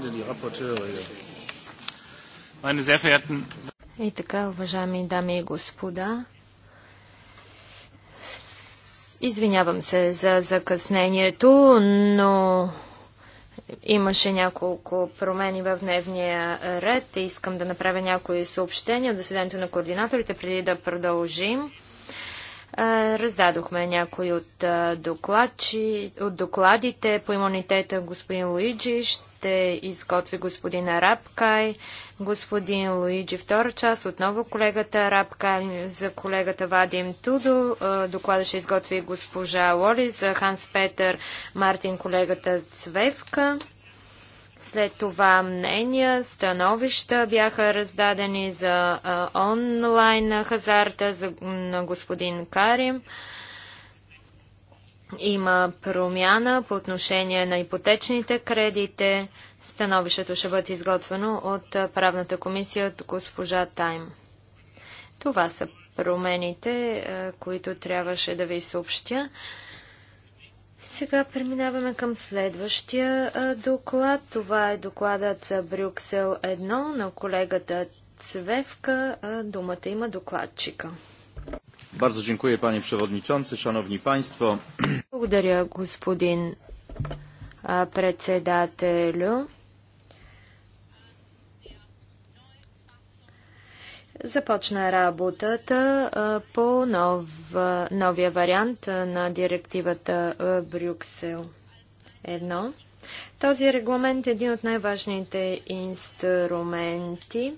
sind denn die Rapporteure hier? Meine sehr verehrten... И така, уважаеми дами и господа, извинявам се за закъснението, но имаше няколко промени в дневния ред. Искам да направя някои съобщения от заседанието на координаторите преди да продължим. Раздадохме някои от, докладчи, от докладите по имунитета господин Луиджи, ще изготви господин Арабкай, господин Луиджи втора част, отново колегата Арабкай, за колегата Вадим Тудо, доклада ще изготви госпожа Лоли, за Ханс Петър Мартин колегата Цвевка. След това мнения, становища бяха раздадени за а, онлайн хазарта за, на господин Карим. Има промяна по отношение на ипотечните кредите. Становището ще бъде изготвено от правната комисия от госпожа Тайм. Това са промените, които трябваше да ви съобщя. Сега преминаваме към следващия доклад. Това е докладът за Брюксел 1 на колегата Цвевка. Думата има докладчика. Bardzo dziękuję panie przewodniczący, szanowni państwo. Благодаря господин председателю. Започна работата по нов, новия вариант на директивата Брюксел 1. Този регламент е един от най-важните инструменти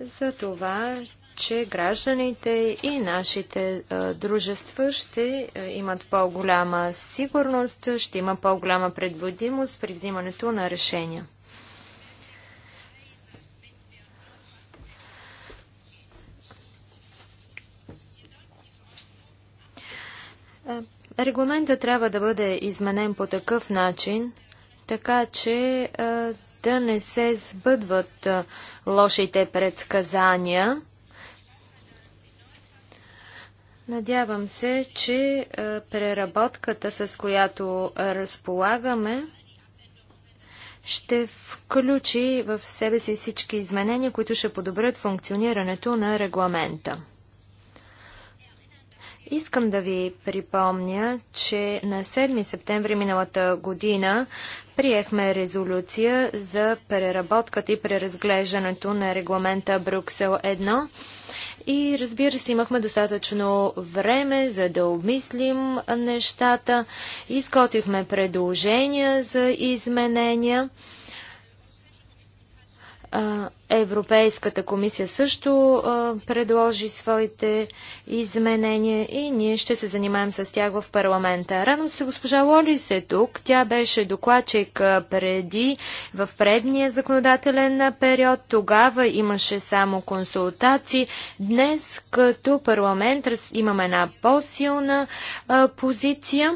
за това, че гражданите и нашите дружества ще имат по-голяма сигурност, ще има по-голяма предводимост при взимането на решения. Е, регламента трябва да бъде изменен по такъв начин, така че е, да не се сбъдват е, лошите предсказания. Надявам се, че преработката, с която разполагаме, ще включи в себе си всички изменения, които ще подобрят функционирането на регламента. Искам да ви припомня, че на 7 септември миналата година приехме резолюция за преработката и преразглеждането на регламента Брюксел 1. И разбира се, имахме достатъчно време, за да обмислим нещата. Изготвихме предложения за изменения. Европейската комисия също предложи своите изменения и ние ще се занимаем с тях в парламента. Рано се госпожа Лолис е тук. Тя беше докладчик преди в предния законодателен период. Тогава имаше само консултации. Днес като парламент имаме една по-силна позиция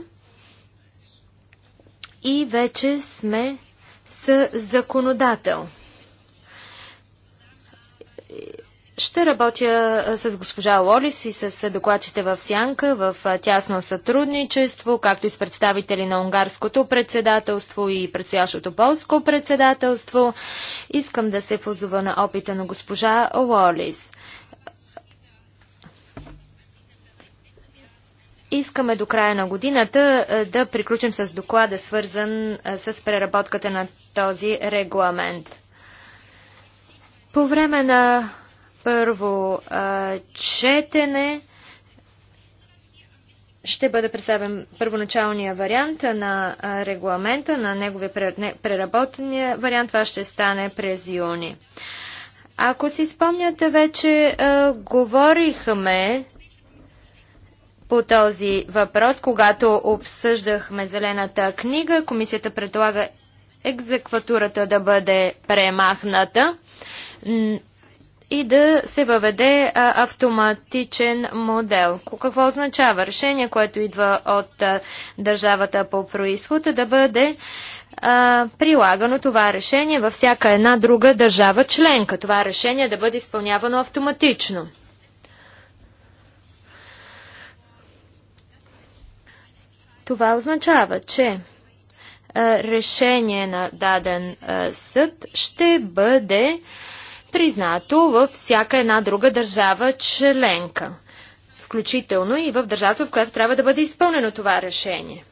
и вече сме с законодател. Ще работя с госпожа Лолис и с докладчите в Сянка в тясно сътрудничество, както и с представители на унгарското председателство и предстоящото полско председателство. Искам да се позова на опита на госпожа Лолис. Искаме до края на годината да приключим с доклада, свързан с преработката на този регламент. По време на първо а, четене ще бъде представен първоначалния вариант на регламента, на неговия преработения вариант. Това ще стане през юни. Ако си спомняте, вече а, говорихме по този въпрос, когато обсъждахме Зелената книга. Комисията предлага екзекватурата да бъде премахната и да се въведе а, автоматичен модел. Какво означава? Решение, което идва от а, държавата по происход, е да бъде а, прилагано това решение във всяка една друга държава членка. Това решение да бъде изпълнявано автоматично. Това означава, че решение на даден съд ще бъде а, признато във всяка една друга държава членка, включително и в държавата, в която трябва да бъде изпълнено това решение.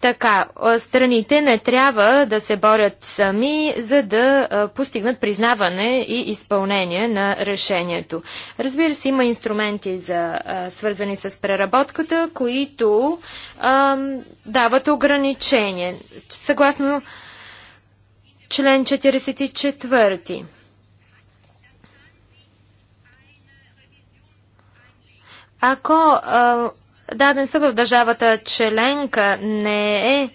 Така, страните не трябва да се борят сами, за да постигнат признаване и изпълнение на решението. Разбира се, има инструменти за, свързани с преработката, които а, дават ограничение. Съгласно Член 44. Ако а, даден съд в държавата членка не е а,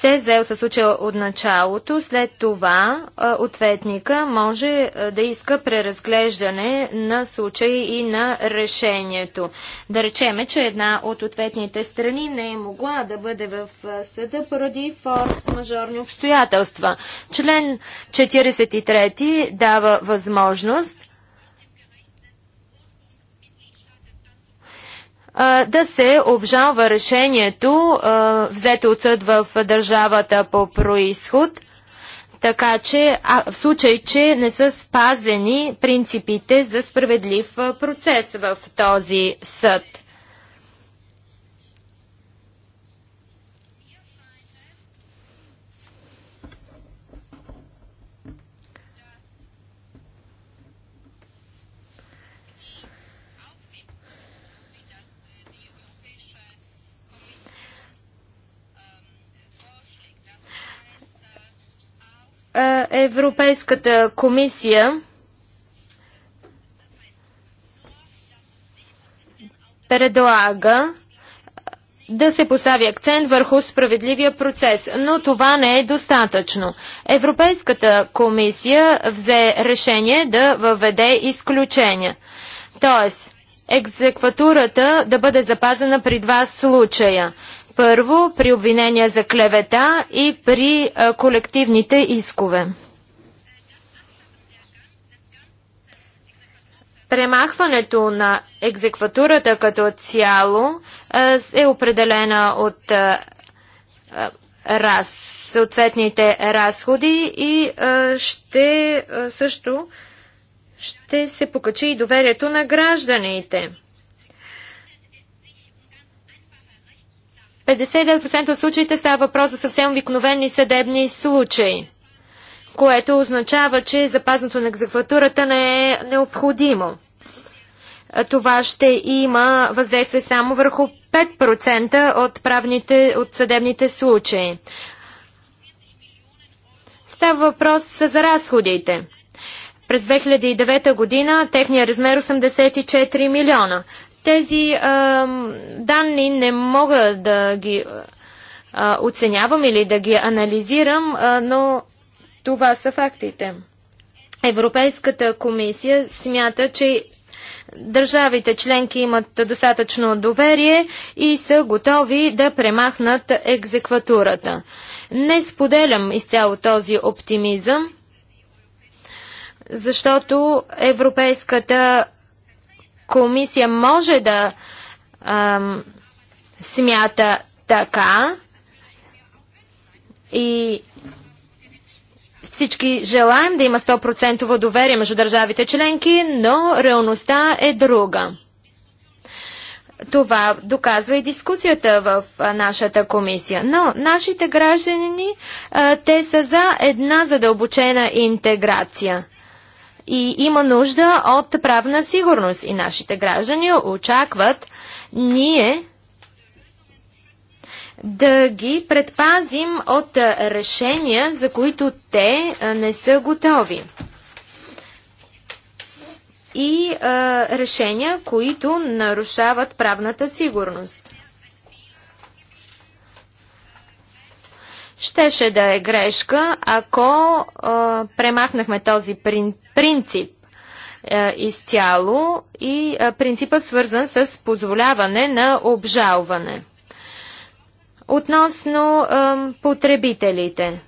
се заел със случая от началото, след това ответника може да иска преразглеждане на случай и на решението. Да речеме, че една от ответните страни не е могла да бъде в съда поради форс-мажорни обстоятелства. Член 43 дава възможност да се обжалва решението, взето от съд в държавата по происход, така че а, в случай, че не са спазени принципите за справедлив процес в този съд. Е, Европейската комисия предлага да се постави акцент върху справедливия процес, но това не е достатъчно. Европейската комисия взе решение да въведе изключения. Тоест, екзекватурата да бъде запазена при два случая. Първо, при обвинения за клевета и при колективните искове. Премахването на екзекватурата като цяло е определена от раз, съответните разходи и ще също ще се покачи и доверието на гражданите. 59% от случаите става въпрос за съвсем обикновени съдебни случаи, което означава, че запазването на екзекватурата не е необходимо. Това ще има въздействие само върху 5% от, правните, от съдебните случаи. Става въпрос за разходите. През 2009 година техният размер 84 е милиона тези а, данни не мога да ги а, оценявам или да ги анализирам, а, но това са фактите. Европейската комисия смята, че държавите членки имат достатъчно доверие и са готови да премахнат екзекватурата. Не споделям изцяло този оптимизъм, защото Европейската комисия може да ам, смята така и всички желаем да има 100% доверие между държавите членки, но реалността е друга. Това доказва и дискусията в нашата комисия. Но нашите граждани, те са за една задълбочена интеграция и има нужда от правна сигурност. И нашите граждани очакват ние да ги предпазим от решения, за които те не са готови. И а, решения, които нарушават правната сигурност. Щеше да е грешка, ако а, премахнахме този принцип принцип е, изцяло и е, принципа свързан с позволяване на обжалване. Относно е, потребителите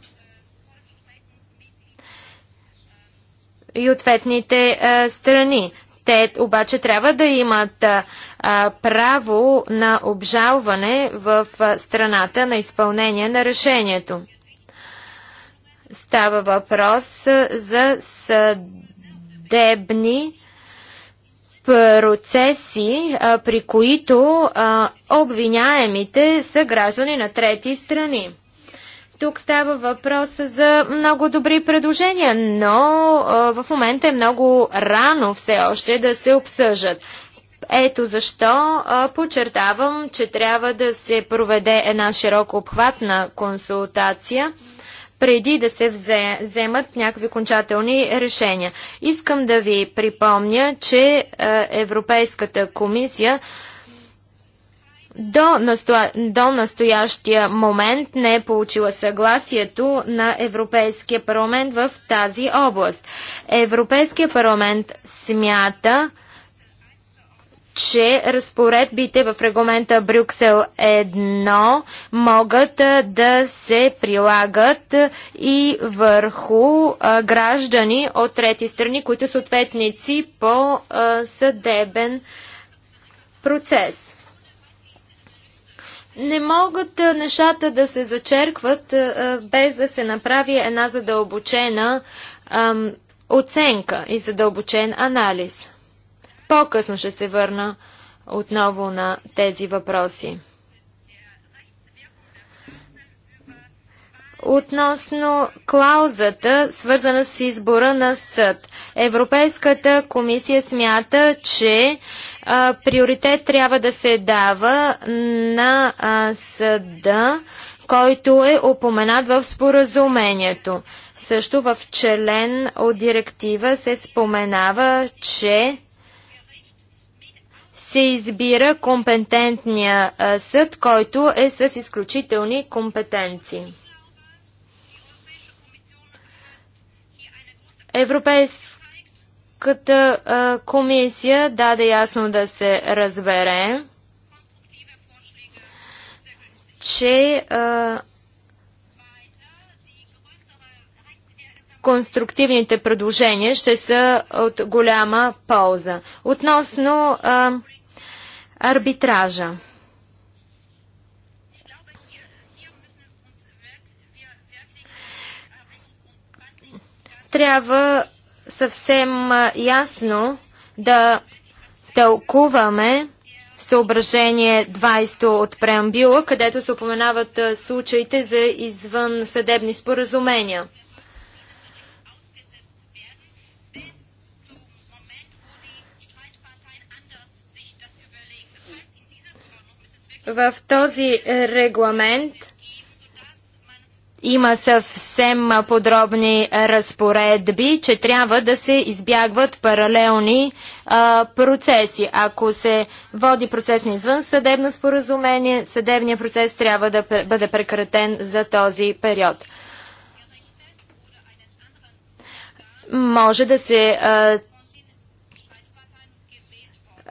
и ответните е, страни. Те обаче трябва да имат а, е, е, право на обжалване в страната на изпълнение на решението. Става въпрос за съдебни процеси, при които обвиняемите са граждани на трети страни. Тук става въпрос за много добри предложения, но в момента е много рано все още да се обсъжат. Ето защо подчертавам, че трябва да се проведе една широко обхватна консултация – преди да се вземат някакви окончателни решения. Искам да ви припомня, че е, Европейската комисия до, настоя... до настоящия момент не е получила съгласието на Европейския парламент в тази област. Европейския парламент смята, че разпоредбите в регламента Брюксел 1 могат да се прилагат и върху граждани от трети страни, които са ответници по съдебен процес. Не могат нещата да се зачеркват без да се направи една задълбочена оценка и задълбочен анализ. По-късно ще се върна отново на тези въпроси. Относно клаузата, свързана с избора на съд, Европейската комисия смята, че а, приоритет трябва да се дава на а, съда, който е упоменат в споразумението. Също в член от директива се споменава, че се избира компетентния съд, който е с изключителни компетенции. Европейската комисия даде ясно да се разбере, че конструктивните предложения ще са от голяма полза. Относно а, Арбитража. Трябва съвсем ясно да тълкуваме съображение 20 от преамбюла, където се упоменават случаите за извън съдебни споразумения. В този регламент има съвсем подробни разпоредби, че трябва да се избягват паралелни а, процеси. Ако се води процес на извън съдебно споразумение, съдебният процес трябва да бъде прекратен за този период. Може да се а,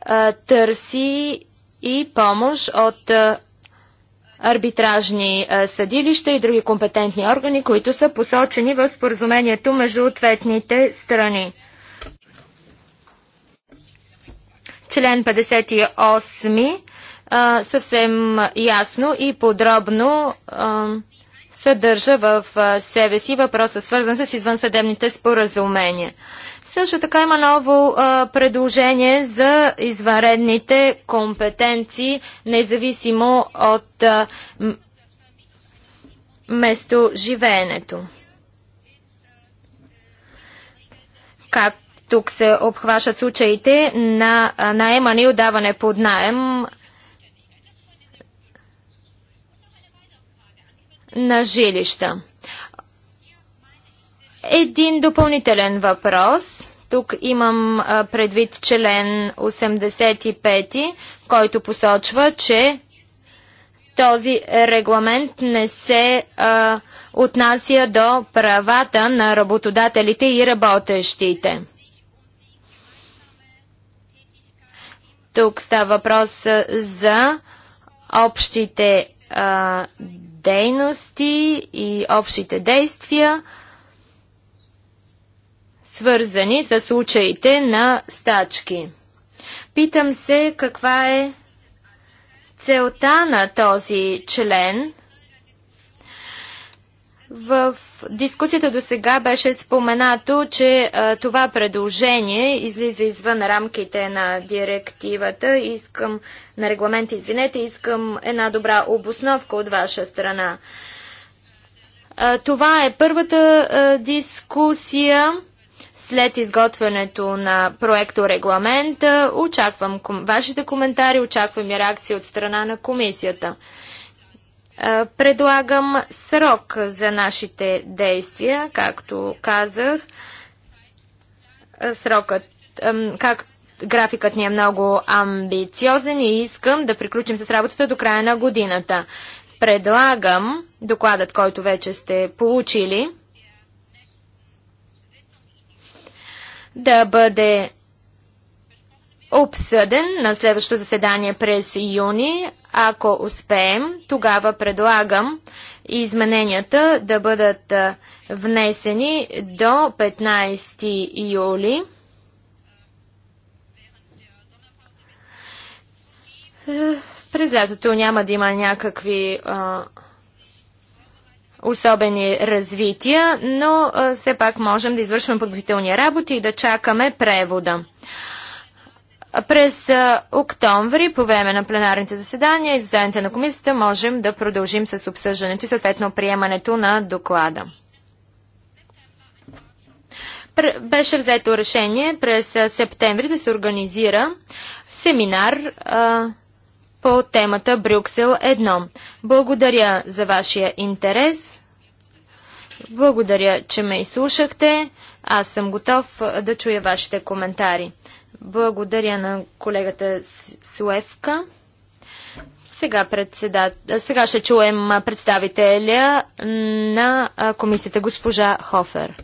а, търси и помощ от арбитражни съдилища и други компетентни органи, които са посочени в споразумението между ответните страни. Член 58 съвсем ясно и подробно съдържа в себе си въпроса, свързан с извънсъдебните споразумения. Също така има ново а, предложение за изваредните компетенции, независимо от а, местоживеенето. Как тук се обхващат случаите на наемане и отдаване под наем на жилища. Един допълнителен въпрос. Тук имам предвид член 85, който посочва, че този регламент не се а, отнася до правата на работодателите и работещите. Тук става въпрос за общите а, дейности и общите действия свързани с случаите на стачки. Питам се каква е целта на този член. В дискусията до сега беше споменато, че а, това предложение излиза извън рамките на директивата. Искам на регламент, извинете, искам една добра обосновка от ваша страна. А, това е първата а, дискусия след изготвянето на проекто регламент очаквам ком... вашите коментари, очаквам и реакции от страна на комисията. Предлагам срок за нашите действия, както казах. Срокът, как графикът ни е много амбициозен и искам да приключим с работата до края на годината. Предлагам докладът, който вече сте получили, да бъде обсъден на следващото заседание през юни. Ако успеем, тогава предлагам измененията да бъдат внесени до 15 юли. През лятото няма да има някакви а, особени развития, но все пак можем да извършваме подготвителни работи и да чакаме превода. През октомври, по време на пленарните заседания и заседанията на комисията, можем да продължим с обсъждането и съответно приемането на доклада. беше взето решение през септември да се организира семинар по темата Брюксел 1. Благодаря за вашия интерес. Благодаря, че ме изслушахте. Аз съм готов да чуя вашите коментари. Благодаря на колегата Суевка. Сега, председат... Сега ще чуем представителя на комисията госпожа Хофер.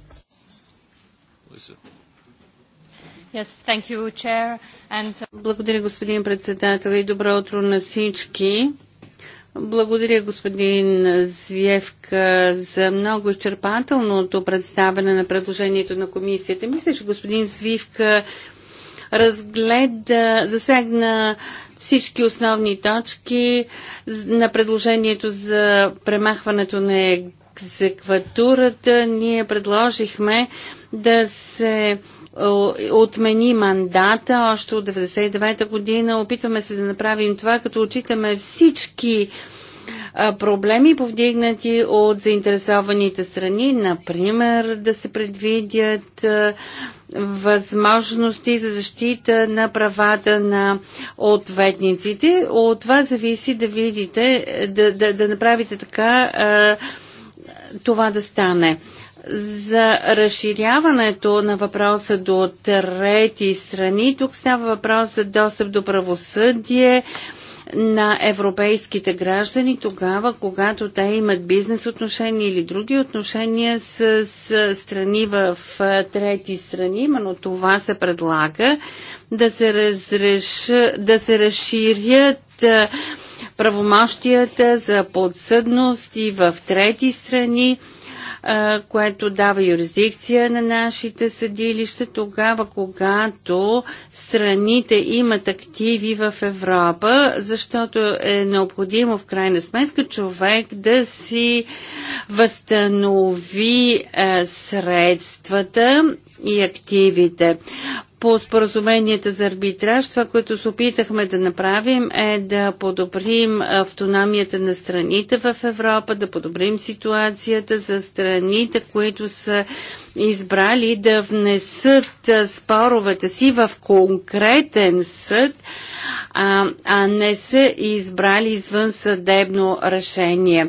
Uh, Благодаря, господин председател, и добро утро на всички. Благодаря, господин Звевка, за много изчерпателното представяне на предложението на комисията. Мисля, че господин Звивка разгледа, засегна всички основни точки на предложението за премахването на екзекватурата. Ние предложихме да се отмени мандата още от 1999 година. Опитваме се да направим това, като отчитаме всички проблеми, повдигнати от заинтересованите страни, например да се предвидят възможности за защита на правата на ответниците. От това зависи да видите, да, да, да направите така това да стане за разширяването на въпроса до трети страни. Тук става въпрос за достъп до правосъдие на европейските граждани тогава, когато те имат бизнес отношения или други отношения с, с страни в трети страни. но това се предлага да се, разреш, да се разширят правомощията за подсъдност и в трети страни което дава юрисдикция на нашите съдилища тогава, когато страните имат активи в Европа, защото е необходимо в крайна сметка човек да си възстанови средствата и активите по споразуменията за арбитраж, това, което се опитахме да направим е да подобрим автономията на страните в Европа, да подобрим ситуацията за страните, които са избрали да внесат споровете си в конкретен съд, а, а не са избрали извън съдебно решение.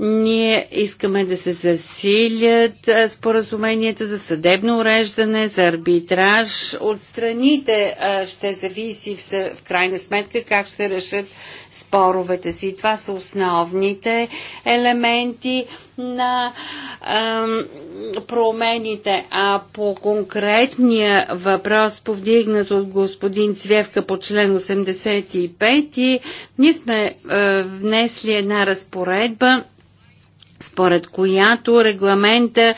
Ние искаме да се засилят споразуменията за съдебно уреждане, за арбитраж. От страните ще зависи в крайна сметка как ще решат споровете си. Това са основните елементи на ам, промените. А по конкретния въпрос, повдигнат от господин Цвевка по член 85, ние сме а, внесли една разпоредба, според която регламента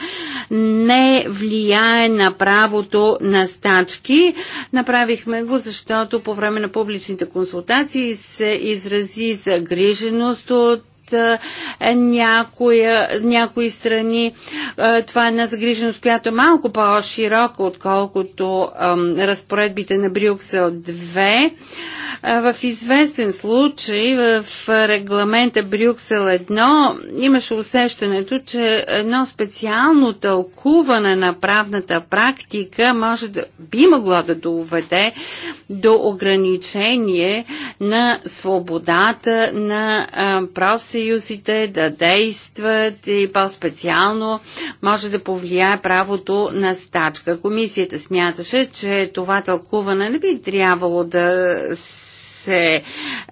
не влияе на правото на стачки. Направихме го, защото по време на публичните консултации се изрази загриженост от е, някоя, някои страни. Е, това е една загриженост, която е малко по-широка, отколкото разпоредбите на Брюксел 2. В известен случай в регламента Брюксел 1 имаше усещането, че едно специално тълкуване на правната практика може да, би могло да доведе до ограничение на свободата на профсъюзите да действат и по-специално може да повлияе правото на стачка. Комисията смяташе, че това тълкуване не би трябвало да се се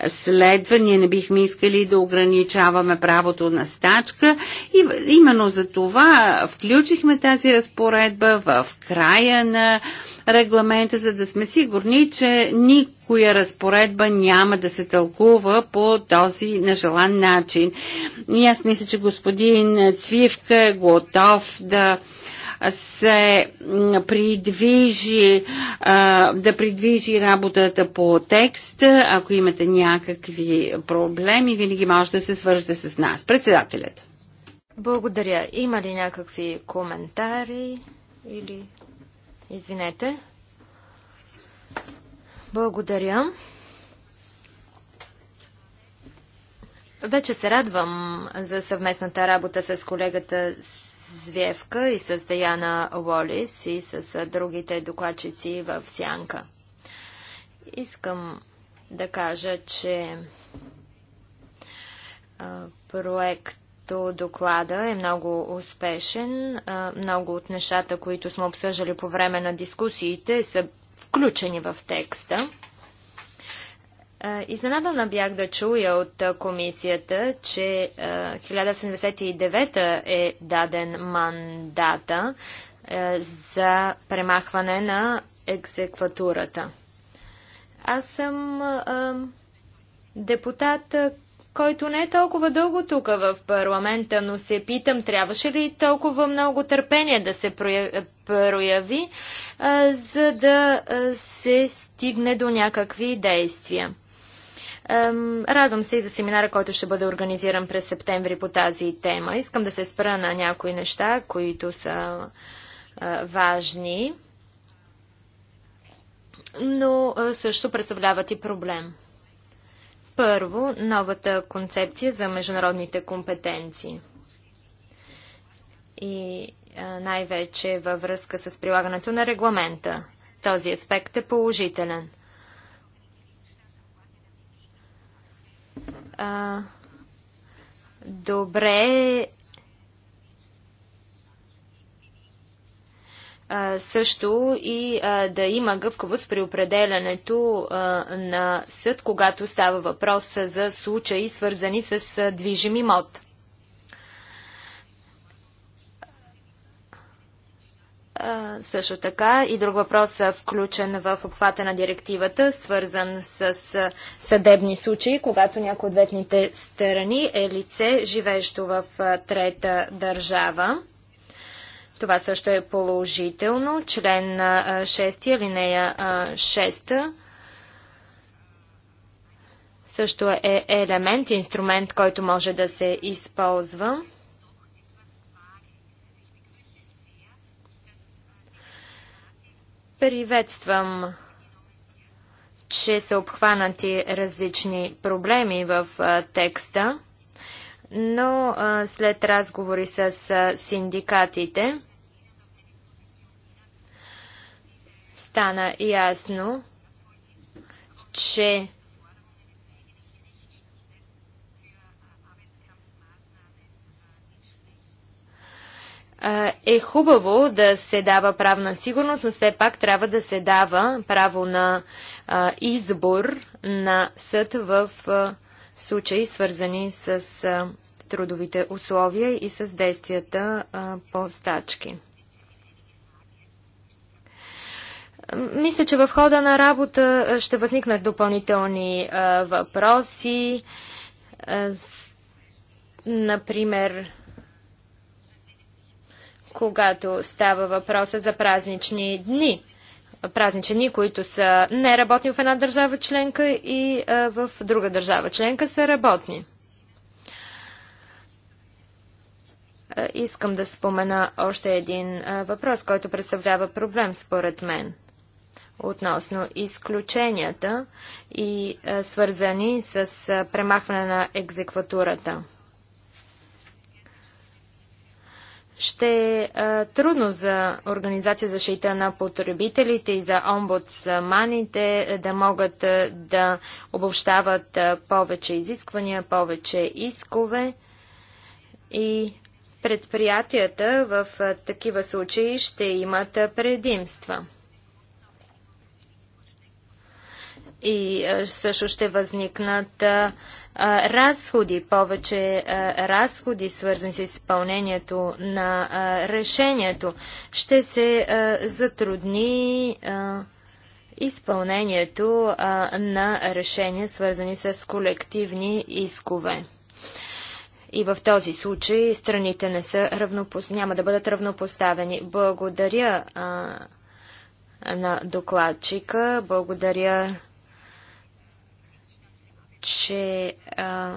следва. Ние не бихме искали да ограничаваме правото на стачка и именно за това включихме тази разпоредба в края на регламента, за да сме сигурни, че никоя разпоредба няма да се тълкува по този нежелан начин. И аз мисля, че господин Цвивка е готов да се придвижи, да придвижи работата по текста. Ако имате някакви проблеми, винаги може да се свържете с нас. Председателят. Благодаря. Има ли някакви коментари или... Извинете. Благодаря. Вече се радвам за съвместната работа с колегата Звевка и с Даяна Уолис и с другите докладчици в Сянка. Искам да кажа, че проект доклада е много успешен. Много от нещата, които сме обсъждали по време на дискусиите, са включени в текста. Изненадана бях да чуя от комисията, че 1079 е даден мандата за премахване на екзекватурата. Аз съм депутат, който не е толкова дълго тук в парламента, но се питам, трябваше ли толкова много търпение да се прояви, за да се стигне до някакви действия. Радвам се и за семинара, който ще бъде организиран през септември по тази тема. Искам да се спра на някои неща, които са важни, но също представляват и проблем. Първо, новата концепция за международните компетенции. И най-вече във връзка с прилагането на регламента. Този аспект е положителен – а, добре а, също и а, да има гъвкавост при определянето на съд, когато става въпрос за случаи свързани с движим имот. Също така и друг въпрос включен в обхвата на директивата, свързан с съдебни случаи, когато някои от ответните страни е лице, живеещо в трета държава. Това също е положително. Член 6, алинея 6 също е елемент, инструмент, който може да се използва. Приветствам, че са обхванати различни проблеми в текста, но след разговори с синдикатите стана ясно, че е хубаво да се дава правна сигурност, но все пак трябва да се дава право на а, избор на съд в а, случаи, свързани с а, трудовите условия и с действията по стачки. Мисля, че в хода на работа ще възникнат допълнителни въпроси. С, например, когато става въпроса за празнични дни. Празнични дни, които са неработни в една държава членка и в друга държава членка са работни. искам да спомена още един въпрос, който представлява проблем според мен относно изключенията и свързани с премахване на екзекватурата. ще е трудно за Организация за защита на потребителите и за омбудсманите да могат да обобщават повече изисквания, повече искове и предприятията в такива случаи ще имат предимства. И също ще възникнат разходи, повече разходи, свързани с изпълнението на решението, ще се затрудни изпълнението на решения, свързани с колективни искове. И в този случай страните не са равнопос... няма да бъдат равнопоставени. Благодаря а, на докладчика, благодаря че а,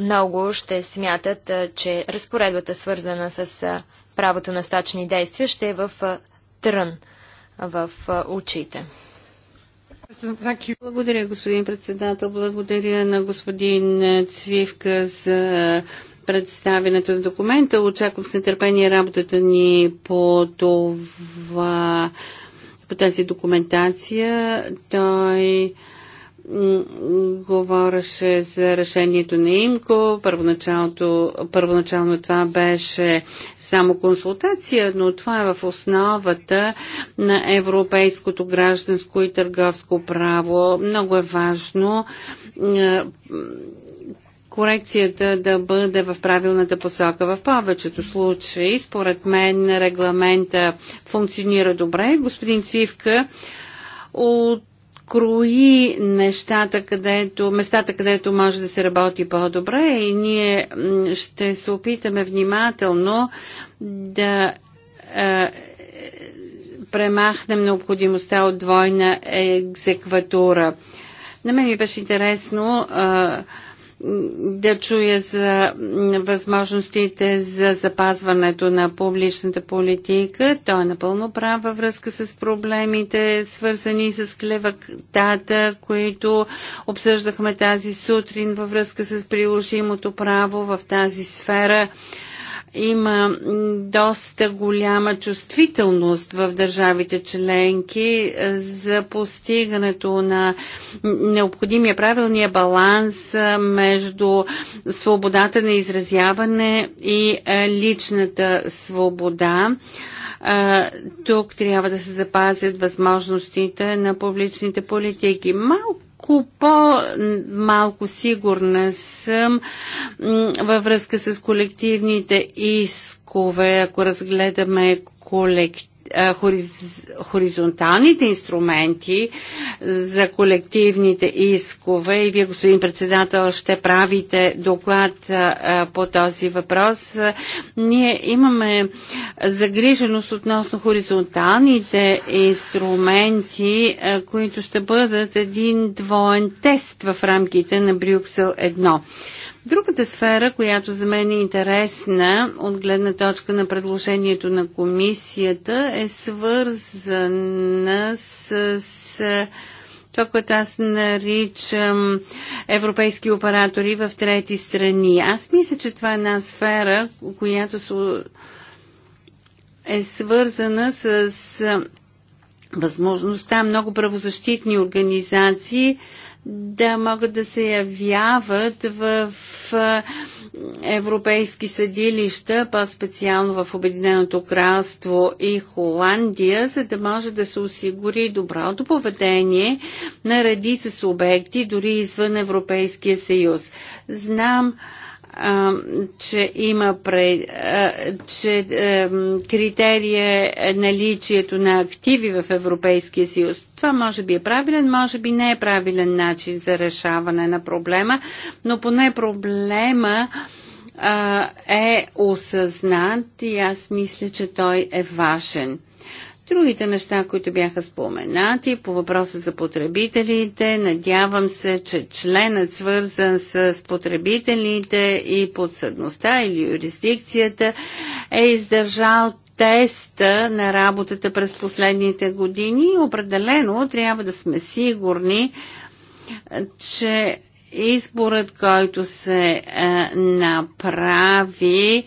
много ще смятат, че разпоредбата, свързана с правото на стачни действия, ще е в трън в очите. Благодаря, господин председател. Благодаря на господин Цвивка за представенето на документа. Очаквам с нетърпение работата ни по това по тази документация. Той говореше за решението на ИМКО. Първоначалното, първоначално това беше само консултация, но това е в основата на европейското гражданско и търговско право. Много е важно е, корекцията да бъде в правилната посока. В повечето случаи, според мен, регламента функционира добре. Господин Цивка открои нещата, където, местата, където може да се работи по-добре и ние ще се опитаме внимателно да е, премахнем необходимостта от двойна екзекватура. На мен ми беше интересно е, да чуя за възможностите за запазването на публичната политика. Той е напълно прав във връзка с проблемите, свързани с клеватата, които обсъждахме тази сутрин във връзка с приложимото право в тази сфера. Има доста голяма чувствителност в държавите членки е, за постигането на необходимия правилния баланс е, между свободата на изразяване и е, личната свобода тук трябва да се запазят възможностите на публичните политики. Малко малко по-малко сигурна съм във връзка с колективните искове, ако разгледаме колективните хоризонталните инструменти за колективните искове и вие, господин председател, ще правите доклад по този въпрос. Ние имаме загриженост относно хоризонталните инструменти, които ще бъдат един двоен тест в рамките на Брюксел 1. Другата сфера, която за мен е интересна от гледна точка на предложението на комисията, е свързана с, с това, което аз наричам европейски оператори в трети страни. Аз мисля, че това е една сфера, която е свързана с възможността много правозащитни организации да могат да се явяват в европейски съдилища, по-специално в Обединеното кралство и Холандия, за да може да се осигури доброто поведение на редица субекти, дори извън Европейския съюз. Знам, че има пред, че критерия е наличието на активи в Европейския съюз. Това може би е правилен, може би не е правилен начин за решаване на проблема, но поне проблема е осъзнат и аз мисля, че той е важен другите неща, които бяха споменати по въпроса за потребителите. Надявам се, че членът свързан с потребителите и подсъдността или юрисдикцията е издържал теста на работата през последните години. Определено трябва да сме сигурни, че изборът, който се е, направи, е,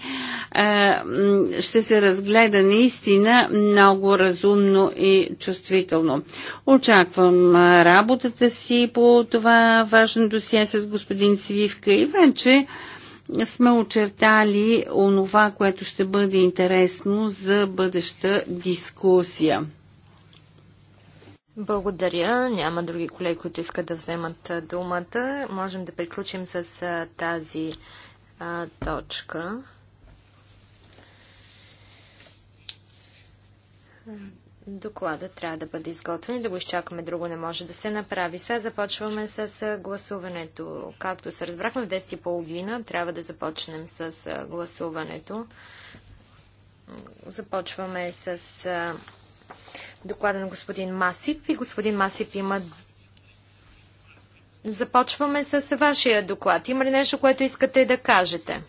ще се разгледа наистина много разумно и чувствително. Очаквам е, работата си по това важно досие с господин Свивка и вече сме очертали онова, което ще бъде интересно за бъдеща дискусия. Благодаря. Няма други колеги, които искат да вземат думата. Можем да приключим с тази а, точка. Доклада трябва да бъде изготвен и да го изчакаме. Друго не може да се направи. Сега започваме с гласуването. Както се разбрахме в 10.30, трябва да започнем с гласуването. Започваме с доклада на господин Масип и господин Масип има Започваме с вашия доклад. Има ли нещо, което искате да кажете?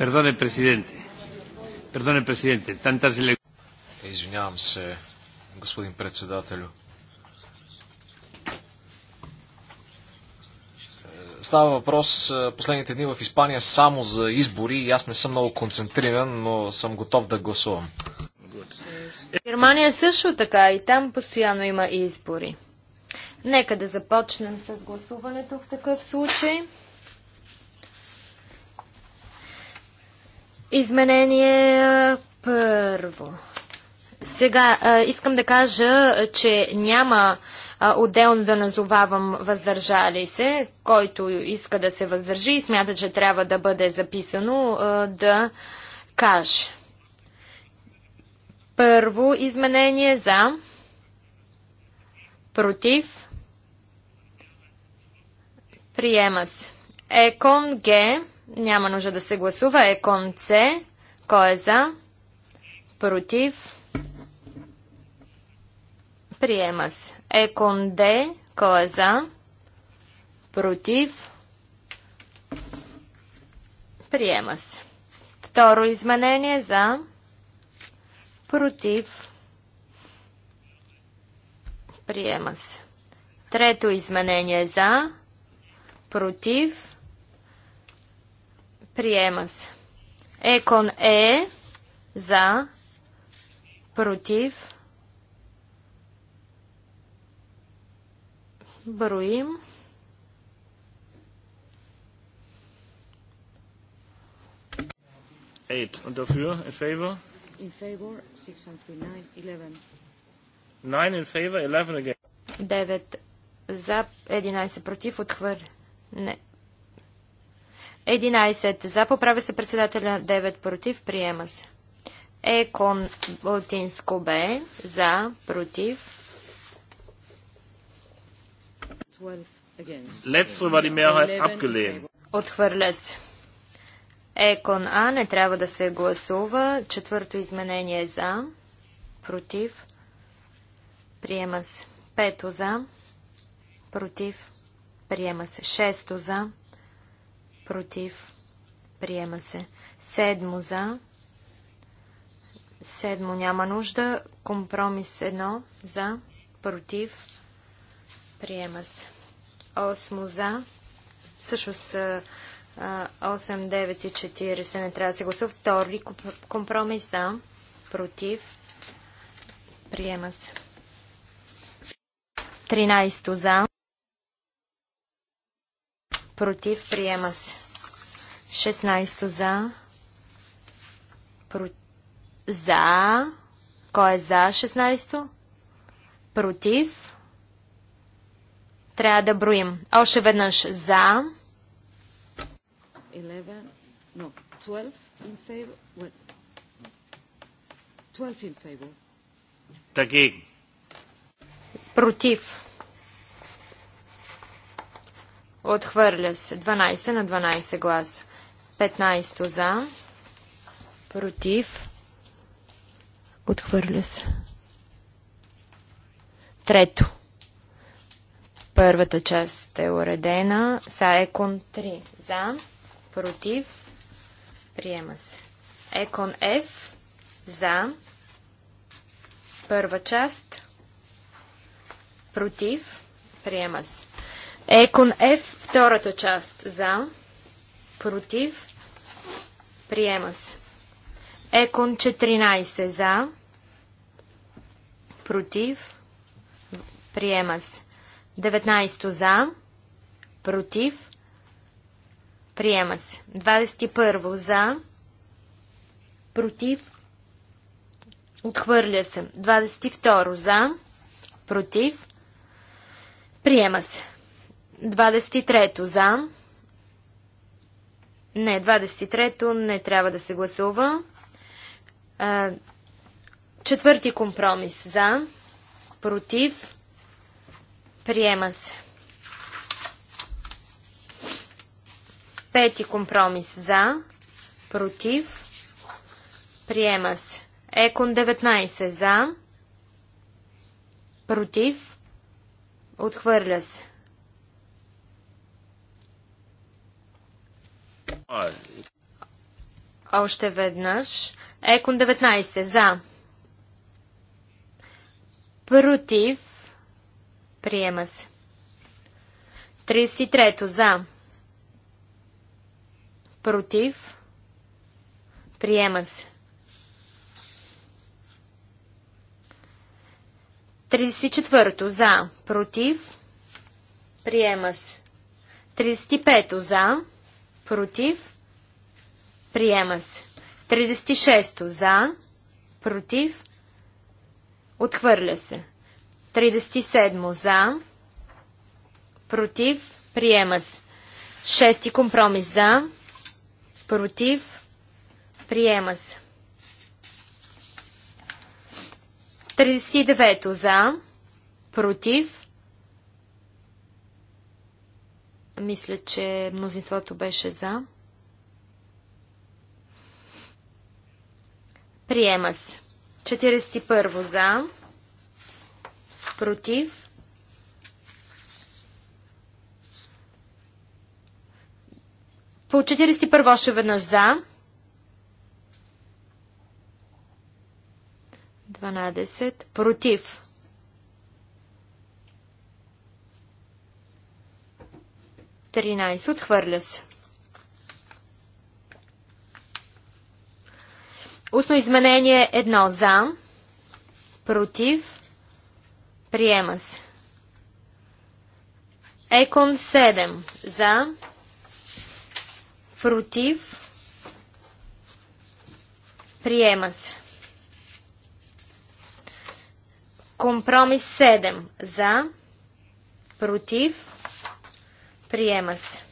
Perdone, presidente президенте, Извинявам се, господин председателю. Е, става въпрос е, последните дни в Испания само за избори и аз не съм много концентриран, но съм готов да гласувам. Германия също така и там постоянно има избори. Нека да започнем с гласуването в такъв случай. Изменение първо. Сега а, искам да кажа, че няма а, отделно да назовавам въздържали се, който иска да се въздържи и смята, че трябва да бъде записано а, да каже. Първо изменение за, против, приема се. Екон Г. Няма нужда да се гласува. Екон С. Кой е за? Против. Приема се. Екон Д. Кой е за? Против. Приема се. Второ изменение за. Против. Приема се. Трето изменение за. Против приемас. Екон е за, против, броим. Eight. Und dafür? In favor? In favor, six and three, nine, eleven. Nine in favor, eleven again. Девет за, 11 против, отхвърля. Не. 11 за, поправя се председателя, 9 против, приема се. Екон латинско Б за, против. Летство war die Mehrheit Отхвърля се. Екон А не трябва да се гласува. Четвърто изменение за. Против. Приема се. Пето за. Против. Приема се. Шесто за против, приема се. Седмо за, седмо няма нужда, компромис едно за, против, приема се. Осмо за, Също с 8, 9 и 40 не трябва да се гласува. Втори компромис за, против, приема се. 13 за, Против. Приема се. 16 за. Про... За. Кой е за 16? Против. Трябва да броим. Още веднъж за. 11, no, 12 in favor, 12 in favor. Против. Отхвърля се. 12 на 12 гласа. 15 за. Против. Отхвърля се. Трето. Първата част е уредена. Са Екон 3. За. Против. Приема се. Екон F. За. Първа част. Против. Приема се. Екон Ф, втората част за, против, приема се. Екон 14 за, против, приема се. 19 за, против, приема се. 21 за, против, отхвърля се. 22 за, против, приема се. 23-то за. Не, 23-то не трябва да се гласува. Четвърти компромис за. Против. Приема се. Пети компромис за. Против. Приема се. Екон 19 за. Против. Отхвърля се. Още веднъж. Екон 19. За. Против. Приема се. 33. За. Против. Приема се. 34. За. Против. Приема се. 35. За против, приема се. 36 за, против, отхвърля се. 37 за, против, приема се. Шести компромис за, против, приема се. 39 за, против, Мисля, че мнозинството беше за. Приема се. 41 за. Против. По 41 още веднъж за. 12. Против. 13. Отхвърля се. Устно изменение 1 за, против, приема се. Екон 7 за, против, приема се. Компромис 7 за, против, Приема се.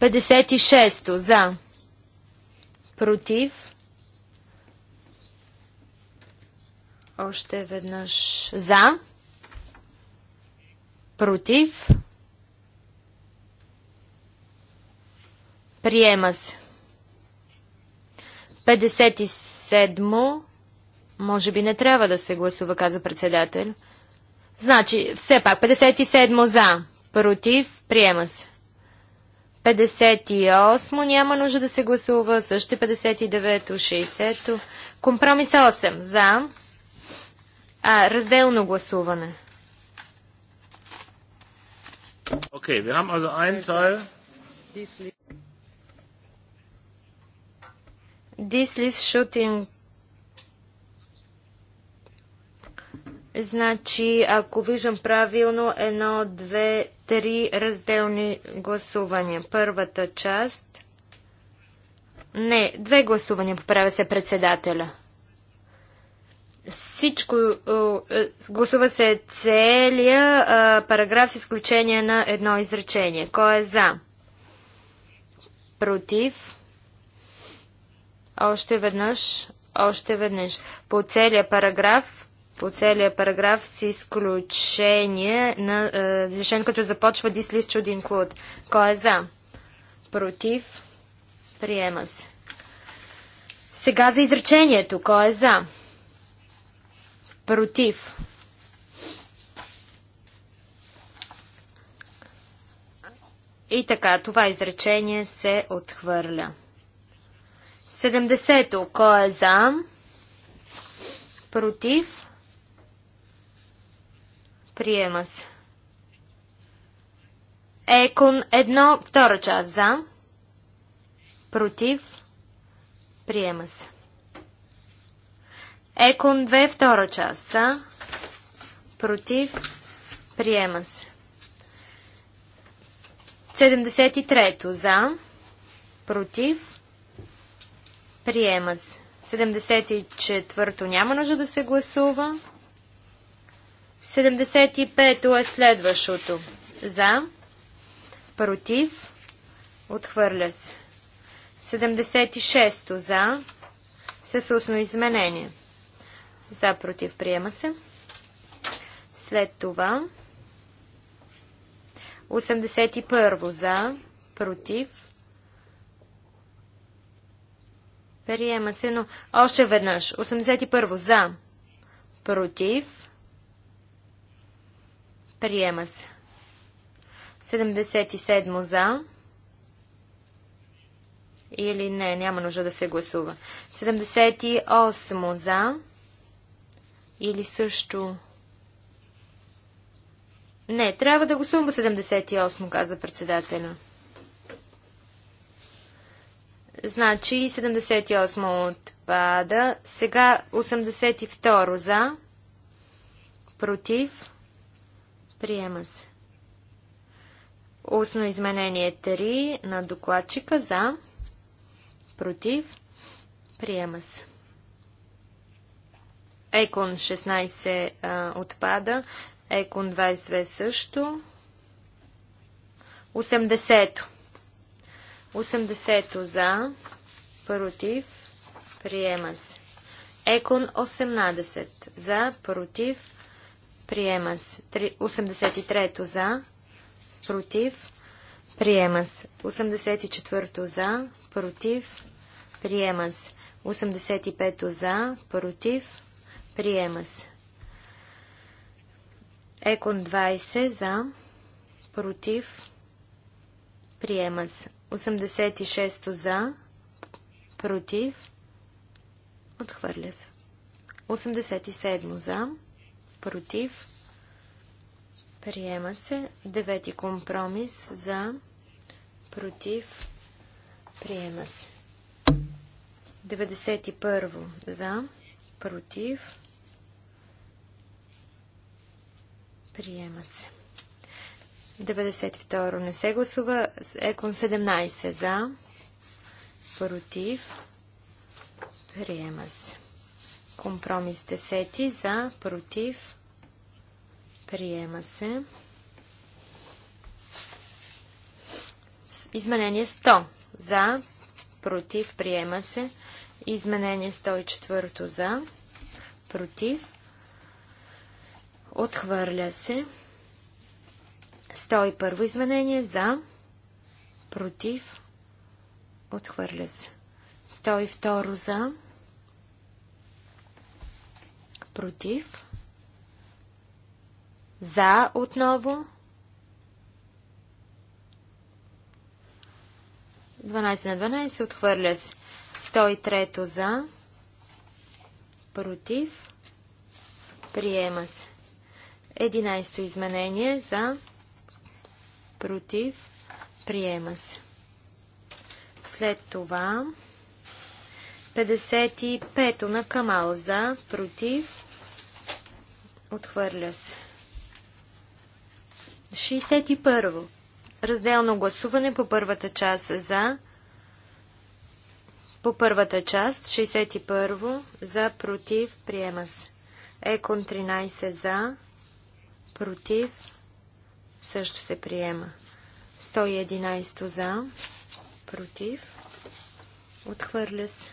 56 за. Против. Още веднъж за. Против. Приема се. 57. Може би не трябва да се гласува, каза председател. Значи, все пак, 57 за, против, приема се. 58 няма нужда да се гласува, също 59, е 60. Компромис 8 за. А, разделно гласуване. Okay, wir haben also einen Teil. This list Значи, ако виждам правилно, едно, две, три разделни гласувания. Първата част. Не, две гласувания поправя се председателя. Всичко. Е, гласува се целия параграф с изключение на едно изречение. Кой е за? Против? Още веднъж. Още веднъж. По целия параграф по целия параграф с изключение на е, като започва This list should include. Кой е за? Против? Приема се. Сега за изречението. Кой е за? Против? И така, това изречение се отхвърля. 70-то. Кой е за? Против? Приема се. Екон едно, втора част за. Против. Приема се. Екон две, втора част за. Против. Приема се. 73 то за. Против. Приема се. 74 то няма нужда да се гласува. 75 е следващото. За, против, отхвърля се. 76 за, с изменение. За, против, приема се. След това 81 за, против, Приема се, но още веднъж. 81 за, против, Приема се. 77 за. Или не, няма нужда да се гласува. 78 за. Или също. Не, трябва да гласувам по 78, каза председателя. Значи 78 отпада. Сега 82 за. Против. Приема се. Устно изменение 3 на докладчика за. Против. Приема се. Екон 16 а, отпада. Екон 22 също. 80-то. 80-то за. Против. Приема се. Екон 18 за. Против. Приема с. 83-то за. Против. Приема се. 84-то за. Против. Приема с. 85-то за. Против. Приема се. Екон 20 за. Против. Приема се. 86-то за. Против. Отхвърля се. 87 за против, приема се. Девети компромис за, против, приема се. 91 за, против, приема се. 92 не се гласува. Екон 17 за, против, приема се. Компромис 10 за, против, приема се. Изменение 100 за, против, приема се. Изменение 104 за, против, отхвърля се. 101 изменение за, против, отхвърля се. 102 за, против, за отново, 12 на 12, отхвърля се. 103 за, против, приема се. 11 то изменение за, против, приема се. След това 55 на Камал за, против, Отхвърля се. 61. Разделно гласуване по първата част за. По първата част 61 за против приема се. Екон 13 за против също се приема. 111 за против отхвърля се.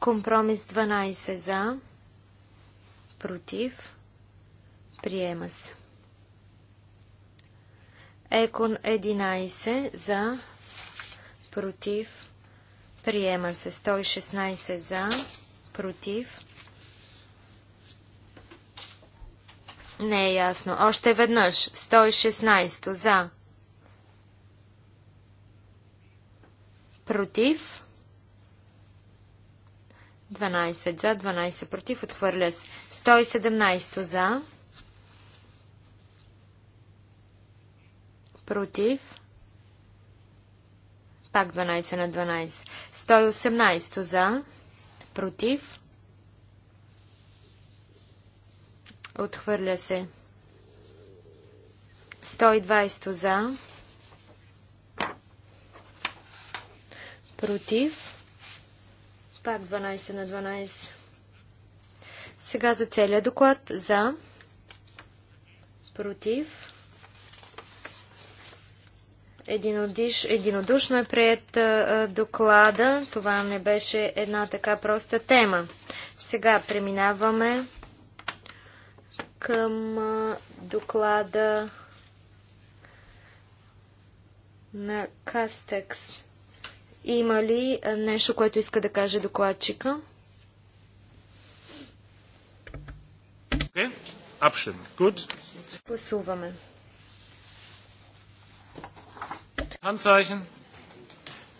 Компромис 12 за против, приема се. Екон 11 за, против, приема се. 116 за, против. Не е ясно. Още веднъж. 116 за. Против. 12 за, 12 против, отхвърля се. 117 за, против, пак 12 на 12. 118 за, против, отхвърля се. 120 за, против, пак 12 на 12. Сега за целият доклад. За. Против. Единодиш, единодушно е прият доклада. Това не беше една така проста тема. Сега преминаваме към доклада на Кастекс. Има ли нещо, което иска да каже докладчика? Okay. Good. Гласуваме. Handzeichen.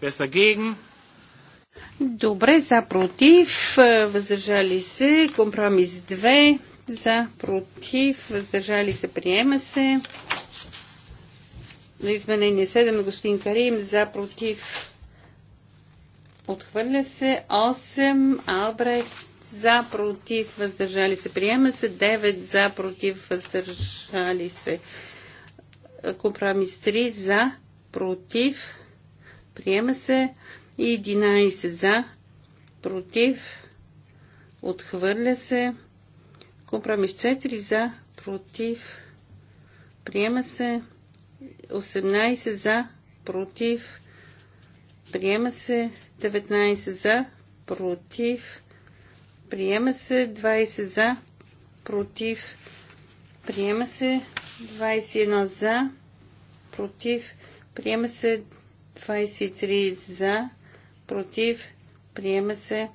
Wer Добре, за против, въздържали се, компромис 2, за против, въздържали се, приема се. На изменение 7 на господин Карим, за против, Отхвърля се 8. Албрехт за, против, въздържали се. Приема се 9 за, против, въздържали се. Компромис 3 за, против. Приема се 11 за, против. Отхвърля се. Компромис 4 за, против. Приема се 18 за, против. Приема се 19 за, против, приема се 20 за, против, приема се 21 за, против, приема се 23 за, против, приема се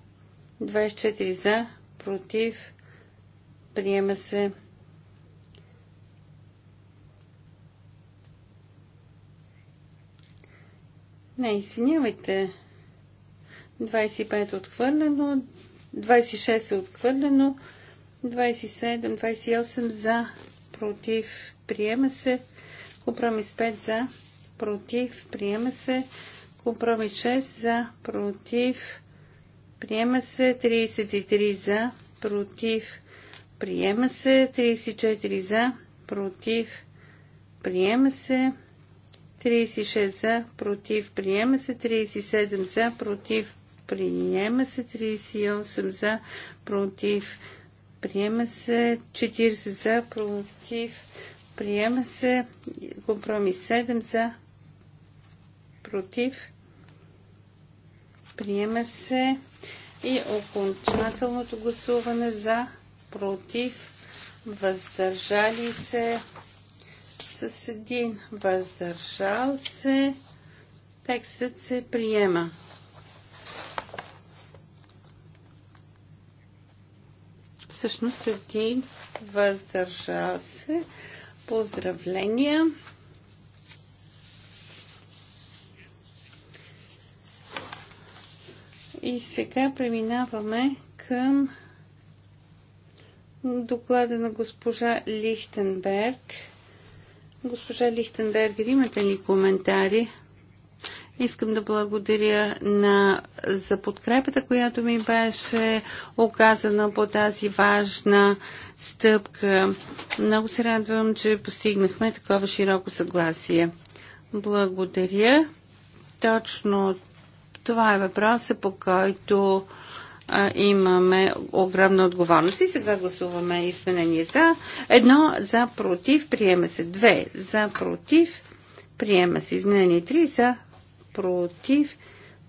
24 за, против, приема се Не, извинявайте. 25 е отхвърлено, 26 е отхвърлено, 27, 28 за, против, приема се, компромис 5 за, против, приема се, компромис 6 за, против, приема се, 33 за, против, приема се, 34 за, против, приема се, 36 за, против, приема се, 37 за, против, приема се 38 за, против, приема се 40 за, против, приема се компромис 7 за, против, приема се и окончателното гласуване за, против, въздържали се с един въздържал се. Текстът се приема. всъщност един въздържал се. Поздравления! И сега преминаваме към доклада на госпожа Лихтенберг. Госпожа Лихтенберг, имате ли коментари? Искам да благодаря на, за подкрепата, която ми беше оказана по тази важна стъпка. Много се радвам, че постигнахме такова широко съгласие. Благодаря. Точно това е въпросът, по който а, имаме огромна отговорност. И сега гласуваме изменение за. Едно за против, приема се. Две за против, приема се. Изменение три за против,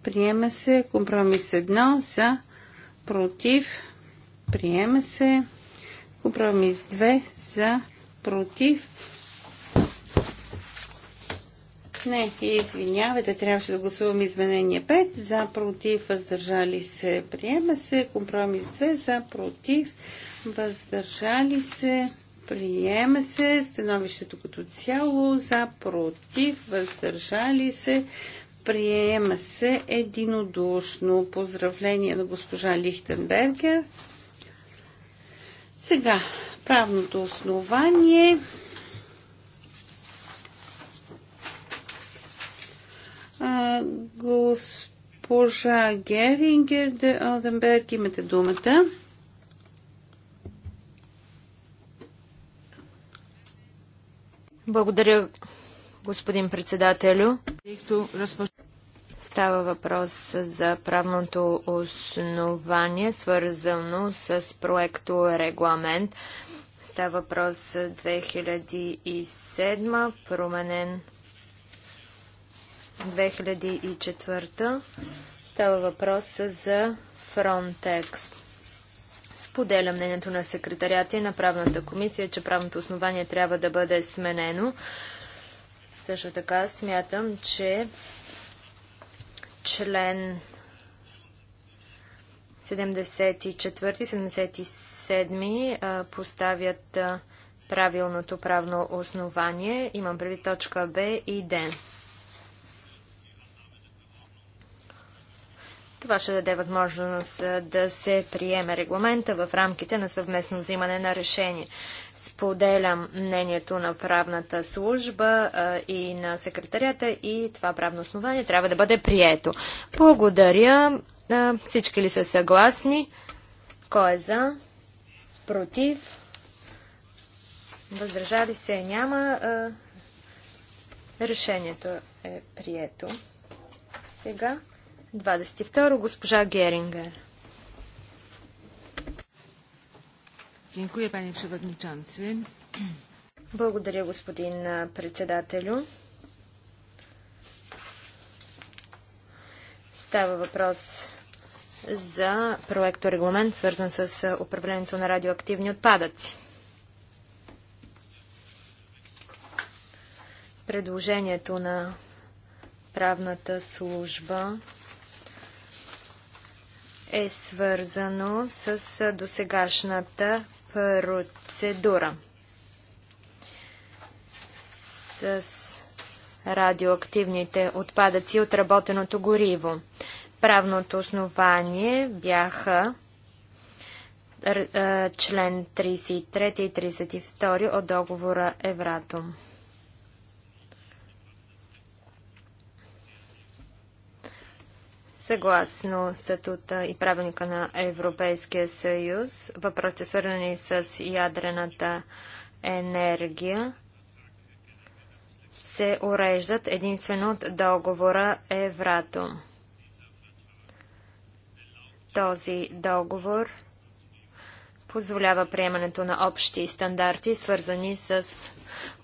приема се. Компромис 1 за, против, приема се. Компромис 2 за, против. Не, извинявайте, трябваше да гласувам изменение 5 за, против, въздържали се, приема се. Компромис 2 за, против, въздържали се. Приема се становището като цяло за против, въздържали се. Приема се единодушно. Поздравление на госпожа Лихтенбергер. Сега, правното основание. А, госпожа Герингер де Оденберг, имате думата. Благодаря, господин председателю. Става въпрос за правното основание, свързано с проекто регламент. Става въпрос 2007, променен 2004. Става въпрос за Frontex. Споделя мнението на секретарията и на правната комисия, че правното основание трябва да бъде сменено. Също така смятам, че член 74-77 поставят правилното правно основание. Имам преди точка Б и Д. Това ще даде възможност да се приеме регламента в рамките на съвместно взимане на решение. Споделям мнението на правната служба а, и на секретарията и това правно основание трябва да бъде прието. Благодаря. А, всички ли са съгласни? Кой е за? Против? Въздържали се няма. А, решението е прието. Сега 22. Госпожа Герингер. Przewodniczący. Благодаря, господин председателю. Става въпрос за регламент, свързан с управлението на радиоактивни отпадъци. Предложението на правната служба е свързано с досегашната процедура с радиоактивните отпадъци от работеното гориво. Правното основание бяха член 33 и 32 от договора Евратом. Съгласно статута и правилника на Европейския съюз, въпросите свързани с ядрената енергия се уреждат единствено от договора Евратом. Този договор позволява приемането на общи стандарти, свързани с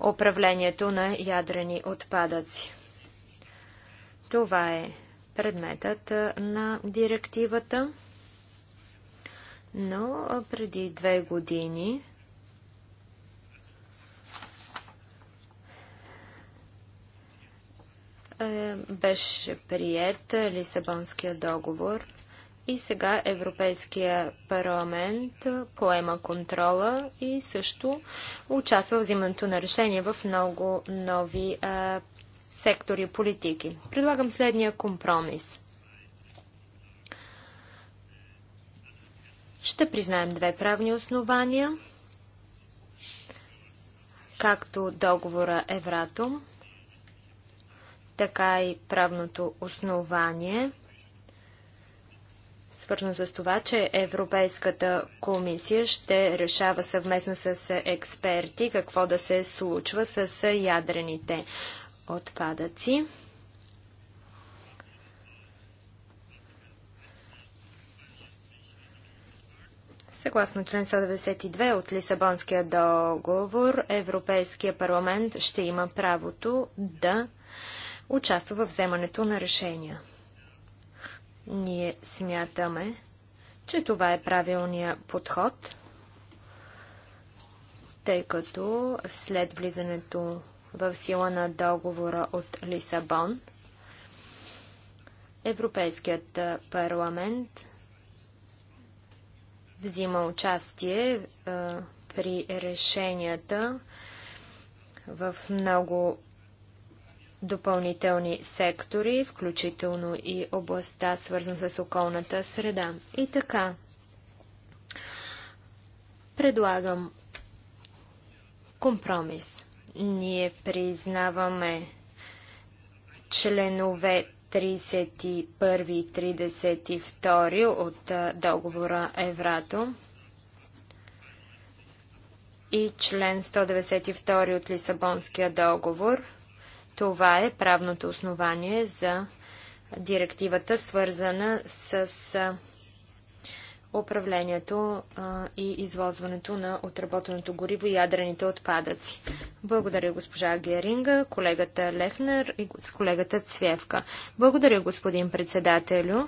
управлението на ядрени отпадъци. Това е предметът на директивата. Но преди две години е, беше прият Лисабонския договор и сега Европейския парламент поема контрола и също участва в взимането на решения в много нови сектори, политики. Предлагам следния компромис. Ще признаем две правни основания, както договора Евратум, така и правното основание – свързано с това, че Европейската комисия ще решава съвместно с експерти какво да се случва с ядрените отпадъци. Съгласно член 192 от Лисабонския договор, Европейския парламент ще има правото да участва в вземането на решения. Ние смятаме, че това е правилният подход, тъй като след влизането в сила на договора от Лисабон. Европейският парламент взима участие при решенията в много допълнителни сектори, включително и областта, свързана с околната среда. И така, предлагам компромис. Ние признаваме членове 31 и 32 от договора Еврато и член 192 от Лисабонския договор. Това е правното основание за директивата, свързана с управлението а, и извозването на отработеното гориво и ядрените отпадъци. Благодаря госпожа Геринга, колегата Лехнер и с колегата Цвевка. Благодаря господин председателю.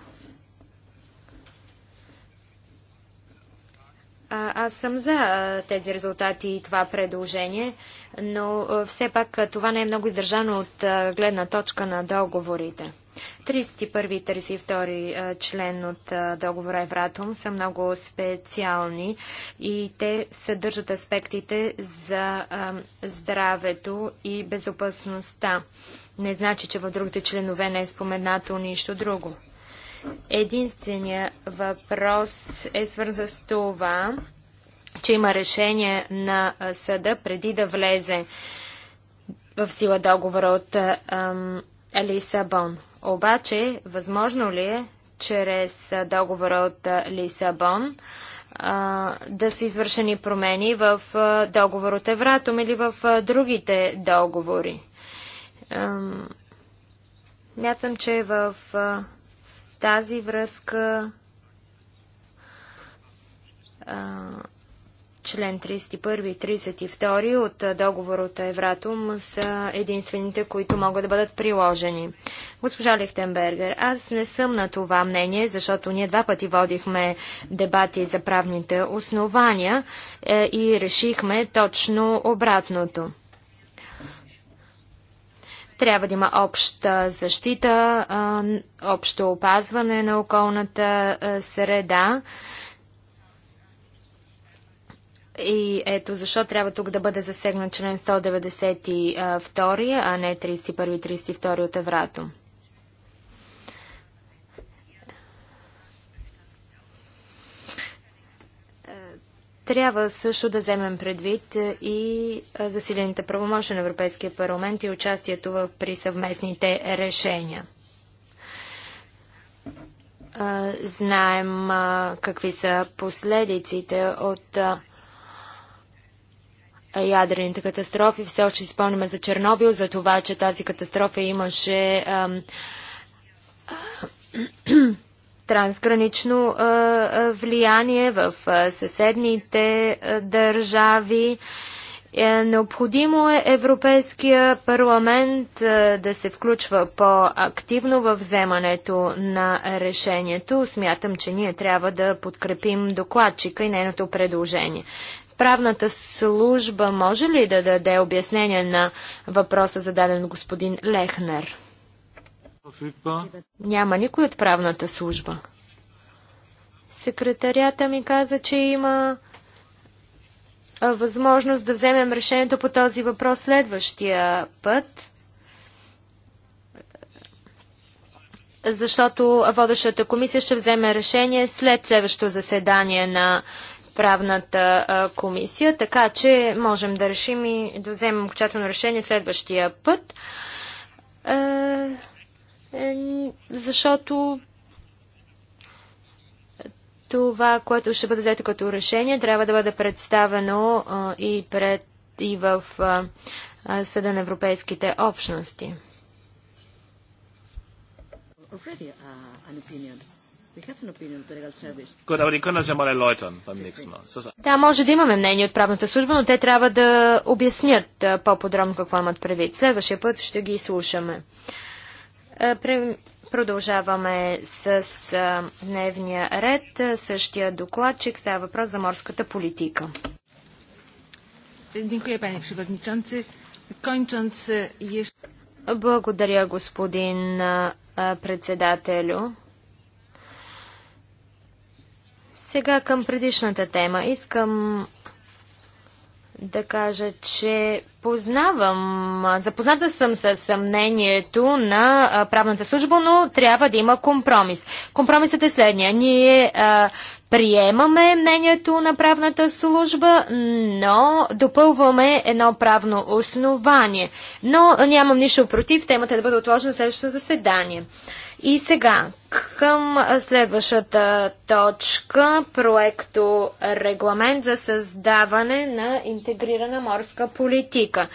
А, аз съм за а, тези резултати и това предложение, но все пак това не е много издържано от гледна точка на договорите. 31 и 32 член от договора Евратум са много специални и те съдържат аспектите за здравето и безопасността. Не значи, че в другите членове не е споменато нищо друго. Единственият въпрос е свързан с това, че има решение на съда преди да влезе в сила договора от Лисабон. Обаче, възможно ли е чрез договора от Лисабон да са извършени промени в договор от Евратом или в другите договори? Мятам, че в тази връзка Член 31 и 32 от договора от Евратум са единствените, които могат да бъдат приложени. Госпожа Лихтенбергер, аз не съм на това мнение, защото ние два пъти водихме дебати за правните основания е, и решихме точно обратното трябва да има обща защита, общо опазване на околната среда и ето защо трябва тук да бъде засегнат член 192, а не 31-32 от Еврато. Трябва също да вземем предвид и засилените правомощи на Европейския парламент и участието в, при съвместните решения. Знаем какви са последиците от е, ядрените катастрофи. Все още изпълняме за Чернобил, за това, че тази катастрофа имаше ам, трансгранично а, влияние в а, съседните а, държави. Е, необходимо е Европейския парламент да се включва по-активно в вземането на решението. Смятам, че ние трябва да подкрепим докладчика и нейното предложение. Правната служба може ли да даде обяснение на въпроса зададен от господин Лехнер? Няма никой от правната служба. Секретарята ми каза, че има възможност да вземем решението по този въпрос следващия път. Защото водещата комисия ще вземе решение след следващото заседание на правната а, комисия, така че можем да решим и да вземем окончателно решение следващия път. А, е, защото това, което ще бъде взето като решение, трябва да бъде представено а, и, пред, и в а, Съда на европейските общности. Already, uh, an opinion. Да, може да имаме мнение от правната служба, но те трябва да обяснят по-подробно какво имат предвид. Следващия път ще ги слушаме. Продължаваме с дневния ред. Същия докладчик става въпрос за морската политика. Е, Благодаря, господин председателю. Сега към предишната тема. Искам да кажа, че познавам, запозната съм с съмнението на правната служба, но трябва да има компромис. Компромисът е следния. Ние а, приемаме мнението на правната служба, но допълваме едно правно основание. Но нямам нищо против темата да бъде отложена следващото заседание. И сега към следващата точка проекто регламент за създаване на интегрирана морска политика.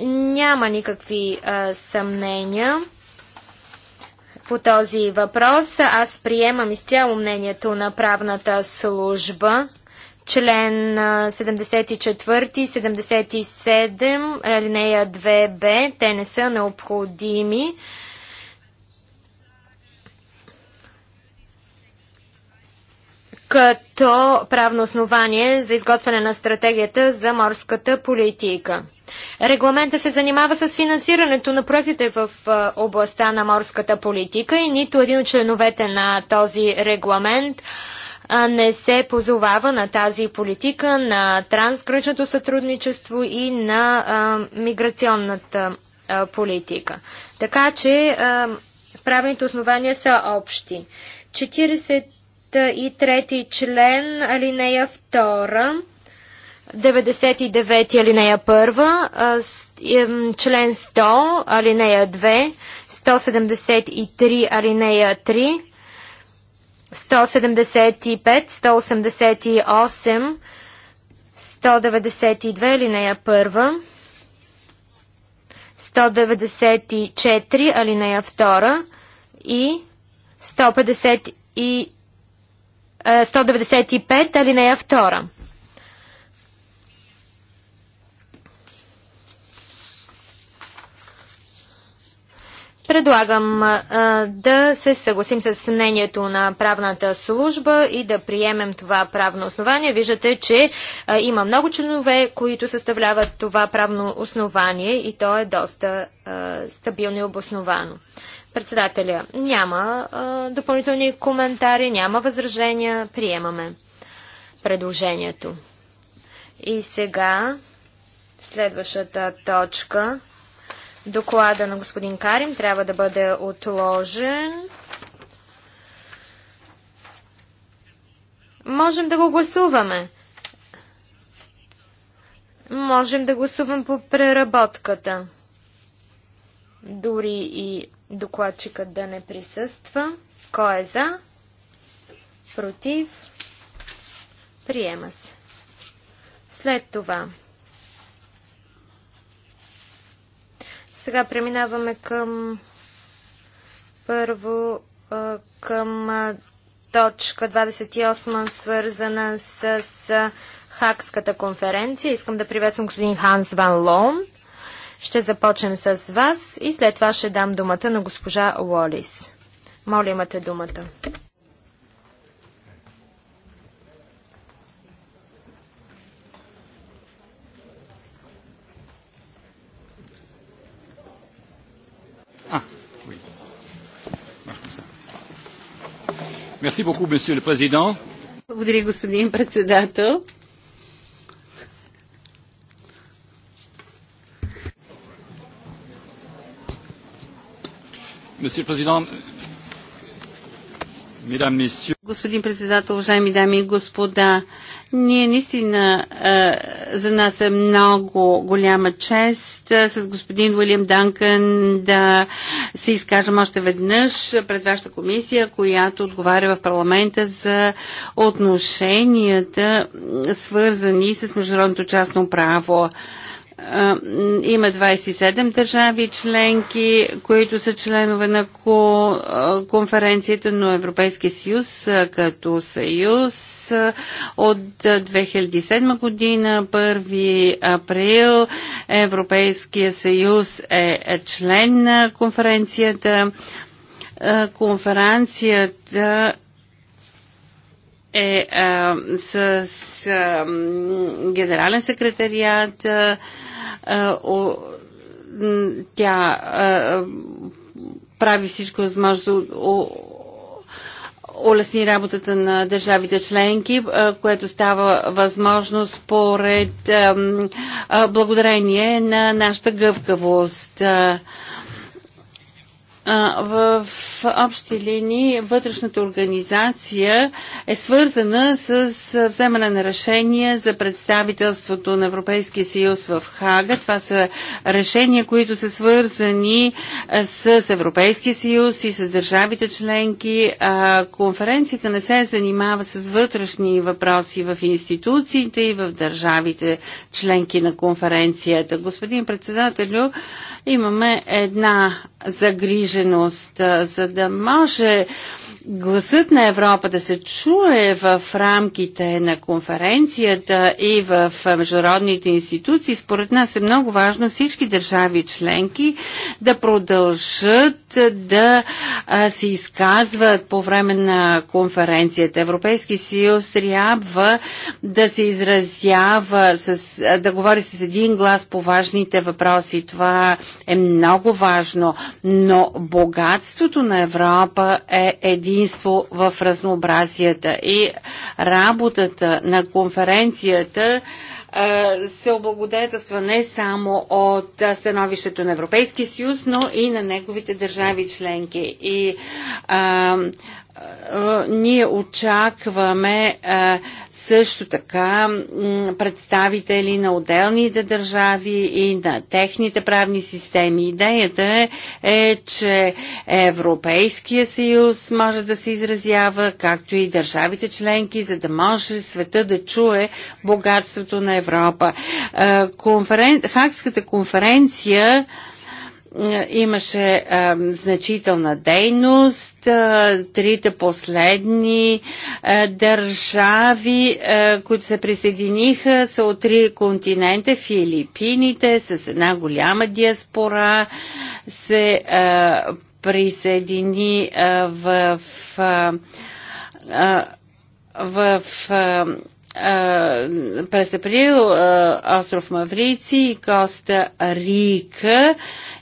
Няма никакви а, съмнения по този въпрос. Аз приемам изцяло мнението на правната служба. Член 74 и 77, линея 2б, те не са необходими. като правно основание за изготвяне на стратегията за морската политика. Регламента се занимава с финансирането на проектите в областта на морската политика и нито един от членовете на този регламент не се позовава на тази политика, на трансгръчното сътрудничество и на а, миграционната а, политика. Така че а, правните основания са общи. 40 и член, алинея 2, 99 алинея 1, член 100, алинея 2, 173 алинея 3, 175, 188, 192 алинея 1, 194 алинея 2 и 150 и 195, алинея 2. Предлагам а, да се съгласим с мнението на правната служба и да приемем това правно основание. Виждате, че а, има много членове, които съставляват това правно основание и то е доста а, стабилно и обосновано. Председателя, няма а, допълнителни коментари, няма възражения, приемаме предложението. И сега следващата точка. Доклада на господин Карим трябва да бъде отложен. Можем да го гласуваме. Можем да гласувам по преработката. Дори и докладчикът да не присъства. Кой е за? Против? Приема се. След това. Сега преминаваме към първо към точка 28, свързана с Хакската конференция. Искам да приветствам господин Ханс Ван Лоун. Ще започнем с вас и след това ще дам думата на госпожа Уолис. Моля, имате думата. Ah, Благодаря, господин председател. Господин председател, уважаеми дами и господа, ние наистина за нас е много голяма чест с господин Уилям Данкън да се изкажем още веднъж пред вашата комисия, която отговаря в парламента за отношенията свързани с международното частно право. Има 27 държави членки, които са членове на конференцията, но Европейския съюз като съюз от 2007 година, 1 април, Европейския съюз е, е член на конференцията. Конференцията е а, с, а, генерален секретариат, а, е, тя е, прави всичко възможно да улесни работата на държавите членки, е, което става възможно според благодарение на нашата гъвкавост в общи линии вътрешната организация е свързана с вземане на решения за представителството на Европейския съюз в Хага. Това са решения, които са свързани с Европейския съюз и с държавите членки. Конференцията не се занимава с вътрешни въпроси в институциите и в държавите членки на конференцията. Господин председателю, имаме една загриженост, за да може гласът на Европа да се чуе в рамките на конференцията и в международните институции, според нас е много важно всички държави членки да продължат да се изказват по време на конференцията. Европейски съюз трябва да се изразява, с, да говори с един глас по важните въпроси. Това е много важно, но богатството на Европа е един единство в разнообразията. И работата на конференцията е, се облагодетелства не само от е, становището на Европейския съюз, но и на неговите държави членки. И а, е, ние очакваме е, също така представители на отделните държави и на техните правни системи. Идеята е, е, че Европейския съюз може да се изразява, както и държавите членки, за да може света да чуе богатството на Европа. Е, конферен... Хакската конференция е, имаше а, значителна дейност. А, трите последни а, държави, а, които се присъединиха, са от три континента. Филипините с една голяма диаспора се а, присъедини а, в. А, в а, през април остров Маврици и Коста Рика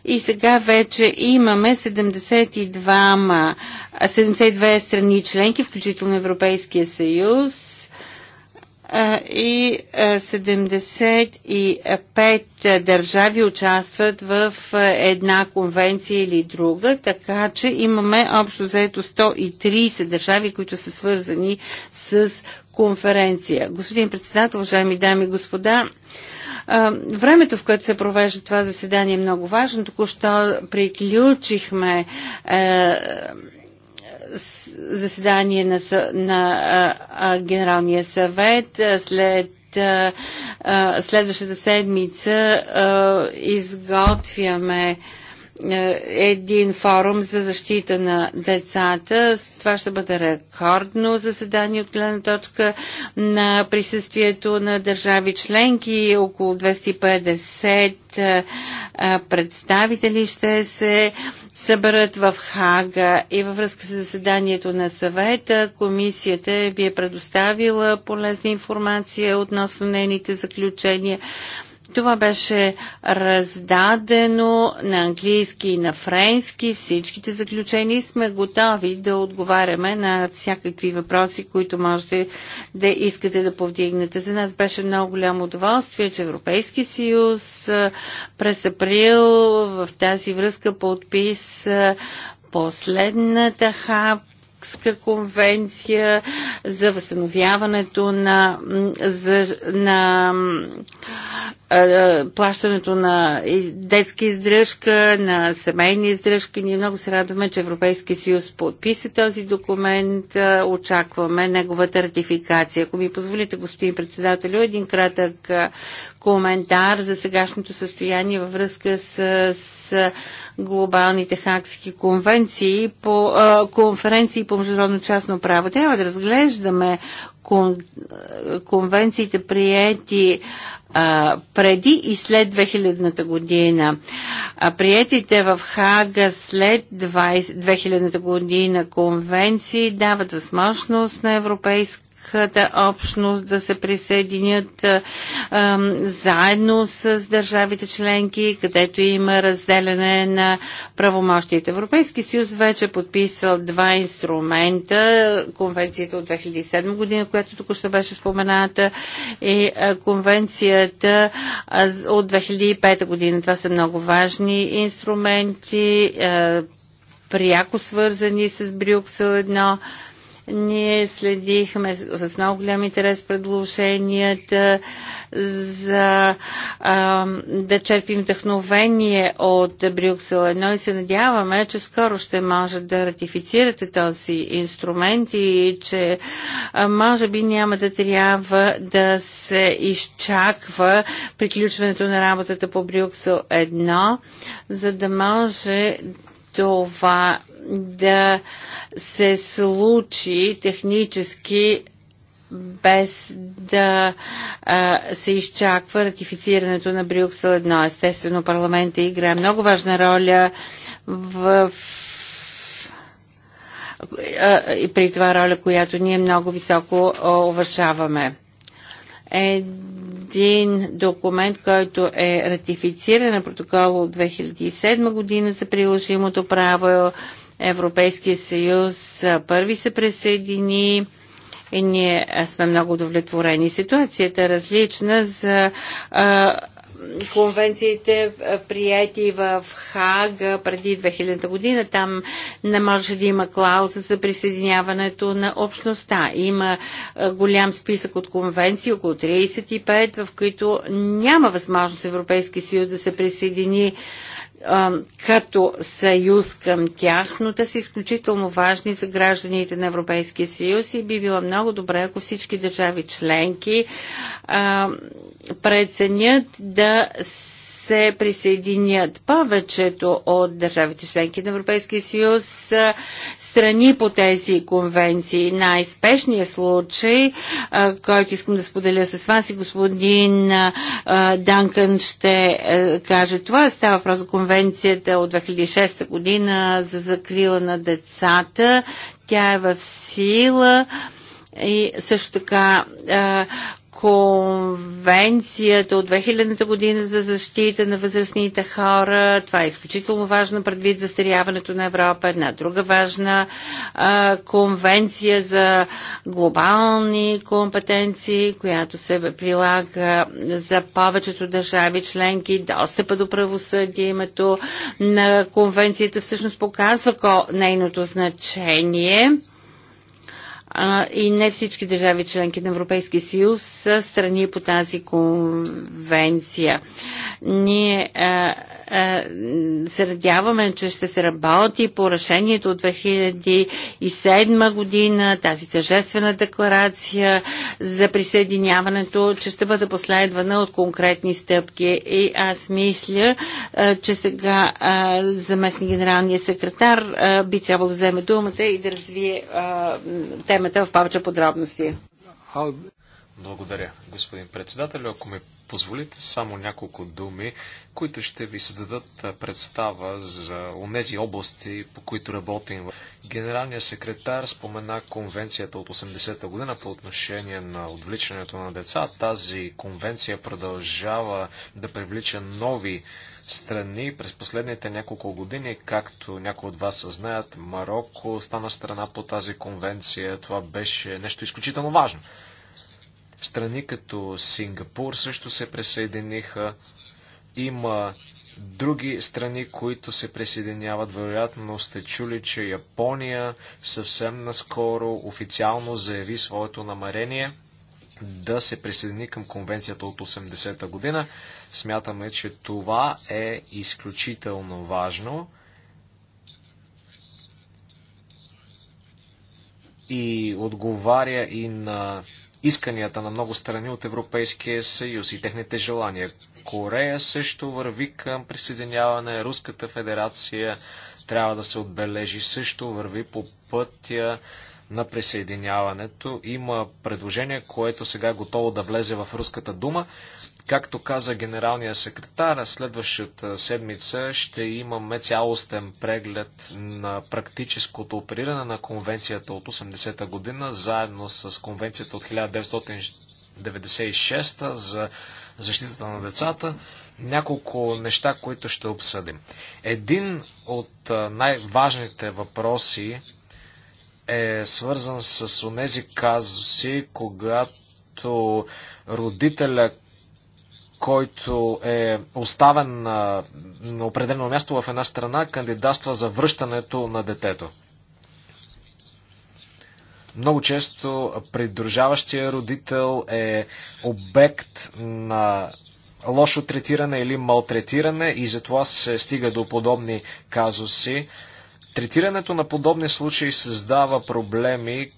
и сега вече имаме 72, 72 страни членки, включително Европейския съюз и 75 държави участват в една конвенция или друга, така че имаме общо заето 130 държави, които са свързани с конференция. Господин председател, уважаеми дами и господа, Времето, в което се провежда това заседание е много важно. Току-що приключихме е, заседание на, на Генералния съвет след следващата седмица изготвяме е, един форум за защита на децата. Това ще бъде рекордно заседание от гледна точка на присъствието на държави членки. Около 250 е, е, представители ще се съберат в Хага и във връзка с заседанието на съвета комисията ви е предоставила полезна информация относно нейните заключения. Това беше раздадено на английски и на френски. Всичките заключения сме готови да отговаряме на всякакви въпроси, които можете да искате да повдигнете. За нас беше много голямо удоволствие, че Европейски съюз през април в тази връзка подпис последната хап. Хагска конвенция за възстановяването на, за, на плащането на детска издръжка, на семейни издръжки. Ние много се радваме, че Европейския съюз подписа този документ. Очакваме неговата ратификация. Ако ми позволите, господин председателю, един кратък коментар за сегашното състояние във връзка с, с глобалните хакски конвенции по а, конференции по международно частно право. Трябва да разглеждаме кон, конвенциите приети а, преди и след 2000-та година. А приетите в Хага след 20, 2000-та година конвенции дават възможност на Европейска българската общност да се присъединят заедно с държавите членки, където има разделяне на правомощите. Европейски съюз вече е подписал два инструмента. Конвенцията от 2007 година, която тук ще беше спомената, и конвенцията от 2005 година. Това са много важни инструменти пряко свързани с Брюксел 1 ние следихме с много голям интерес предложенията за а, да черпим вдъхновение от Брюксел 1 и се надяваме, че скоро ще може да ратифицирате този инструмент и че а, може би няма да трябва да се изчаква приключването на работата по Брюксел 1, за да може това да се случи технически без да а, се изчаква ратифицирането на Брюксел 1. Естествено, парламента играе много важна роля в, а, и при това роля, която ние много високо уважаваме. Един документ, който е ратифициран на протокол от 2007 година за приложимото право Европейския съюз първи се присъедини и ние сме много удовлетворени. Ситуацията е различна за а, конвенциите прияти в Хага преди 2000 година. Там не може да има клауза за присъединяването на общността. Има голям списък от конвенции, около 35, в които няма възможност Европейски съюз да се присъедини като съюз към тях, но те са изключително важни за гражданите на Европейския съюз и би било много добре, ако всички държави членки преценят да се се присъединят. Повечето от държавите членки на Европейския съюз страни по тези конвенции. Най-спешният случай, който искам да споделя с вас и господин Данкън ще е, каже това, става въпрос за конвенцията от 2006 година за закрила на децата. Тя е в сила и също така конвенцията от 2000 година за защита на възрастните хора. Това е изключително важно предвид застаряването на Европа. Една друга важна а, конвенция за глобални компетенции, която се прилага за повечето държави членки. Достъпа до правосъдие на конвенцията всъщност показва нейното значение и не всички държави членки на Европейския съюз са страни по тази конвенция. Ние а, е, се радяваме, че ще се работи по решението от 2007 година, тази тъжествена декларация за присъединяването, че ще бъде последвана от конкретни стъпки. И аз мисля, е, че сега е, заместник генералния секретар би трябвало да вземе думата и да развие темата в повече подробности. Благодаря, господин председател. Ако ми позволите, само няколко думи, които ще ви създадат представа за онези области, по които работим. Генералният секретар спомена конвенцията от 80-та година по отношение на отвличането на деца. Тази конвенция продължава да привлича нови страни през последните няколко години, както някои от вас знаят, Марокко стана страна по тази конвенция. Това беше нещо изключително важно Страни като Сингапур също се присъединиха. Има други страни, които се присъединяват. Вероятно сте чули, че Япония съвсем наскоро официално заяви своето намерение да се присъедини към конвенцията от 80-та година. Смятаме, че това е изключително важно. И отговаря и на исканията на много страни от Европейския съюз и техните желания. Корея също върви към присъединяване. Руската федерация трябва да се отбележи също върви по пътя на присъединяването. Има предложение, което сега е готово да влезе в Руската дума. Както каза генералния секретар, следващата седмица ще имаме цялостен преглед на практическото опериране на конвенцията от 80-та година, заедно с конвенцията от 1996 за защитата на децата няколко неща, които ще обсъдим. Един от най-важните въпроси е свързан с онези казуси, когато родителя, който е оставен на, на определено място в една страна, кандидатства за връщането на детето. Много често придружаващия родител е обект на лошо третиране или малтретиране и затова се стига до подобни казуси. Третирането на подобни случаи създава проблеми,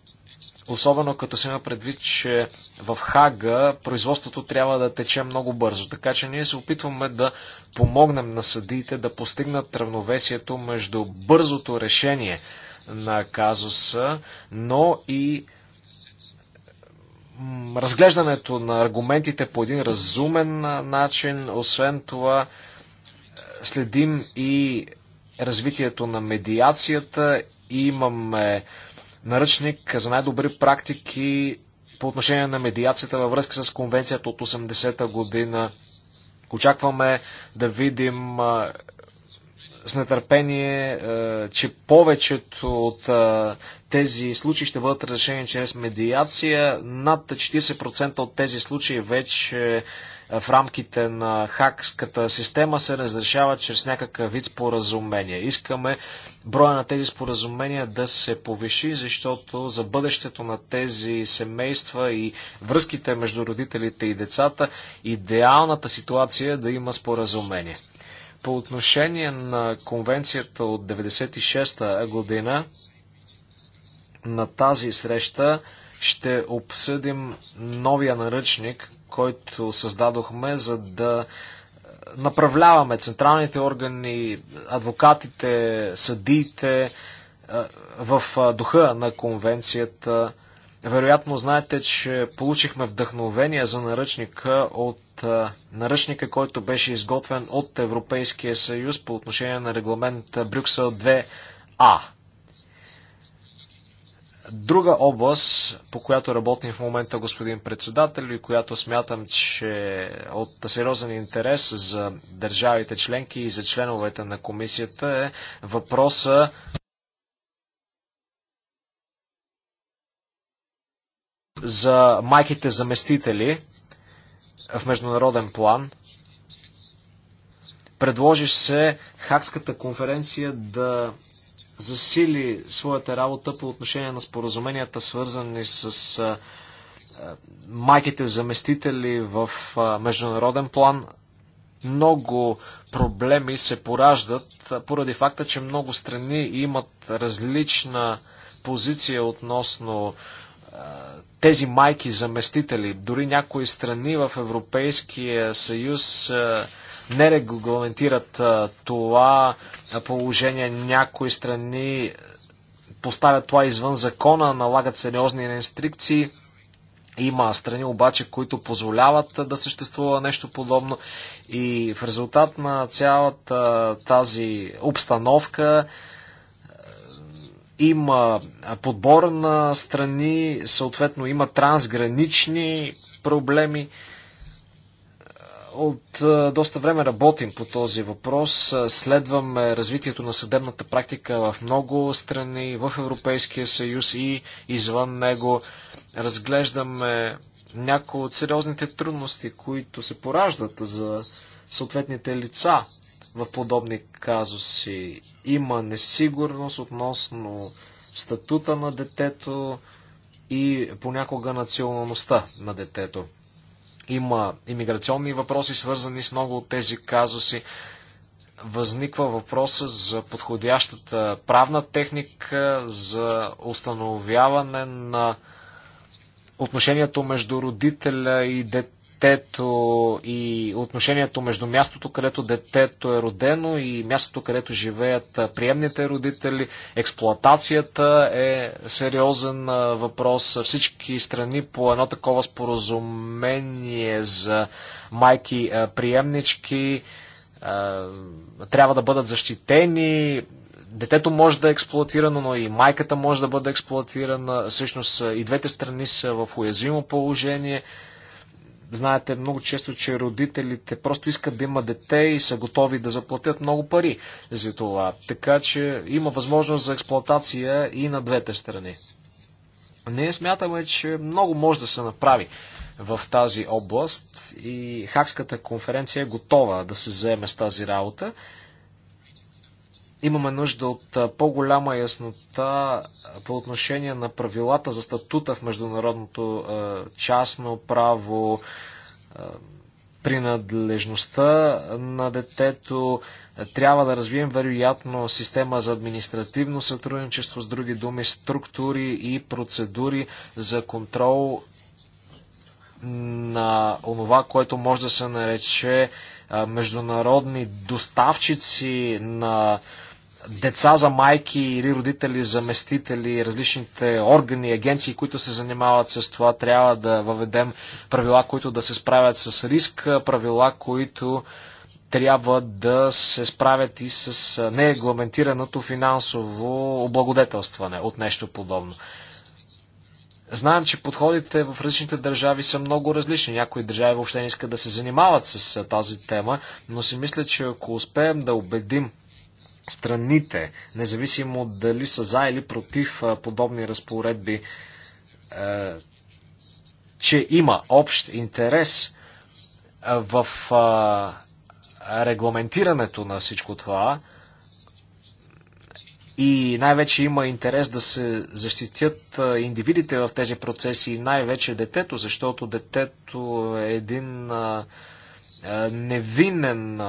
особено като се има предвид, че в Хага производството трябва да тече много бързо. Така че ние се опитваме да помогнем на съдиите да постигнат равновесието между бързото решение на казуса, но и разглеждането на аргументите по един разумен начин. Освен това, следим и развитието на медиацията и имаме наръчник за най-добри практики по отношение на медиацията във връзка с конвенцията от 80-та година. Очакваме да видим с нетърпение, че повечето от тези случаи ще бъдат разрешени чрез медиация. Над 40% от тези случаи вече е, в рамките на хакската система се разрешава чрез някакъв вид споразумение. Искаме броя на тези споразумения да се повиши, защото за бъдещето на тези семейства и връзките между родителите и децата идеалната ситуация е да има споразумение. По отношение на конвенцията от 96-та година, на тази среща ще обсъдим новия наръчник който създадохме, за да е, направляваме централните органи, адвокатите, съдиите е, в е, духа на конвенцията. Вероятно знаете, че получихме вдъхновение за наръчника от наръчника, който беше изготвен от Европейския съюз по отношение на регламент Брюксел 2А. Друга област, по която работим в момента, господин председател, и която смятам, че е от сериозен интерес за държавите членки и за членовете на комисията е въпроса за майките заместители в международен план. Предложиш се Хакската конференция да засили своята работа по отношение на споразуменията, свързани с майките заместители в международен план. Много проблеми се пораждат поради факта, че много страни имат различна позиция относно тези майки заместители. Дори някои страни в Европейския съюз не регламентират това положение. Някои страни поставят това извън закона, налагат сериозни рестрикции. Има страни обаче, които позволяват да съществува нещо подобно и в резултат на цялата тази обстановка има подбор на страни, съответно има трансгранични проблеми. От доста време работим по този въпрос. Следваме развитието на съдебната практика в много страни, в Европейския съюз и извън него. Разглеждаме някои от сериозните трудности, които се пораждат за съответните лица в подобни казуси. Има несигурност относно статута на детето и понякога националността на детето. Има иммиграционни въпроси, свързани с много от тези казуси. Възниква въпроса за подходящата правна техника, за установяване на отношението между родителя и дете детето и отношението между мястото, където детето е родено и мястото, където живеят приемните родители. Експлоатацията е сериозен въпрос. Всички страни по едно такова споразумение за майки приемнички трябва да бъдат защитени. Детето може да е експлуатирано, но и майката може да бъде експлуатирана. Всъщност и двете страни са в уязвимо положение. Знаете много често, че родителите просто искат да има дете и са готови да заплатят много пари за това. Така че има възможност за експлоатация и на двете страни. Ние смятаме, че много може да се направи в тази област и Хакската конференция е готова да се заеме с тази работа. Имаме нужда от по-голяма яснота по отношение на правилата за статута в международното частно право, принадлежността на детето. Трябва да развием вероятно система за административно сътрудничество, с други думи, структури и процедури за контрол на онова, което може да се нарече международни доставчици на деца за майки или родители, заместители, различните органи, агенции, които се занимават с това, трябва да въведем правила, които да се справят с риск, правила, които трябва да се справят и с нерегламентираното финансово облагодетелстване от нещо подобно. Знаем, че подходите в различните държави са много различни. Някои държави въобще не искат да се занимават с тази тема, но си мисля, че ако успеем да убедим страните, независимо дали са за или против подобни разпоредби, е, че има общ интерес в регламентирането на всичко това и най-вече има интерес да се защитят индивидите в тези процеси и най-вече детето, защото детето е един невинен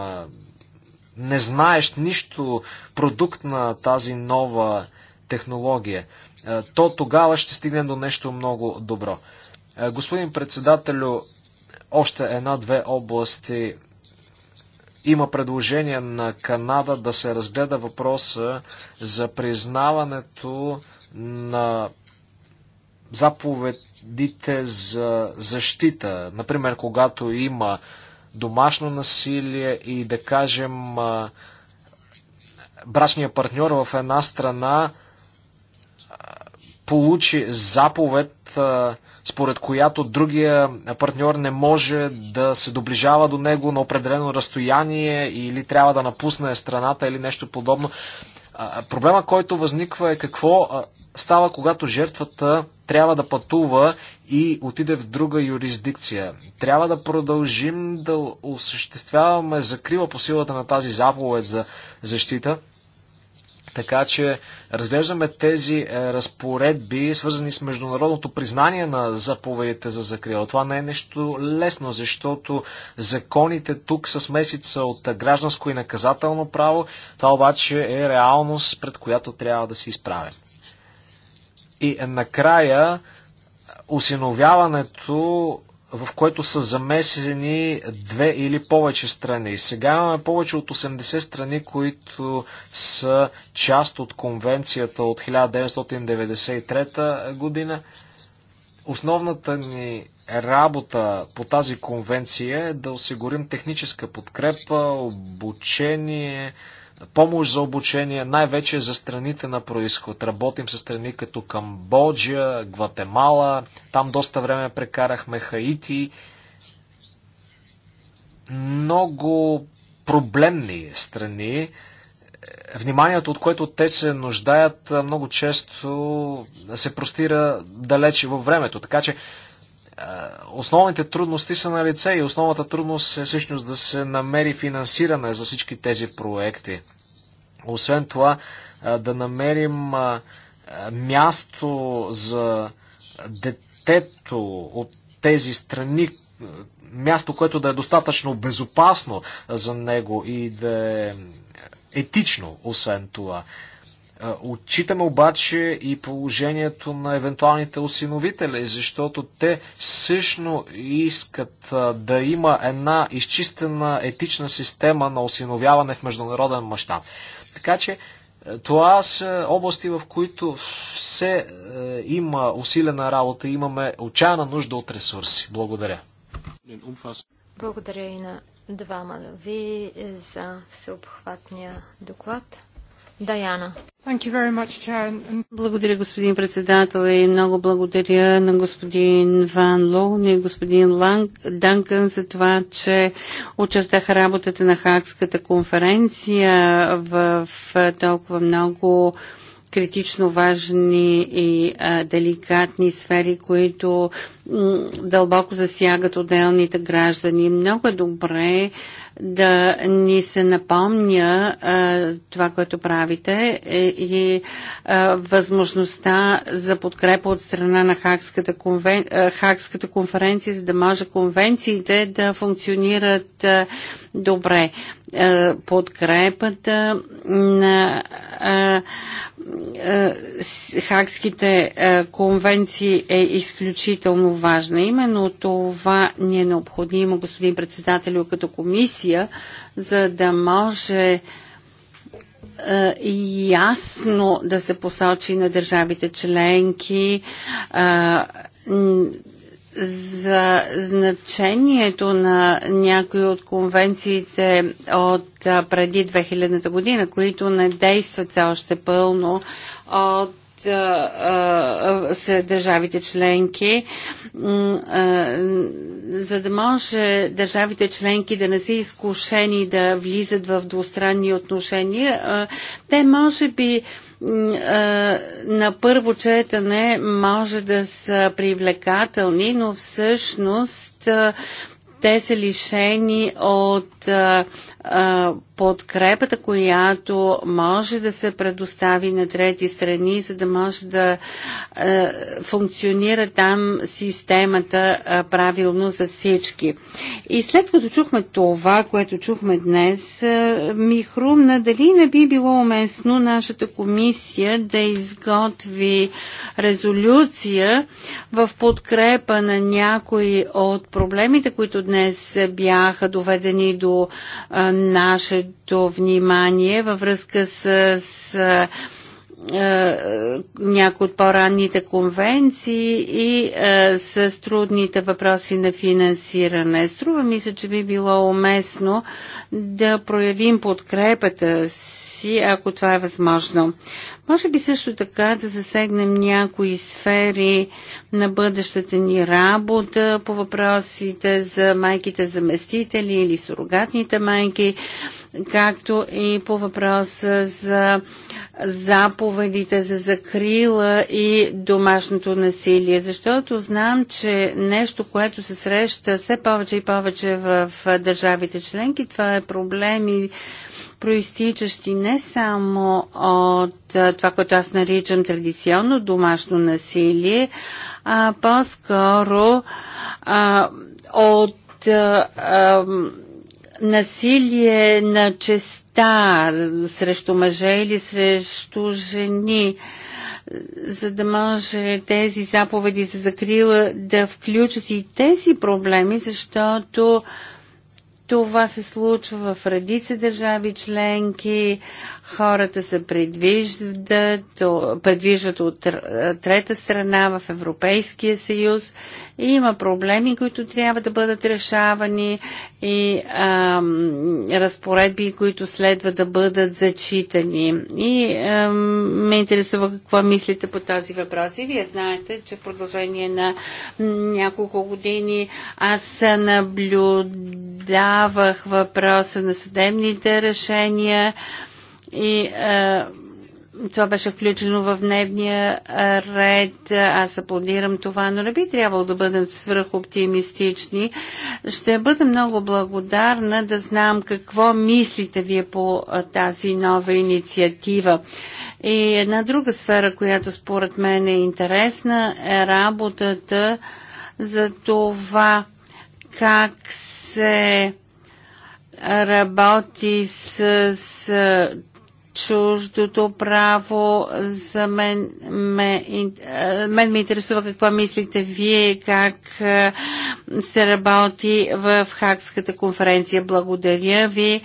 не знаеш нищо продукт на тази нова технология, е, то тогава ще стигнем до нещо много добро. Е, господин председателю, още една-две области има предложение на Канада да се разгледа въпроса за признаването на заповедите за защита. Например, когато има домашно насилие и да кажем брачния партньор в една страна получи заповед, според която другия партньор не може да се доближава до него на определено разстояние или трябва да напусне страната или нещо подобно. Проблема, който възниква е какво става, когато жертвата трябва да пътува и отиде в друга юрисдикция. Трябва да продължим да осъществяваме закрива по силата на тази заповед за защита. Така че разглеждаме тези е, разпоредби, свързани с международното признание на заповедите за закрила. Това не е нещо лесно, защото законите тук са смесица от гражданско и наказателно право. Това обаче е реалност, пред която трябва да се изправим. И накрая осиновяването в което са замесени две или повече страни. Сега имаме повече от 80 страни, които са част от конвенцията от 1993 година. Основната ни работа по тази конвенция е да осигурим техническа подкрепа, обучение, помощ за обучение, най-вече за страните на происход. Работим с страни като Камбоджа, Гватемала, там доста време прекарахме Хаити. Много проблемни страни, вниманието от което те се нуждаят много често се простира далече във времето. Така че е, основните трудности са на лице и основната трудност е всъщност да се намери финансиране за всички тези проекти. Освен това, е, да намерим е, място за детето от тези страни, място, което да е достатъчно безопасно за него и да е етично, освен това. Отчитаме обаче и положението на евентуалните осиновители, защото те всъщно искат да има една изчистена етична система на осиновяване в международен мащаб. Така че това са области, в които все има усилена работа, и имаме отчаяна нужда от ресурси. Благодаря. Благодаря и на двама ви за всеобхватния доклад. Даяна. Благодаря, господин председател, и много благодаря на господин Ван Лоун и господин Ланг, Данкън за това, че очертаха работата на Хакската конференция в толкова много критично важни и а, деликатни сфери, които дълбоко засягат отделните граждани. Много е добре да ни се напомня а, това, което правите е, и а, възможността за подкрепа от страна на Хакската, конвен... Хакската конференция, за да може конвенциите да функционират а, добре. А, подкрепата на а, а, хакските а, конвенции е изключително важна. Именно това ни е необходимо, господин председател, като комисия, за да може е, ясно да се посочи на държавите членки е, за значението на някои от конвенциите от е, преди 2000 година, които не действат все още пълно от с държавите членки, за да може държавите членки да не са изкушени да влизат в двустранни отношения, те може би на първо четане може да са привлекателни, но всъщност те са лишени от подкрепата, която може да се предостави на трети страни, за да може да функционира там системата правилно за всички. И след като чухме това, което чухме днес, ми хрумна дали не би било уместно нашата комисия да изготви резолюция в подкрепа на някои от проблемите, които днес бяха доведени до нашето внимание във връзка с, с някои от по-ранните конвенции и а, с трудните въпроси на финансиране. Струва ми се, че би било уместно да проявим подкрепата си, ако това е възможно. Може би също така да засегнем някои сфери на бъдещата ни работа по въпросите за майките заместители или сурогатните майки, както и по въпроса за заповедите за закрила и домашното насилие. Защото знам, че нещо, което се среща все повече и повече в държавите членки, това е проблеми проистичащи не само от това, което аз наричам традиционно домашно насилие, а по-скоро от а, насилие на честа срещу мъже или срещу жени за да може тези заповеди за закрила да включат и тези проблеми, защото това се случва в редици държави членки хората се предвиждат, предвиждат от трета страна в Европейския съюз. И има проблеми, които трябва да бъдат решавани и а, разпоредби, които следва да бъдат зачитани. И а, ме интересува какво мислите по този въпрос. И вие знаете, че в продължение на няколко години аз наблюдавах въпроса на съдебните решения. И а, е, това беше включено в дневния ред. Аз аплодирам това, но не би трябвало да бъдем свръхоптимистични. Ще бъда много благодарна да знам какво мислите вие по е, тази нова инициатива. И една друга сфера, която според мен е интересна, е работата за това как се работи с, с чуждото право. За мен ме, мен ме интересува какво мислите вие, как се работи в Хакската конференция. Благодаря ви.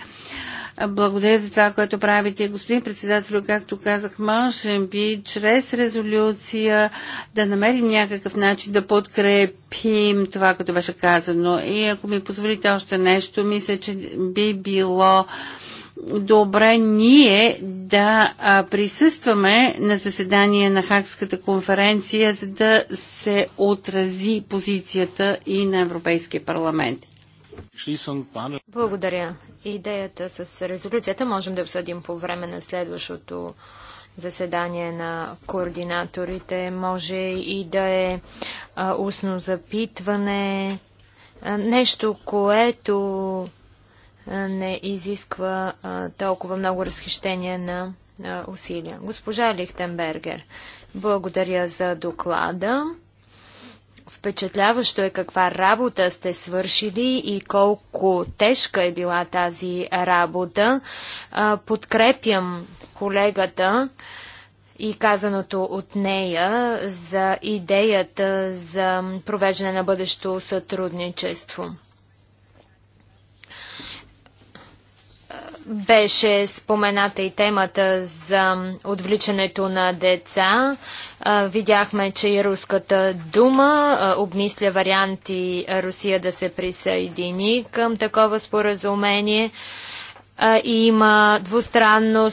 Благодаря за това, което правите. Господин председател, както казах, можем би чрез резолюция да намерим някакъв начин да подкрепим това, което беше казано. И ако ми позволите още нещо, мисля, че би било добре ние да присъстваме на заседание на Хакската конференция, за да се отрази позицията и на Европейския парламент. Благодаря. Идеята с резолюцията можем да обсъдим по време на следващото заседание на координаторите. Може и да е а, устно запитване, а, нещо, което не изисква толкова много разхищение на усилия. Госпожа Лихтенбергер, благодаря за доклада. Впечатляващо е каква работа сте свършили и колко тежка е била тази работа. Подкрепям колегата и казаното от нея за идеята за провеждане на бъдещо сътрудничество. Беше спомената и темата за отвличането на деца. Видяхме, че и руската дума обмисля варианти Русия да се присъедини към такова споразумение. Има двустранно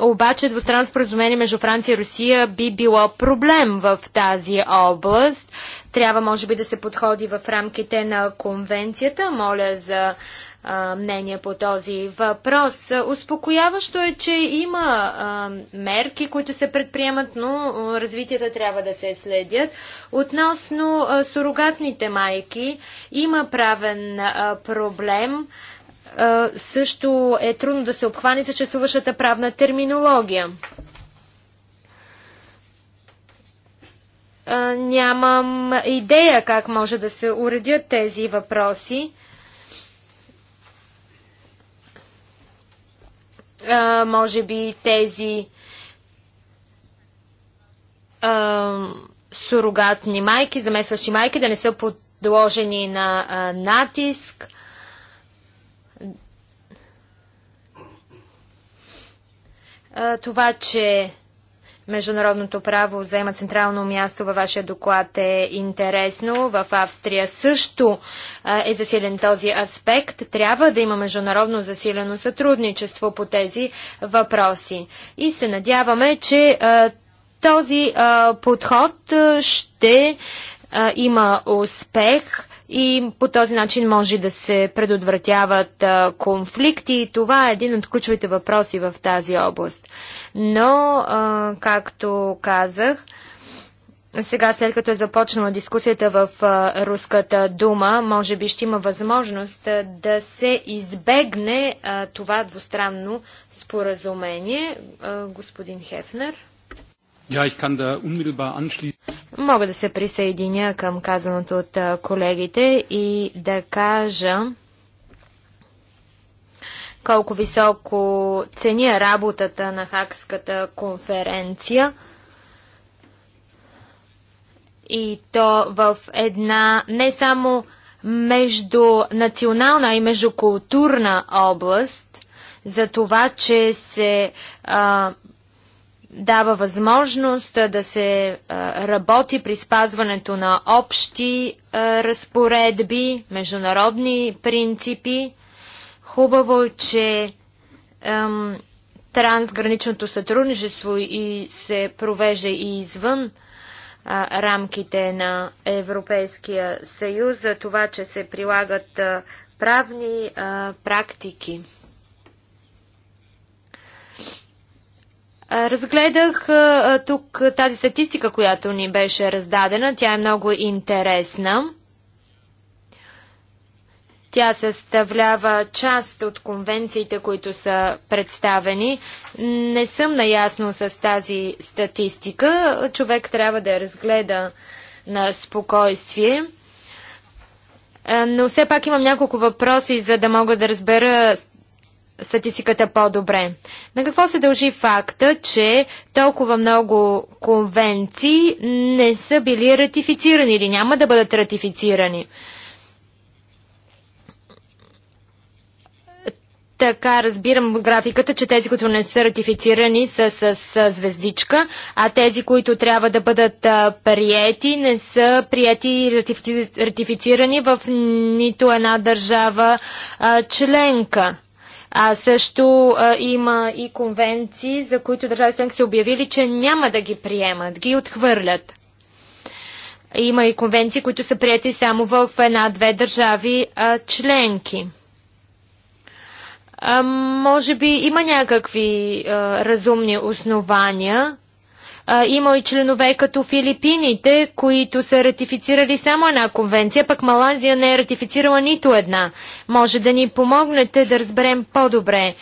обаче двустранно споразумение между Франция и Русия би било проблем в тази област. Трябва, може би, да се подходи в рамките на конвенцията. Моля за мнение по този въпрос. Успокояващо е, че има мерки, които се предприемат, но развитията трябва да се следят. Относно сурогатните майки има правен проблем. Също е трудно да се обхване съществуващата правна терминология. Нямам идея как може да се уредят тези въпроси. а, може би тези а, сурогатни майки, замесващи майки, да не са подложени на а, натиск. А, това, че международното право взема централно място във вашия доклад е интересно. В Австрия също е засилен този аспект. Трябва да има международно засилено сътрудничество по тези въпроси. И се надяваме, че този подход ще има успех и по този начин може да се предотвратяват конфликти това е един от ключовите въпроси в тази област. Но, както казах, сега, след като е започнала дискусията в а, Руската дума, може би ще има възможност а, да се избегне а, това двустранно споразумение. Господин Хефнер. Мога да се присъединя към казаното от колегите и да кажа колко високо ценя работата на Хакската конференция и то в една не само между национална и междукултурна област, за това, че се а, дава възможност да се работи при спазването на общи разпоредби, международни принципи. Хубаво, че ем, трансграничното сътрудничество и се провежда и извън а, рамките на Европейския съюз за това, че се прилагат а, правни а, практики. Разгледах тук тази статистика, която ни беше раздадена. Тя е много интересна. Тя съставлява част от конвенциите, които са представени. Не съм наясно с тази статистика. Човек трябва да я разгледа на спокойствие. Но все пак имам няколко въпроси, за да мога да разбера статистиката по-добре. На какво се дължи факта, че толкова много конвенции не са били ратифицирани или няма да бъдат ратифицирани? Така разбирам графиката, че тези, които не са ратифицирани са с, с звездичка, а тези, които трябва да бъдат а, приети, не са приети и ратифицирани в нито една държава а, членка. А също а, има и конвенции, за които държави членки са обявили, че няма да ги приемат, ги отхвърлят. Има и конвенции, които са прияти само в една-две държави а, членки. А, може би има някакви а, разумни основания а, има и членове като Филипините, които са ратифицирали само една конвенция, пък Малазия не е ратифицирала нито една. Може да ни помогнете да разберем по-добре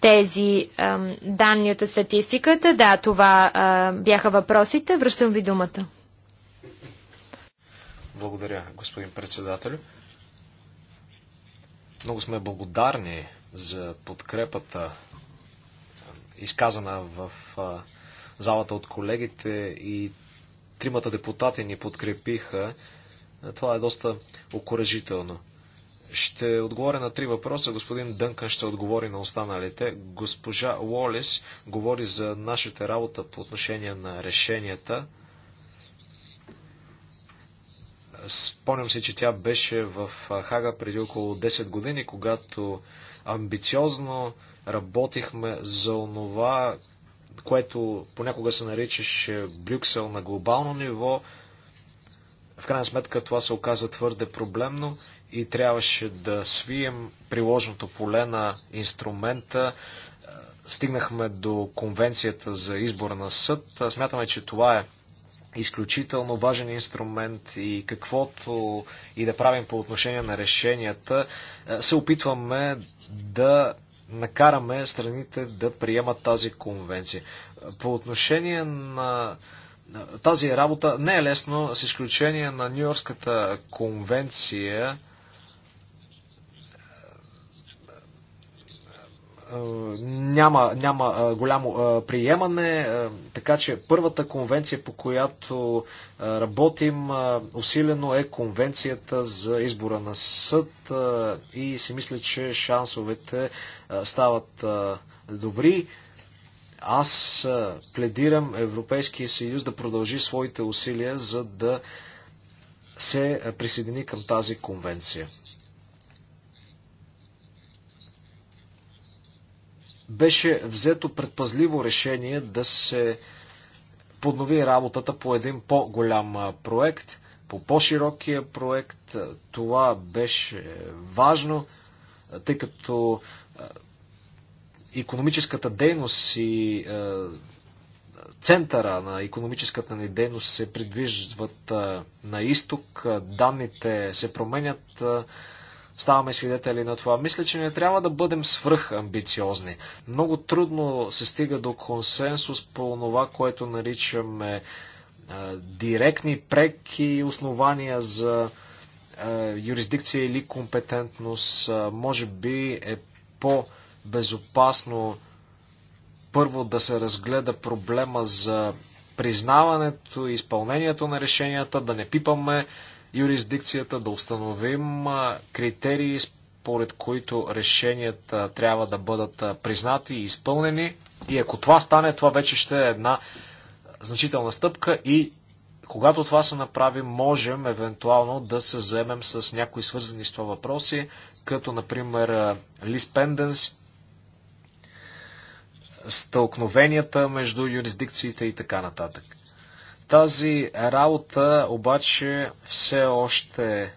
тези а, данни от статистиката. Да, това а, бяха въпросите. Връщам ви думата. Благодаря, господин председател. Много сме благодарни за подкрепата, изказана в залата от колегите и тримата депутати ни подкрепиха. Това е доста окоръжително. Ще отговоря на три въпроса. Господин Дънкън ще отговори на останалите. Госпожа Уолис говори за нашата работа по отношение на решенията. Спомням си, че тя беше в Хага преди около 10 години, когато амбициозно работихме за онова, което понякога се наричаше Брюксел на глобално ниво, в крайна сметка това се оказа твърде проблемно и трябваше да свием приложното поле на инструмента. Е, стигнахме до конвенцията за избор на съд. Е, смятаме, че това е изключително важен инструмент и каквото и да правим по отношение на решенията, е, се опитваме да накараме страните да приемат тази конвенция. По отношение на тази работа не е лесно, с изключение на Нью-Йоркската конвенция, Е, няма, няма е, голямо е, приемане, така че първата конвенция, по която работим усилено е конвенцията за избора на съд и си мисля, че шансовете стават добри. Аз пледирам Европейския съюз да продължи своите усилия, за да се присъедини към тази конвенция. беше взето предпазливо решение да се поднови работата по един по-голям проект, по по-широкия проект. Това беше важно, тъй като економическата дейност и центъра на економическата ни дейност се придвижват на изток, данните се променят ставаме свидетели на това. Мисля, че не трябва да бъдем свръхамбициозни. Много трудно се стига до консенсус по това, което наричаме а, е, директни, преки основания за а, е, юрисдикция или компетентност. А, е, може би е по-безопасно първо да се разгледа проблема за признаването и изпълнението на решенията, да не пипаме юрисдикцията, да установим критерии, според които решенията трябва да бъдат признати и изпълнени. И ако това стане, това вече ще е една значителна стъпка и когато това се направи, можем евентуално да се заемем с някои свързани с това въпроси, като например лист пенденс, стълкновенията между юрисдикциите и така нататък. Тази работа обаче все още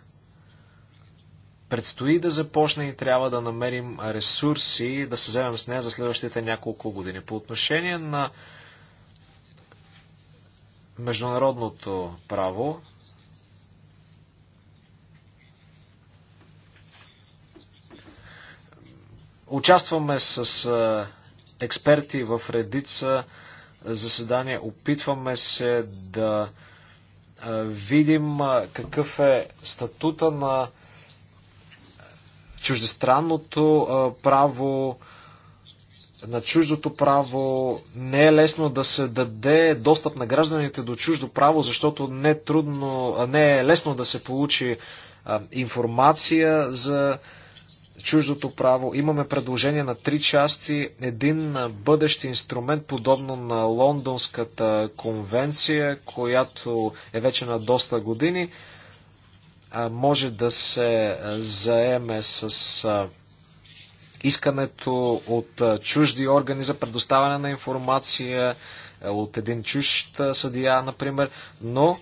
предстои да започне и трябва да намерим ресурси да се вземем с нея за следващите няколко години. По отношение на международното право, участваме с експерти в редица заседание. Опитваме се да видим какъв е статута на чуждестранното право, на чуждото право. Не е лесно да се даде достъп на гражданите до чуждо право, защото не, е трудно, не е лесно да се получи информация за чуждото право. Имаме предложение на три части. Един бъдещ инструмент, подобно на Лондонската конвенция, която е вече на доста години, може да се заеме с искането от чужди органи за предоставяне на информация, от един чужд съдия, например, но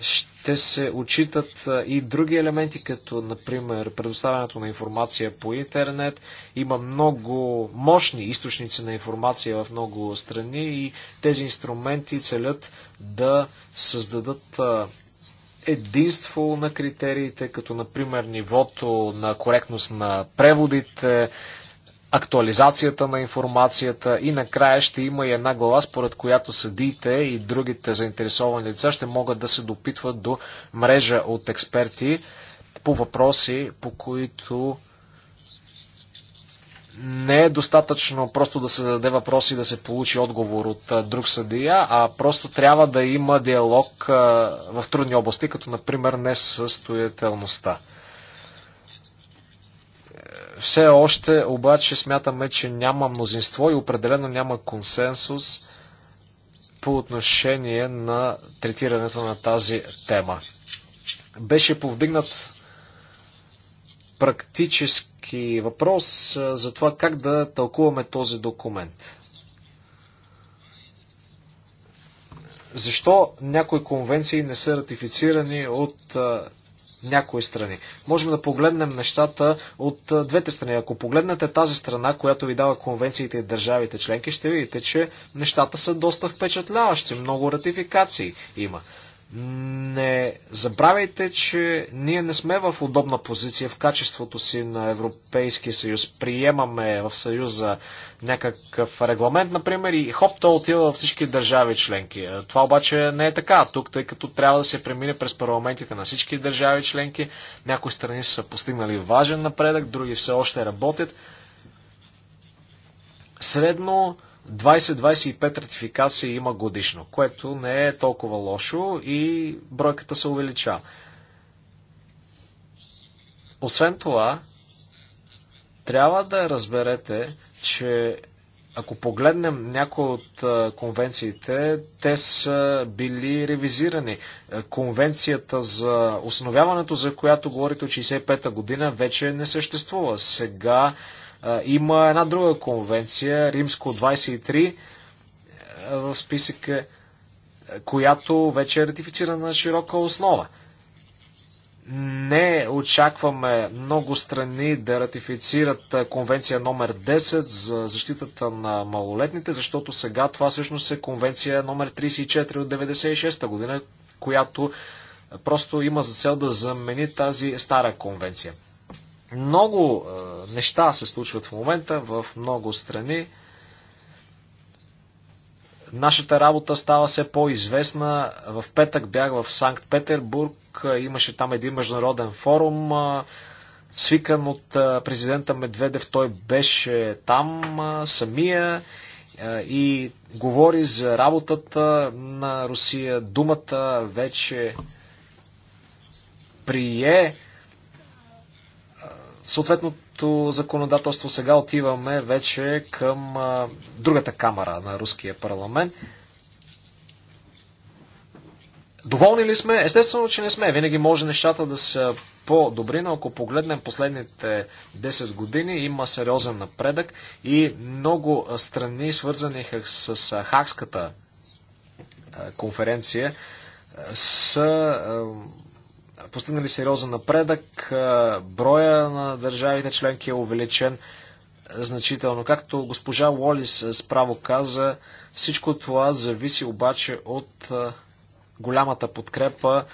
ще ще се отчитат и други елементи, като например предоставянето на информация по интернет. Има много мощни източници на информация в много страни и тези инструменти целят да създадат единство на критериите, като например нивото на коректност на преводите, актуализацията на информацията и накрая ще има и една глава, според която съдиите и другите заинтересовани лица ще могат да се допитват до мрежа от експерти по въпроси, по които не е достатъчно просто да се зададе въпрос и да се получи отговор от друг съдия, а просто трябва да има диалог в трудни области, като например несъстоятелността. Все още обаче смятаме, че няма мнозинство и определено няма консенсус по отношение на третирането на тази тема. Беше повдигнат практически въпрос за това как да тълкуваме този документ. Защо някои конвенции не са ратифицирани от някои страни. Можем да погледнем нещата от двете страни. Ако погледнете тази страна, която ви дава конвенциите и държавите членки, ще видите, че нещата са доста впечатляващи. Много ратификации има. Не забравяйте, че ние не сме в удобна позиция в качеството си на Европейския съюз. Приемаме в съюза някакъв регламент, например, и хоп, то отива във всички държави членки. Това обаче не е така тук, тъй като трябва да се премине през парламентите на всички държави членки. Някои страни са постигнали важен напредък, други все още работят. Средно 20-25 ратификации има годишно, което не е толкова лошо и бройката се увеличава. Освен това, трябва да разберете, че ако погледнем някои от конвенциите, те са били ревизирани. Конвенцията за основяването, за която говорите от 65-та година, вече не съществува. Сега има една друга конвенция, Римско 23, е, в списъка, е, която вече е ратифицирана на широка основа. Не очакваме много страни да ратифицират е, конвенция номер 10 за защитата на малолетните, защото сега това всъщност е конвенция номер 34 от 96 година, която просто има за цел да замени тази стара конвенция. Много неща се случват в момента в много страни. Нашата работа става все по-известна. В петък бях в Санкт-Петербург. Имаше там един международен форум, свикан от президента Медведев. Той беше там самия и говори за работата на Русия. Думата вече прие съответното законодателство. Сега отиваме вече към а, другата камера на руския парламент. Доволни ли сме? Естествено, че не сме. Винаги може нещата да са по-добри, но ако погледнем последните 10 години, има сериозен напредък и много страни, свързани с Хакската конференция, са постигнали сериозен напредък. Броя на държавите членки е увеличен значително. Както госпожа Лолис справо каза, всичко това зависи обаче от голямата подкрепа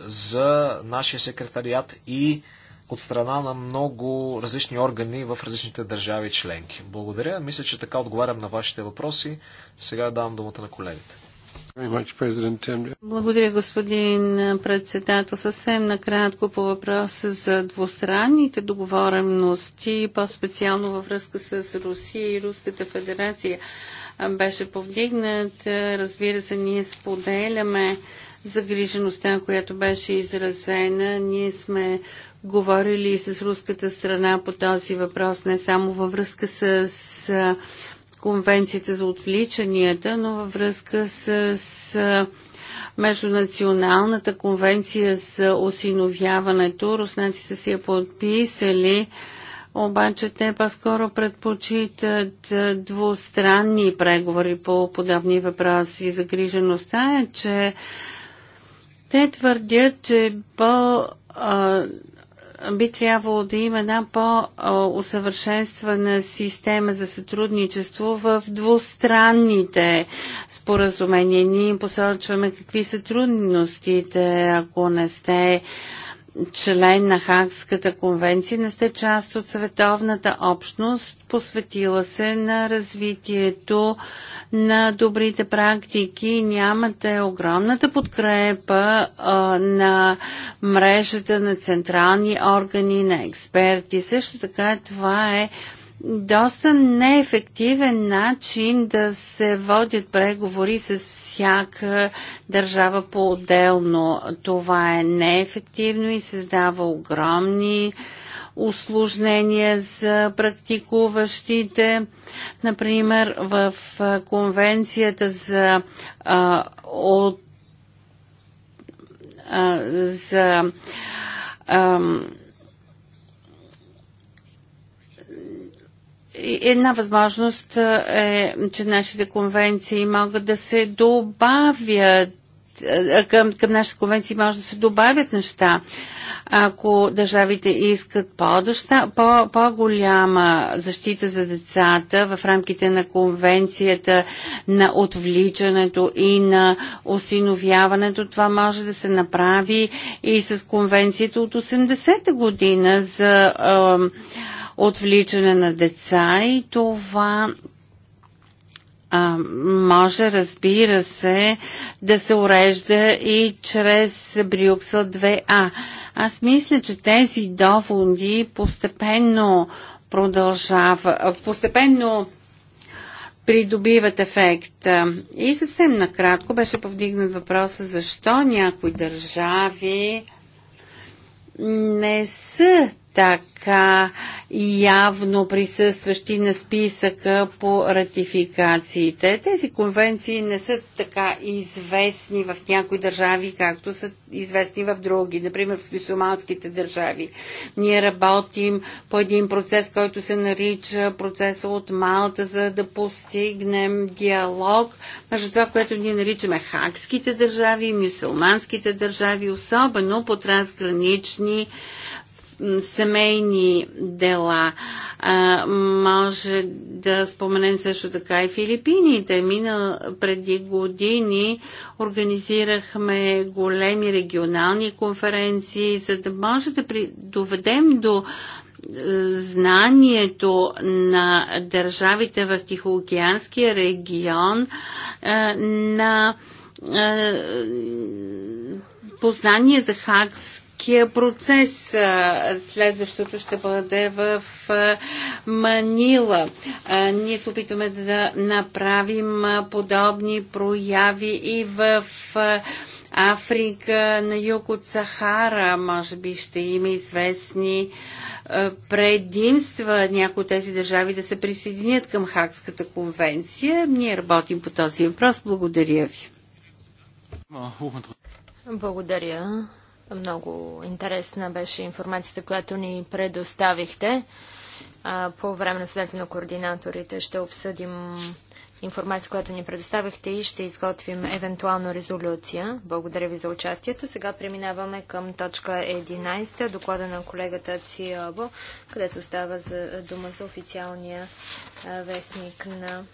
за нашия секретариат и от страна на много различни органи в различните държави членки. Благодаря. Мисля, че така отговарям на вашите въпроси. Сега давам думата на колегите. Благодаря, господин председател. Съвсем накратко по въпроса за двустранните договорености, по-специално във връзка с Русия и Руската федерация беше повдигнат. Разбира се, ние споделяме загрижеността, която беше изразена. Ние сме говорили с руската страна по този въпрос, не само във връзка с конвенцията за отвличанията, но във връзка с, с Междунационалната конвенция за осиновяването. Руснаците си я подписали, обаче те по-скоро предпочитат двустранни преговори по подобни въпроси. Загрижеността е, че те твърдят, че по би трябвало да има една по-усъвършенствана система за сътрудничество в двустранните споразумения. Ние им посочваме какви са трудностите, ако не сте член на Хагската конвенция, не сте част от световната общност, посветила се на развитието на добрите практики, нямате огромната подкрепа а, на мрежата на централни органи, на експерти. Също така това е доста неефективен начин да се водят преговори с всяка държава по-отделно. Това е неефективно и създава огромни услужнения за практикуващите. Например, в конвенцията за а, от а, за а, Една възможност е, че нашите конвенции могат да се добавят е, към, към нашите конвенции може да се добавят неща. Ако държавите искат по-голяма по, по защита за децата в рамките на конвенцията на отвличането и на осиновяването, това може да се направи и с конвенцията от 80-та година за е, отвличане на деца и това а, може, разбира се, да се урежда и чрез Брюксел 2А. Аз мисля, че тези доводи постепенно продължава, постепенно придобиват ефект. И съвсем накратко беше повдигнат въпроса защо някои държави не са така явно присъстващи на списъка по ратификациите. Тези конвенции не са така известни в някои държави, както са известни в други. Например, в мусулманските държави. Ние работим по един процес, който се нарича процеса от Малта, за да постигнем диалог между това, което ние наричаме хакските държави мусулманските държави, особено по трансгранични семейни дела. А, може да споменем също така и Филипините. Мина преди години организирахме големи регионални конференции, за да може да при... доведем до е, знанието на държавите в Тихоокеанския регион е, на е, познание за хакс политическия процес. Следващото ще бъде в Манила. Ние се опитваме да направим подобни прояви и в Африка, на юг от Сахара, може би ще има известни предимства някои от тези държави да се присъединят към Хакската конвенция. Ние работим по този въпрос. Благодаря ви. Благодаря, много интересна беше информацията, която ни предоставихте. По време на съдето на координаторите ще обсъдим информация, която ни предоставихте и ще изготвим евентуално резолюция. Благодаря ви за участието. Сега преминаваме към точка 11, доклада на колегата Циобо, където става за, дума за официалния вестник на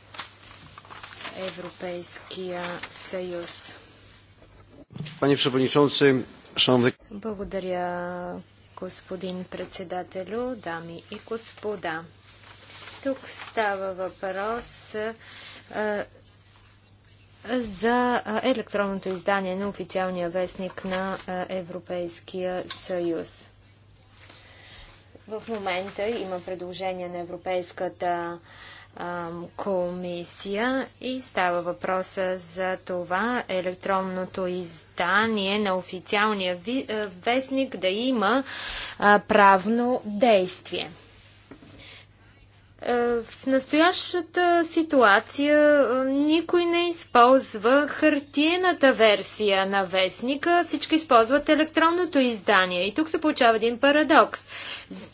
Европейския съюз. Пане Przewodniczący, благодаря, господин председателю, дами и господа. Тук става въпрос а, за електронното издание на официалния вестник на Европейския съюз. В момента има предложение на Европейската комисия и става въпроса за това електронното издание на официалния е, вестник да има правно действие. Е, в настоящата ситуация е, никой не използва хартиената версия на вестника, всички използват електронното издание. И тук се получава един парадокс,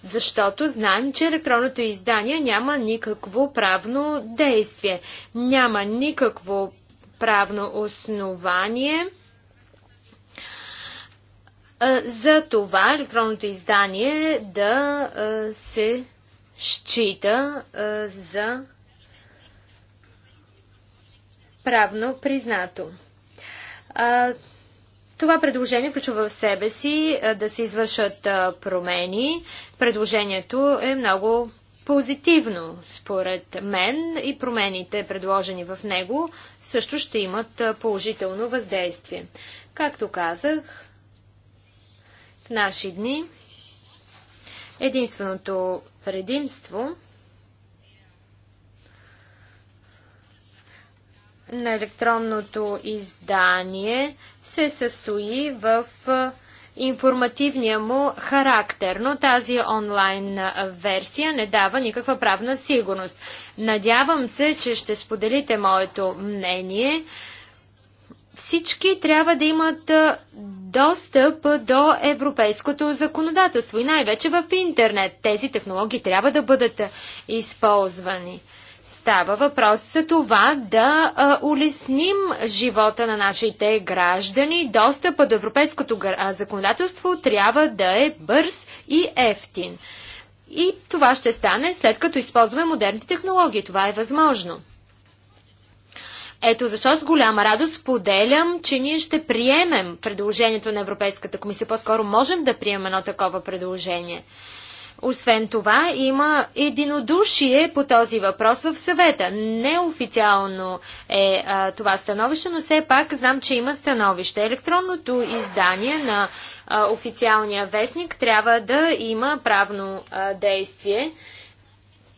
защото знаем, че електронното издание няма никакво правно действие, няма никакво правно основание. Е, за това електронното издание да се счита за правно признато. това предложение включва в себе си да се извършат промени. Предложението е много позитивно, според мен, и промените, предложени в него, също ще имат положително въздействие. Както казах, в наши дни единственото предимство на електронното издание се състои в информативния му характер, но тази онлайн версия не дава никаква правна сигурност. Надявам се, че ще споделите моето мнение всички трябва да имат достъп до европейското законодателство и най-вече в интернет. Тези технологии трябва да бъдат използвани. Става въпрос за това да улесним живота на нашите граждани. Достъпа до европейското законодателство трябва да е бърз и ефтин. И това ще стане след като използваме модерните технологии. Това е възможно. Ето защо с голяма радост поделям, че ние ще приемем предложението на Европейската комисия. По-скоро можем да приемем едно такова предложение. Освен това, има единодушие по този въпрос в съвета. Неофициално е а, това становище, но все пак знам, че има становище. Електронното издание на а, официалния вестник трябва да има правно а, действие.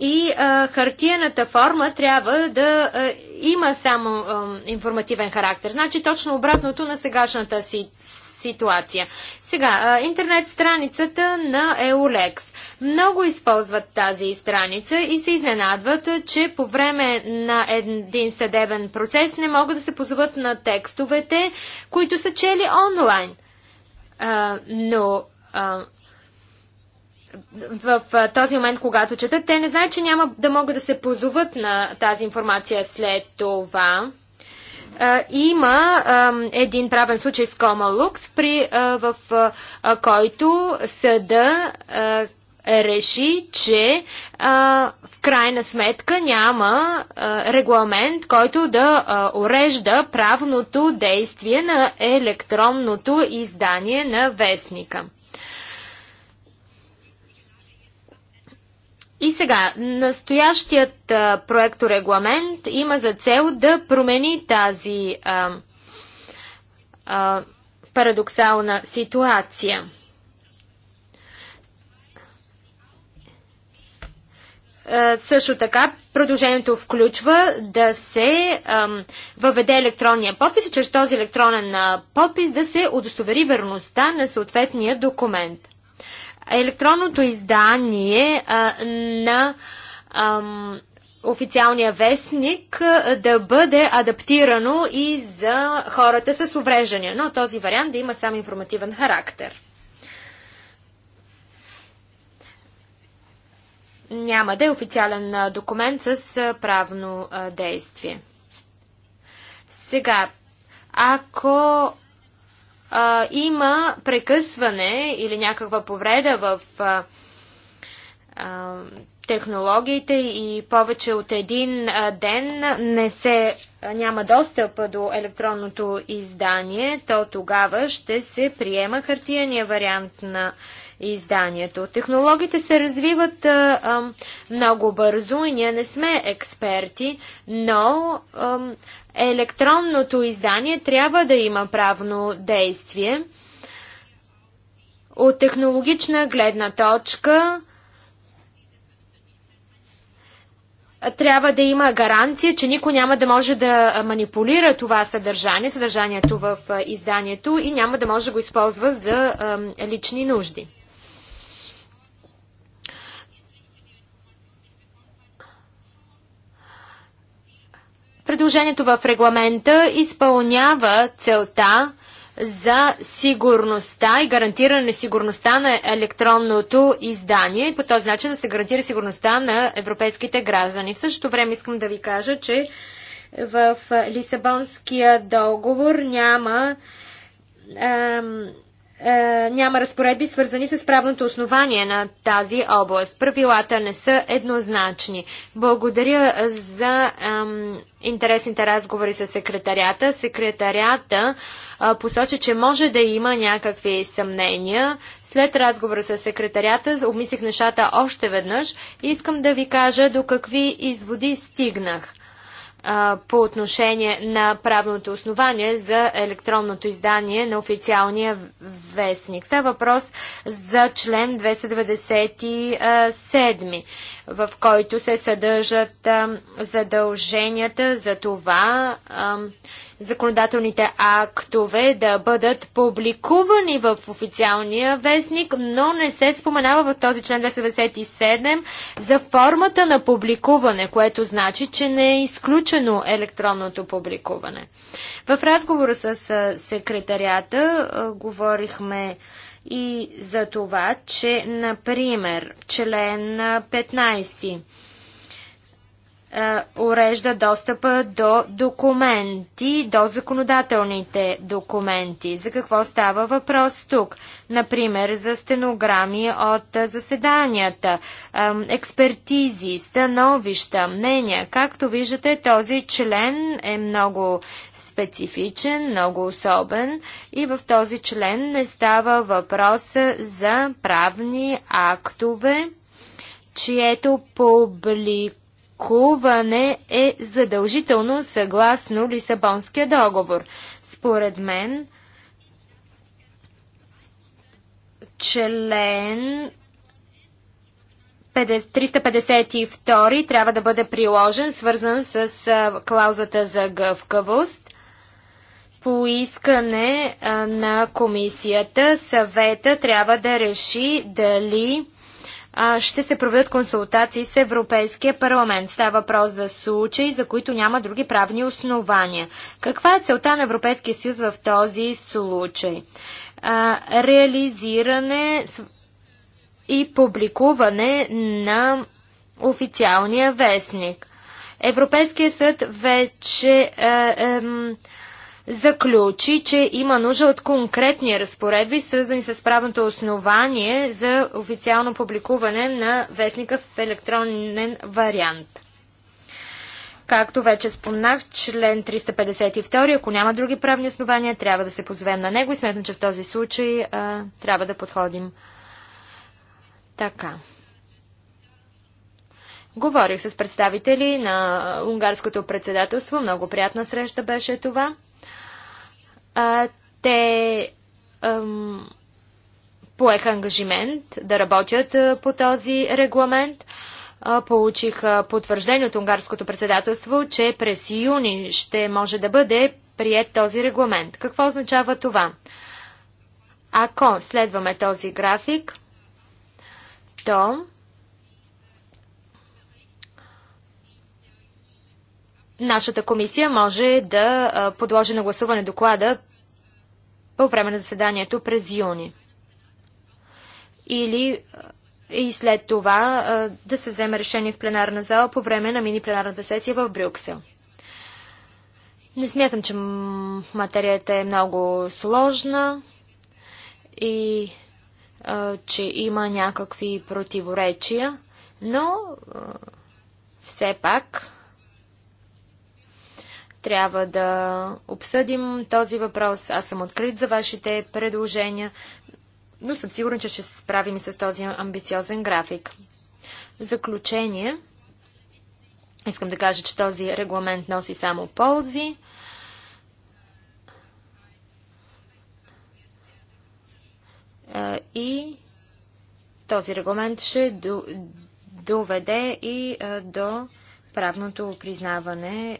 И а, хартиената форма трябва да а, има само а, информативен характер. Значи точно обратното на сегашната си ситуация. Сега, интернет страницата на EULEX. Много използват тази страница и се изненадват, че по време на един съдебен процес не могат да се позоват на текстовете, които са чели онлайн. А, но а, в този момент, когато четат, те не знаят, че няма да могат да се позоват на тази информация след това. Има един правен случай с Кома Лукс, при, в който съда реши, че в крайна сметка няма регламент, който да урежда правното действие на електронното издание на вестника. И сега, настоящият проект проекторегламент има за цел да промени тази а, а, парадоксална ситуация. също така продължението включва да се ам, въведе електронния подпис и чрез този електронен подпис да се удостовери верността на съответния документ електронното издание а, на ам, официалния вестник да бъде адаптирано и за хората с увреждания, но този вариант да има само информативен характер. Няма да е официален документ с правно действие. Сега, ако а, има прекъсване или някаква повреда в а, а, технологиите и повече от един ден не се няма достъп до електронното издание, то тогава ще се приема хартияния вариант на изданието. Технологиите се развиват а, а, много бързо и ние не сме експерти, но а, електронното издание трябва да има правно действие. От технологична гледна точка трябва да има гаранция, че никой няма да може да манипулира това съдържание, съдържанието в изданието и няма да може да го използва за лични нужди. Предложението в регламента изпълнява целта за сигурността и гарантиране сигурността на електронното издание и по този начин да се гарантира сигурността на европейските граждани. В същото време искам да ви кажа, че в Лисабонския договор няма е, няма разпоредби, свързани с правното основание на тази област. Правилата не са еднозначни. Благодаря за ем, интересните разговори с секретарята. Секретарята е, посочи, че може да има някакви съмнения. След разговора с секретарята обмислих нещата още веднъж и искам да ви кажа до какви изводи стигнах по отношение на правното основание за електронното издание на официалния вестник. е въпрос за член 297, в който се съдържат задълженията за това законодателните актове да бъдат публикувани в официалния вестник, но не се споменава в този член 297 за формата на публикуване, което значи, че не е изключено електронното публикуване. В разговора с секретарията говорихме и за това, че, например, член 15 е, урежда достъпа до документи, до законодателните документи. За какво става въпрос тук? Например, за стенограми от заседанията, е, експертизи, становища, мнения. Както виждате, този член е много специфичен, много особен и в този член не става въпрос за правни актове, чието публик тълкуване е задължително съгласно Лисабонския договор. Според мен, член 352 трябва да бъде приложен, свързан с клаузата за гъвкавост. По искане на комисията, съвета трябва да реши дали ще се проведат консултации с Европейския парламент. Става въпрос за случаи, за които няма други правни основания. Каква е целта на Европейския съюз в този случай? Реализиране и публикуване на официалния вестник. Европейския съд вече е, е, заключи, че има нужда от конкретни разпоредби, свързани с правното основание за официално публикуване на вестника в електронен вариант. Както вече спомнах, член 352, ако няма други правни основания, трябва да се позовем на него и смятам, че в този случай а, трябва да подходим така. Говорих с представители на унгарското председателство. Много приятна среща беше това а, те ам, поеха ангажимент да работят а, по този регламент. А, получиха потвърждение от унгарското председателство, че през юни ще може да бъде прият този регламент. Какво означава това? Ако следваме този график, то Нашата комисия може да подложи на гласуване доклада по време на заседанието през юни. Или и след това да се вземе решение в пленарна зала по време на мини пленарната сесия в Брюксел. Не смятам, че материята е много сложна и че има някакви противоречия, но все пак трябва да обсъдим този въпрос. Аз съм открит за вашите предложения, но съм сигурен, че ще се справим и с този амбициозен график. В заключение, искам да кажа, че този регламент носи само ползи. И този регламент ще доведе и до правното признаване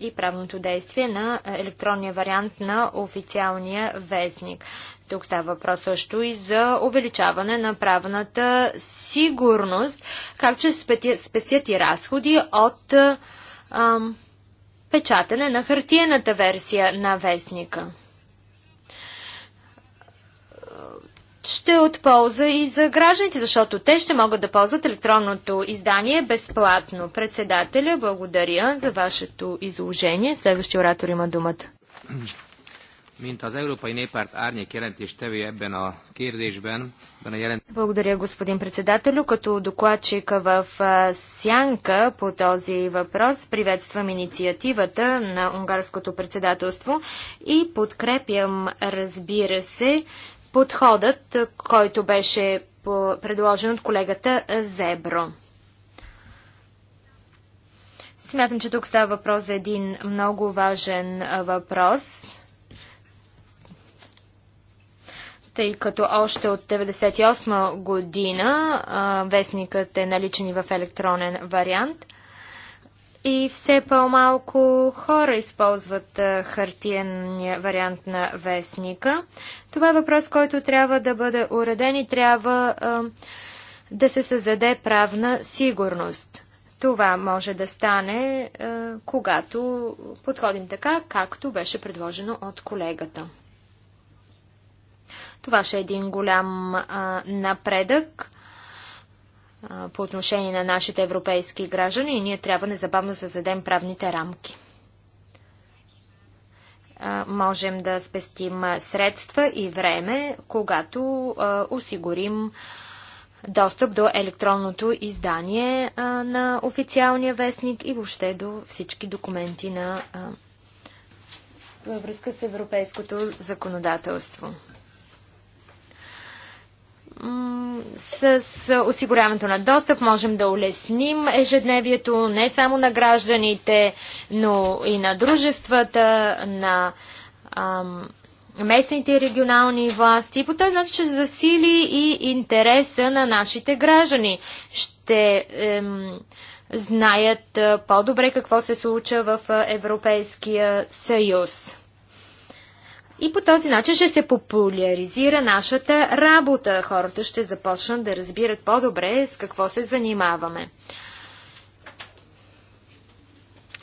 и правното действие на е, електронния вариант на официалния вестник. Тук става въпрос също и за увеличаване на правната сигурност, как че спесят и разходи от е, ам, печатане на хартиената версия на вестника. ще е от полза и за гражданите, защото те ще могат да ползват електронното издание безплатно. Председателя, благодаря за вашето изложение. Следващия оратор има думата. Благодаря, господин председателю. Като докладчика в Сянка по този въпрос приветствам инициативата на унгарското председателство и подкрепям, разбира се, подходът, който беше предложен от колегата Зебро. Смятам, че тук става въпрос за един много важен въпрос, тъй като още от 1998 година а, вестникът е наличен и в електронен вариант – и все по-малко хора използват хартиен вариант на вестника. Това е въпрос, който трябва да бъде уреден и трябва да се създаде правна сигурност. Това може да стане, когато подходим така, както беше предложено от колегата. Това ще е един голям напредък по отношение на нашите европейски граждани и ние трябва незабавно да създадем правните рамки. Можем да спестим средства и време, когато осигурим достъп до електронното издание на официалния вестник и въобще до всички документи на във връзка с европейското законодателство с осигуряването на достъп можем да улесним ежедневието не само на гражданите, но и на дружествата, на ам, местните и регионални власти. По този начин ще засили и интереса на нашите граждани. Ще ем, знаят по-добре какво се случва в Европейския съюз. И по този начин ще се популяризира нашата работа. Хората ще започнат да разбират по-добре с какво се занимаваме.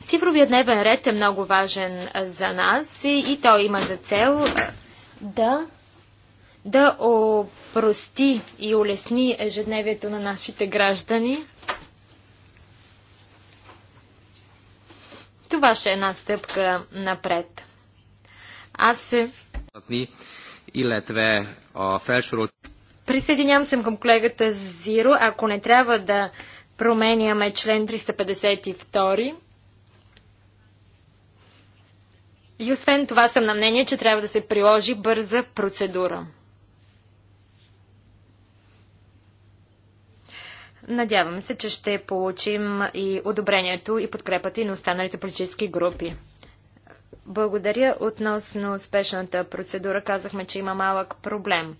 Цифровият дневен ред е много важен за нас и, той има за цел да, да опрости и улесни ежедневието на нашите граждани. Това ще е една стъпка напред. Аз се... Присъединявам се към колегата Зиро. Ако не трябва да променяме член 352, и освен това съм на мнение, че трябва да се приложи бърза процедура. Надявам се, че ще получим и одобрението и подкрепата и на останалите политически групи. Благодаря относно спешната процедура. Казахме, че има малък проблем,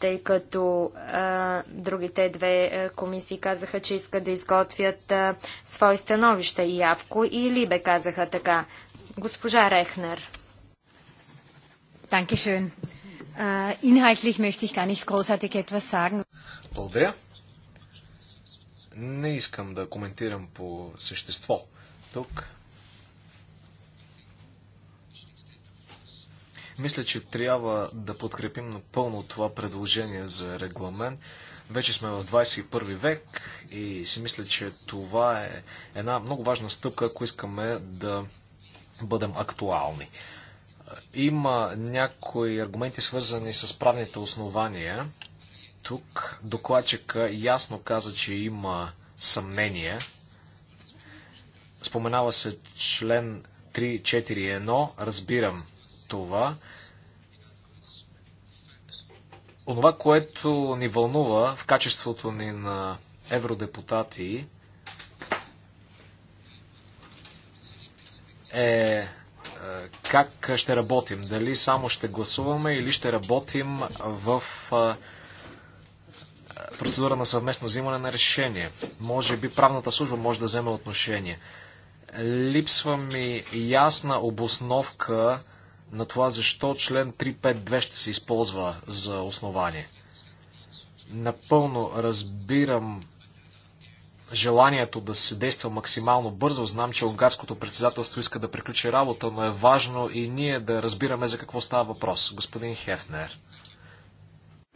тъй като а, другите две комисии казаха, че искат да изготвят а, свои становища. И Явко и Либе казаха така. Госпожа Рехнер. Dankeschön. Inhaltlich möchte ich gar nicht großartig etwas sagen. Благодаря. Не искам да коментирам по същество. Тук Мисля, че трябва да подкрепим напълно това предложение за регламент. Вече сме в 21 век и си мисля, че това е една много важна стъпка, ако искаме да бъдем актуални. Има някои аргументи, свързани с правните основания. Тук докладчика ясно каза, че има съмнение. Споменава се член 3.4.1. Разбирам това, онова, което ни вълнува в качеството ни на евродепутати, е, е как ще работим. Дали само ще гласуваме или ще работим в е, процедура на съвместно взимане на решение. Може би правната служба може да вземе отношение. Липсва ми ясна обосновка на това защо член 352 ще се използва за основание. Напълно разбирам желанието да се действа максимално бързо. Знам, че унгарското председателство иска да приключи работа, но е важно и ние да разбираме за какво става въпрос. Господин Хефнер.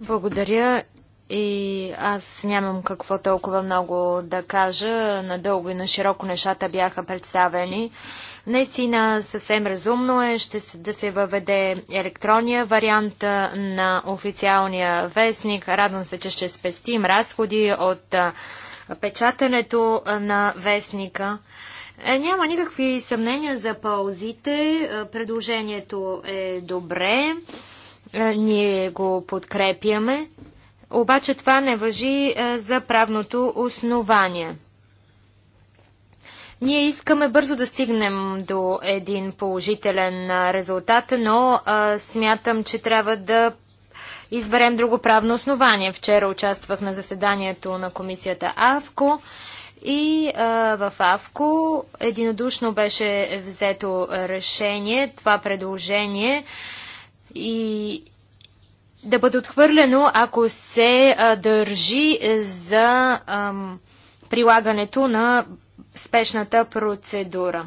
Благодаря. И аз нямам какво толкова много да кажа. Надълго и на широко нещата бяха представени. Наистина съвсем разумно е ще се, да се въведе електронния вариант на официалния вестник. Радвам се, че ще спестим разходи от печатането на вестника. Е, няма никакви съмнения за паузите, е, Предложението е добре. Е, ние го подкрепяме. Обаче това не въжи е, за правното основание. Ние искаме бързо да стигнем до един положителен е, резултат, но а, е, смятам, че трябва да изберем друго правно основание. Вчера участвах на заседанието на комисията АВКО и а, в АВКО единодушно беше взето решение, това предложение и да бъде отхвърлено, ако се а, държи е, за ам, прилагането на спешната процедура.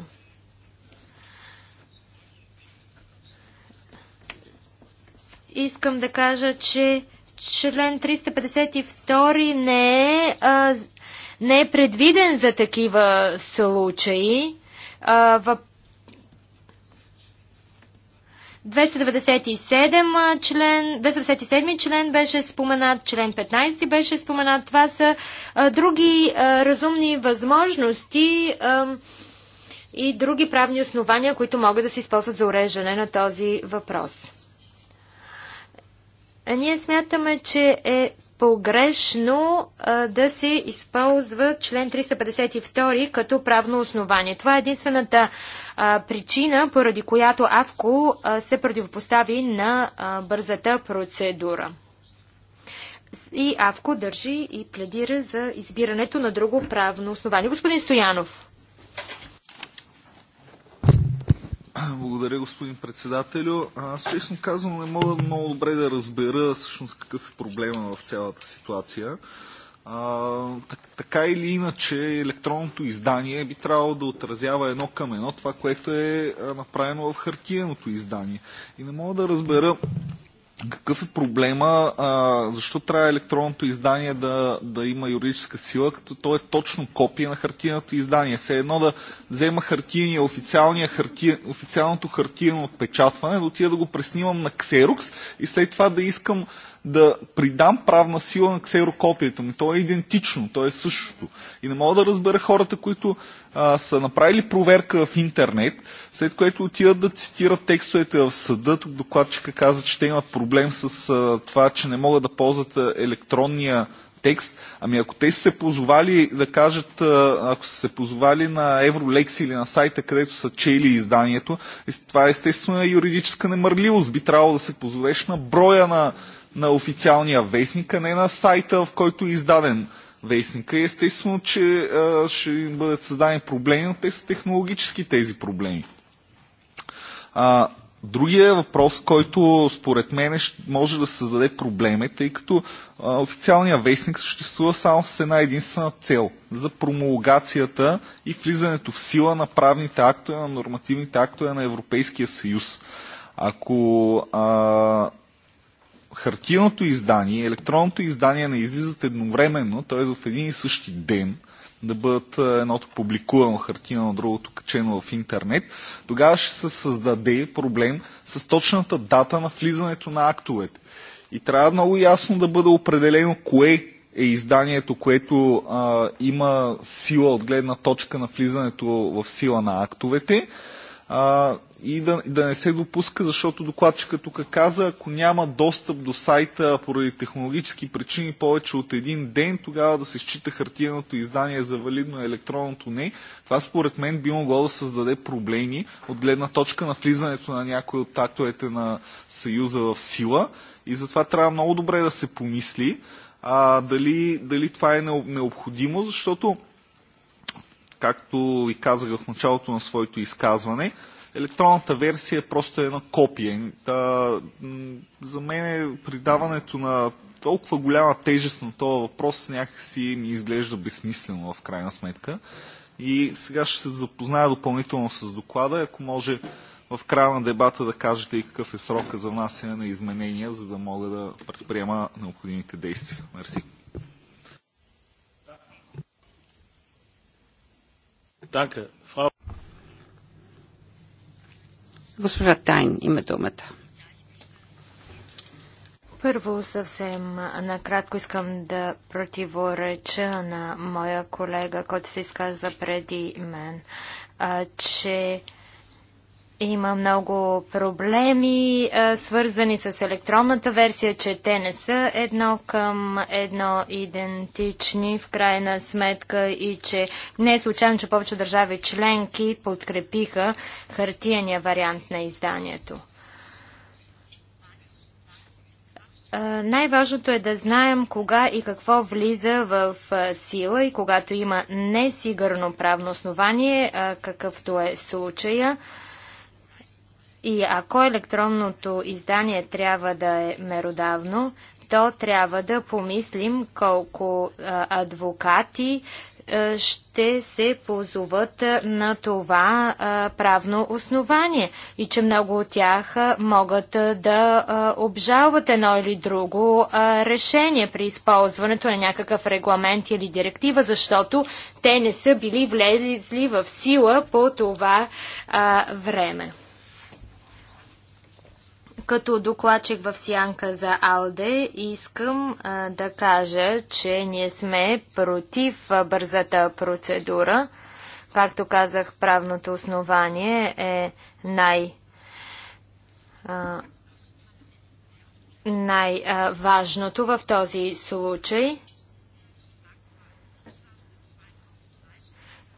Искам да кажа, че член 352 не е, а, не е предвиден за такива случаи. А, въп 297 член, 297 член беше споменат, член 15 беше споменат. Това са а, други а, разумни възможности а, и други правни основания, които могат да се използват за уреждане на този въпрос. А ние смятаме, че е погрешно а, да се използва член 352 като правно основание. Това е единствената а, причина, поради която АВКО а, се противопостави на а, бързата процедура. И АВКО държи и пледира за избирането на друго правно основание. Господин Стоянов. Благодаря, господин председателю. Аз честно казвам не мога много добре да разбера всъщност какъв е проблема в цялата ситуация. А, така или иначе, електронното издание би трябвало да отразява едно към едно това, което е направено в хартиеното издание. И не мога да разбера какъв е проблема? А, защо трябва електронното издание да, да има юридическа сила, като то е точно копия на хартиеното издание? Все едно да взема хартияния, официалния харти... официалното хартиено отпечатване, да отида да го преснимам на ксерокс и след това да искам да придам правна сила на ксерокопията ми. То е идентично, то е същото. И не мога да разбера хората, които а, са направили проверка в интернет, след което отиват да цитират текстовете в съда. Тук докладчика каза, че те имат проблем с а, това, че не могат да ползват електронния текст. Ами ако те са се позовали да кажат, ако са се позовали на Евролекс или на сайта, където са чели изданието, е, това естествено е юридическа немърливост. Би трябвало да се позовеш на броя на, на официалния вестник, а не на сайта, в който е издаден вестника. Е, естествено, че а, ще им бъдат създадени проблеми, но те са технологически тези проблеми. А, другия въпрос, който според мен е, може да създаде проблем е, тъй като а, официалният вестник съществува само с една единствена цел за промулгацията и влизането в сила на правните актове, на нормативните актове на Европейския съюз. Ако а, хартиеното издание и електронното издание не излизат едновременно, т.е. в един и същи ден, да бъдат е, едното публикувано на другото качено в интернет, тогава ще се създаде проблем с точната дата на влизането на актовете. И трябва много ясно да бъде определено кое е изданието, което а, има сила от гледна точка на влизането в сила на актовете. А, и да, да не се допуска, защото докладчика тук каза, ако няма достъп до сайта поради технологически причини повече от един ден, тогава да се счита хартиеното издание за валидно, електронното не. Това според мен би могло да създаде проблеми от гледна точка на влизането на някои от актовете на Съюза в сила и затова трябва много добре да се помисли а, дали, дали това е необходимо, защото както и казах в началото на своето изказване, електронната версия е просто едно копие. А, за мен е придаването на толкова голяма тежест на този въпрос някакси ми изглежда безсмислено в крайна сметка. И сега ще се запозная допълнително с доклада. Ако може в края на дебата да кажете и какъв е срока за внасяне на изменения, за да мога да предприема необходимите действия. Мерси. Danke. Frau Госпожа Тайн има думата. Първо съвсем накратко искам да противореча на моя колега, който се изказа преди мен, че има много проблеми, е, свързани с електронната версия, че те не са едно към едно идентични в крайна сметка и че не е случайно, че повече държави членки подкрепиха хартияния вариант на изданието. Е, най-важното е да знаем кога и какво влиза в е, сила и когато има несигурно правно основание, какъвто е случая. И ако електронното издание трябва да е меродавно, то трябва да помислим колко а, адвокати а, ще се позоват на това правно основание и че много от тях могат да обжалват едно или друго решение при използването на някакъв регламент или директива, защото те не са били влезли в сила по това време. Като докладчик в Сянка за Алде искам а, да кажа, че ние сме против бързата процедура. Както казах, правното основание е най- а, най-важното в този случай.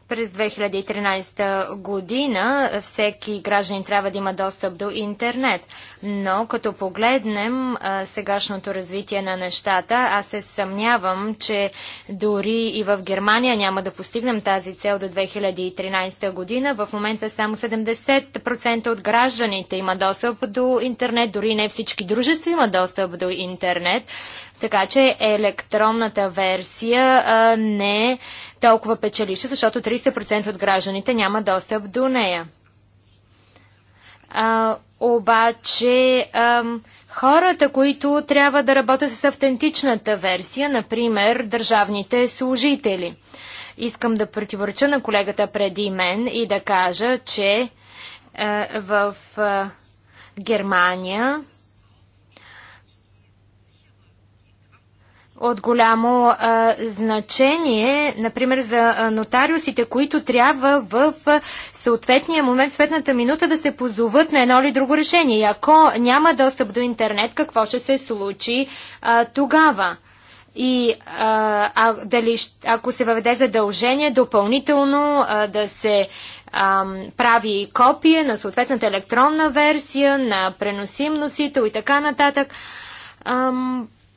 През 2013 година всеки гражданин трябва да има достъп до интернет. Но като погледнем а, сегашното развитие на нещата, аз се съмнявам, че дори и в Германия няма да постигнем тази цел до 2013 година. В момента само 70% от гражданите има достъп до интернет, дори не всички дружества има достъп до интернет. Така че електронната версия а, не е толкова печелища, защото 30% от гражданите няма достъп до нея. А, обаче а, хората, които трябва да работят с автентичната версия, например държавните служители. Искам да противореча на колегата преди мен и да кажа, че а, в а, Германия от голямо а, значение, например за нотариусите, които трябва в съответния момент, светната минута да се позоват на едно или друго решение. И ако няма достъп до интернет, какво ще се случи а, тогава? И а, а, дали, ако се въведе задължение допълнително а, да се а, прави копия на съответната електронна версия, на преносим носител и така нататък, а,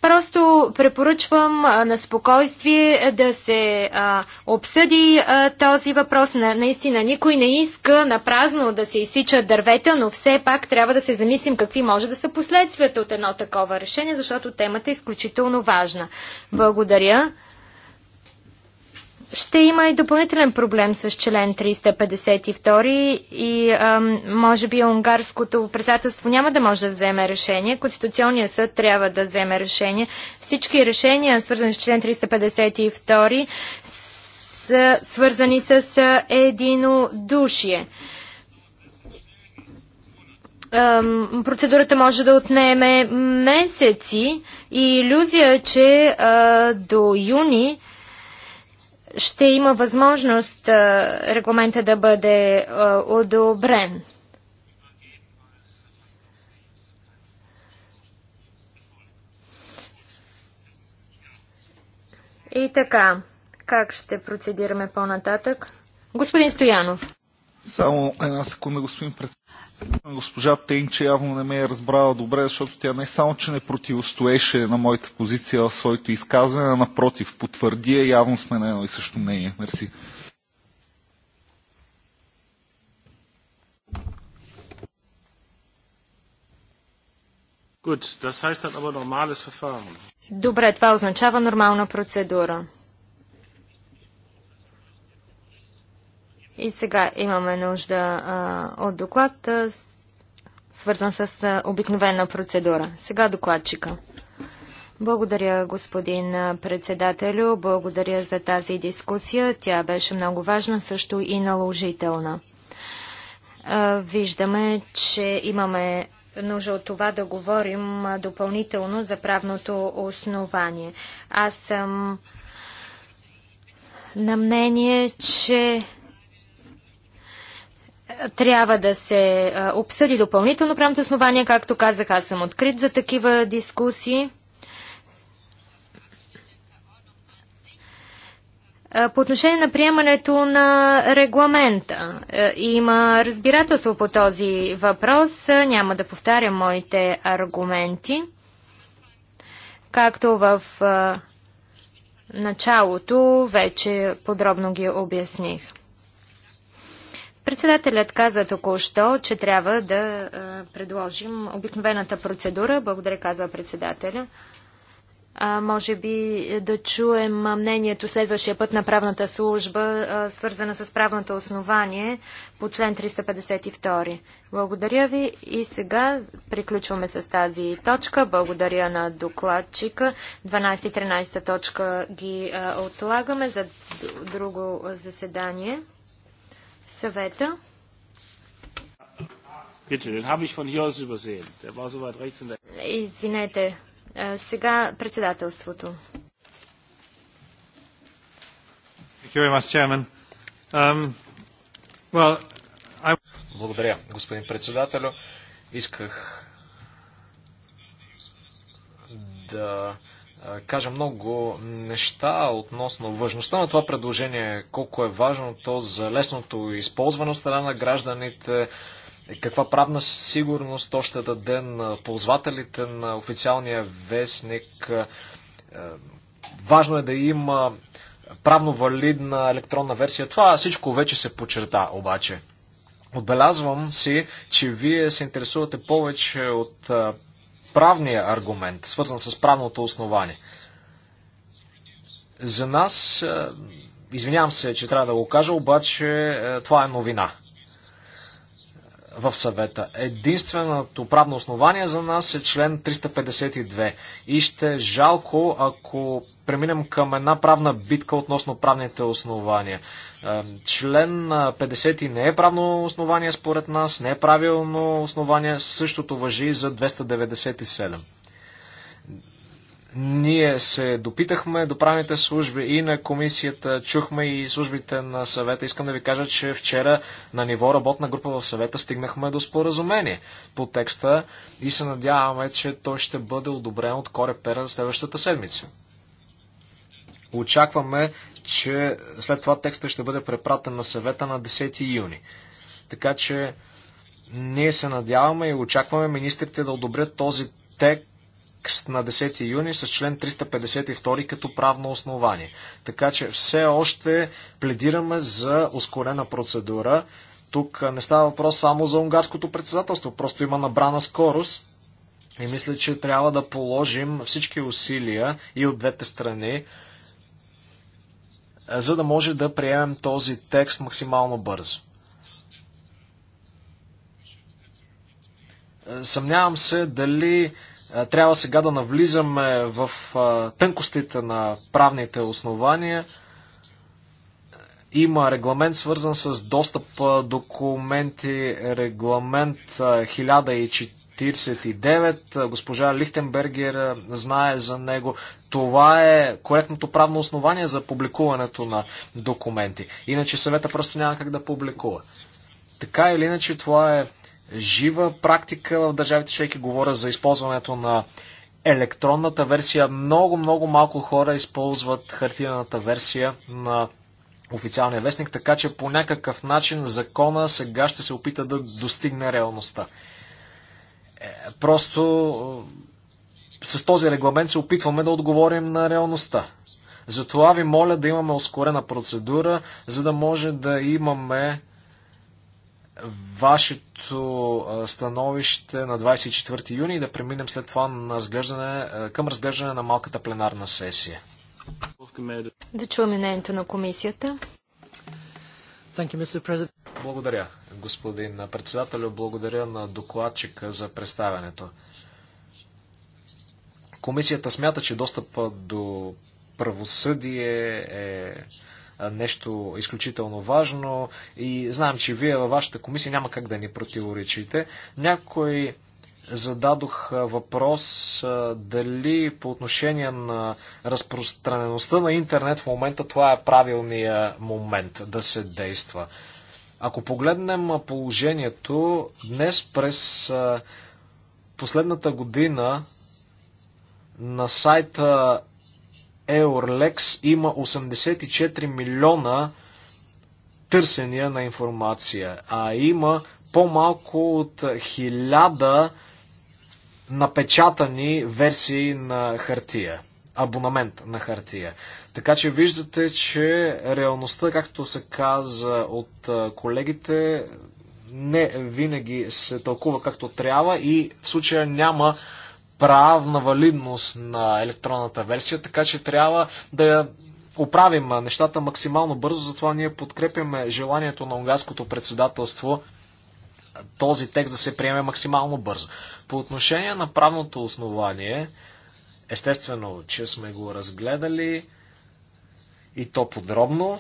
Просто препоръчвам а, на спокойствие да се а, обсъди а, този въпрос. На, наистина никой не иска на празно да се изсичат дървета, но все пак трябва да се замислим какви може да са последствията от едно такова решение, защото темата е изключително важна. Благодаря. Ще има и допълнителен проблем с член 352 и ам, може би унгарското председателство няма да може да вземе решение. Конституционният съд трябва да вземе решение. Всички решения, свързани с член 352, са свързани с единодушие. процедурата може да отнеме месеци и иллюзия, е, че а, до юни ще има възможност регламента да бъде одобрен. И така, как ще процедираме по-нататък? Господин Стоянов. Само една секунда, господин председател. Госпожа Тенче явно не ме е разбрала добре, защото тя не само, че не противостоеше на моята позиция в своето изказване, а напротив, потвърди я, явно сме на едно и също мнение. Мерси. Добре, това означава нормална процедура. И сега имаме нужда а, от доклад, а, свързан с а, обикновена процедура. Сега докладчика. Благодаря, господин председателю. Благодаря за тази дискусия. Тя беше много важна, също и наложителна. Виждаме, че имаме нужда от това да говорим допълнително за правното основание. Аз съм на мнение, че трябва да се обсъди допълнително правното основание. Както казах, аз съм открит за такива дискусии. По отношение на приемането на регламента, има разбирателство по този въпрос. Няма да повтарям моите аргументи. Както в началото вече подробно ги обясних. Председателят каза току-що, че трябва да е, предложим обикновената процедура. Благодаря, казва председателя. А, може би да чуем мнението следващия път на правната служба, а, е, свързана с правното основание по член 352. Благодаря ви и сега приключваме с тази точка. Благодаря на докладчика. 12 и 13 точка ги а, е, отлагаме за друго заседание съвета. Извинете, сега председателството. Um, Благодаря, господин председателю. Исках да кажа много неща относно важността на това предложение, колко е важно то за лесното използване от страна на гражданите, каква правна сигурност то ще даде на ползвателите на официалния вестник. Важно е да има правно валидна електронна версия. Това всичко вече се почерта обаче. Отбелязвам си, че вие се интересувате повече от правния аргумент, свързан с правното основание. За нас, е, извинявам се, че трябва да го кажа, обаче е, това е новина в съвета. Единственото правно основание за нас е член 352 и ще е жалко, ако преминем към една правна битка относно правните основания. Е, член 50 не е правно основание според нас, не е правилно основание, същото въжи и за 297. Ние се допитахме до правните служби и на комисията, чухме и службите на съвета. Искам да ви кажа, че вчера на ниво работна група в съвета стигнахме до споразумение по текста и се надяваме, че той ще бъде одобрен от Корепера следващата седмица. Очакваме, че след това текста ще бъде препратен на съвета на 10 юни. Така че ние се надяваме и очакваме министрите да одобрят този текст текст на 10 юни с член 352 като правно основание. Така че все още пледираме за ускорена процедура. Тук не става въпрос само за унгарското председателство, просто има набрана скорост и мисля, че трябва да положим всички усилия и от двете страни, за да може да приемем този текст максимално бързо. Съмнявам се дали е, трябва сега да навлизаме в е, тънкостите на правните основания. Има регламент свързан с достъп е, документи, регламент 1049, госпожа Лихтенбергер знае за него. Това е коректното правно основание за публикуването на документи. Иначе съвета просто няма как да публикува. Така или иначе това е жива практика в държавите шейки. Говоря за използването на електронната версия. Много, много малко хора използват хартиената версия на официалния вестник, така че по някакъв начин закона сега ще се опита да достигне реалността. Е, просто е, с този регламент се опитваме да отговорим на реалността. Затова ви моля да имаме ускорена процедура, за да може да имаме вашето нашето становище на 24 юни и да преминем след това на разглеждане, към разглеждане на малката пленарна сесия. Да чуем мнението на комисията. You, благодаря, господин председател, Благодаря на докладчика за представянето. Комисията смята, че достъпа до правосъдие е нещо изключително важно и знам, че вие във вашата комисия няма как да ни противоречите. Някой зададох въпрос дали по отношение на разпространеността на интернет в момента това е правилният момент да се действа. Ако погледнем положението, днес през последната година на сайта Еорлекс има 84 милиона търсения на информация, а има по-малко от 1000 напечатани версии на хартия, абонамент на хартия. Така че виждате, че реалността, както се каза от колегите, не винаги се тълкува както трябва и в случая няма правна валидност на електронната версия, така че трябва да я оправим нещата максимално бързо, затова ние подкрепяме желанието на унгарското председателство този текст да се приеме максимално бързо. По отношение на правното основание, естествено, че сме го разгледали и то подробно,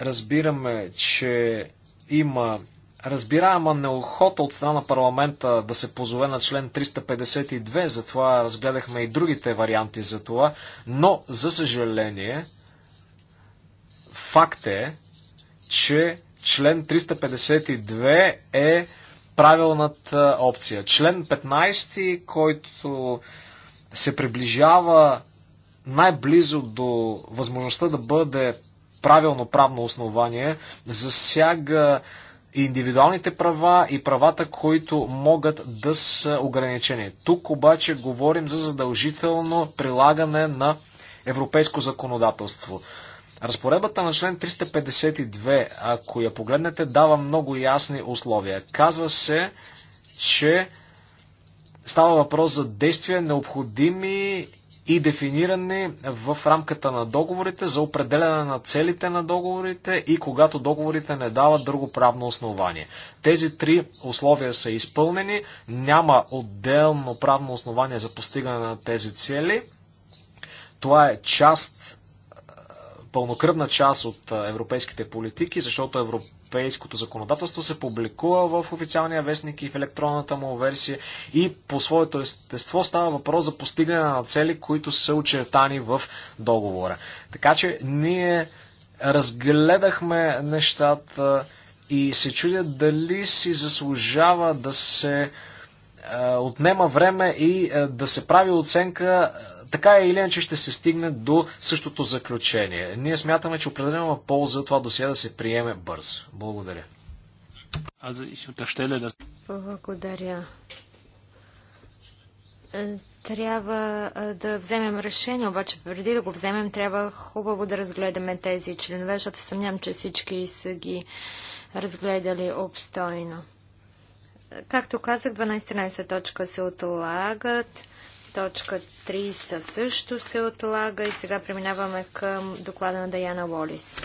разбираме, че има разбираема неохота от страна на парламента да се позове на член 352, затова разгледахме и другите варианти за това, но за съжаление факт е, че член 352 е правилната опция. Член 15, който се приближава най-близо до възможността да бъде правилно правно основание, засяга индивидуалните права и правата, които могат да са ограничени. Тук обаче говорим за задължително прилагане на европейско законодателство. Разпоребата на член 352, ако я погледнете, дава много ясни условия. Казва се, че става въпрос за действия необходими и дефинирани в рамката на договорите за определяне на целите на договорите и когато договорите не дават друго правно основание. Тези три условия са изпълнени, няма отделно правно основание за постигане на тези цели. Това е част пълнокръвна част от европейските политики, защото Европейския европейското законодателство се публикува в официалния вестник и в електронната му версия и по своето естество става въпрос за постигане на цели, които са очертани в договора. Така че ние разгледахме нещата и се чудя дали си заслужава да се е, отнема време и е, да се прави оценка е, така или иначе ще се стигне до същото заключение. Ние смятаме, че определена полза това досие да се приеме бързо. Благодаря. Благодаря. Трябва да вземем решение, обаче преди да го вземем, трябва хубаво да разгледаме тези членове, защото съмнявам, че всички са ги разгледали обстойно. Както казах, 12-13 точка се отлагат. Точка 300 също се отлага и сега преминаваме към доклада на Даяна Уолис.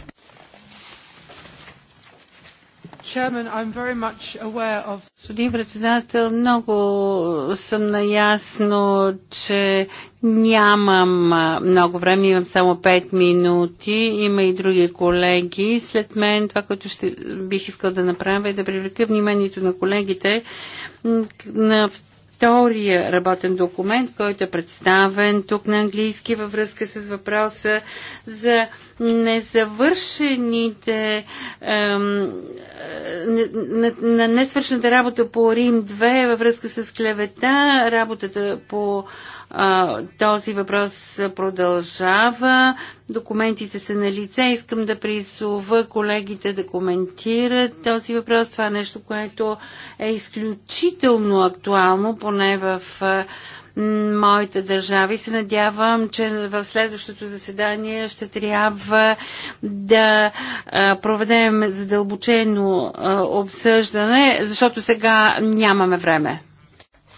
Господин председател, много съм наясно, че нямам много време, имам само 5 минути. Има и други колеги. След мен това, което ще, бих искал да направя е да привлека вниманието на колегите на втория работен документ, който е представен тук на английски във връзка с въпроса за незавършените ем, е, на, на несвършената работа по Рим 2 във връзка с клевета, работата по този въпрос продължава. Документите са на лице. Искам да призова колегите да коментират този въпрос. Това е нещо, което е изключително актуално, поне в моята държава и се надявам, че в следващото заседание ще трябва да проведем задълбочено обсъждане, защото сега нямаме време.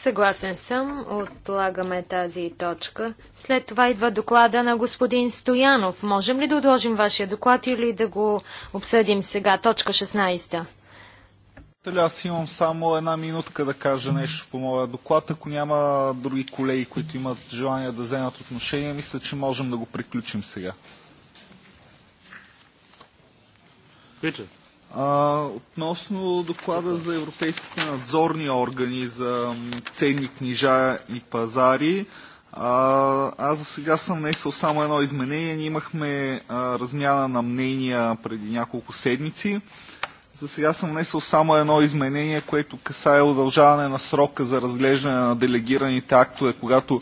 Съгласен съм. Отлагаме тази точка. След това идва доклада на господин Стоянов. Можем ли да отложим вашия доклад или да го обсъдим сега? Точка 16. Аз имам само една минутка да кажа нещо по моя доклад. Ако няма други колеги, които имат желание да вземат отношение, мисля, че можем да го приключим сега. Richard. А, относно доклада за европейските надзорни органи за ценни книжа и пазари, а, аз за сега съм внесъл само едно изменение. Ние имахме а, размяна на мнения преди няколко седмици. За сега съм внесъл само едно изменение, което касае удължаване на срока за разглеждане на делегираните актове, когато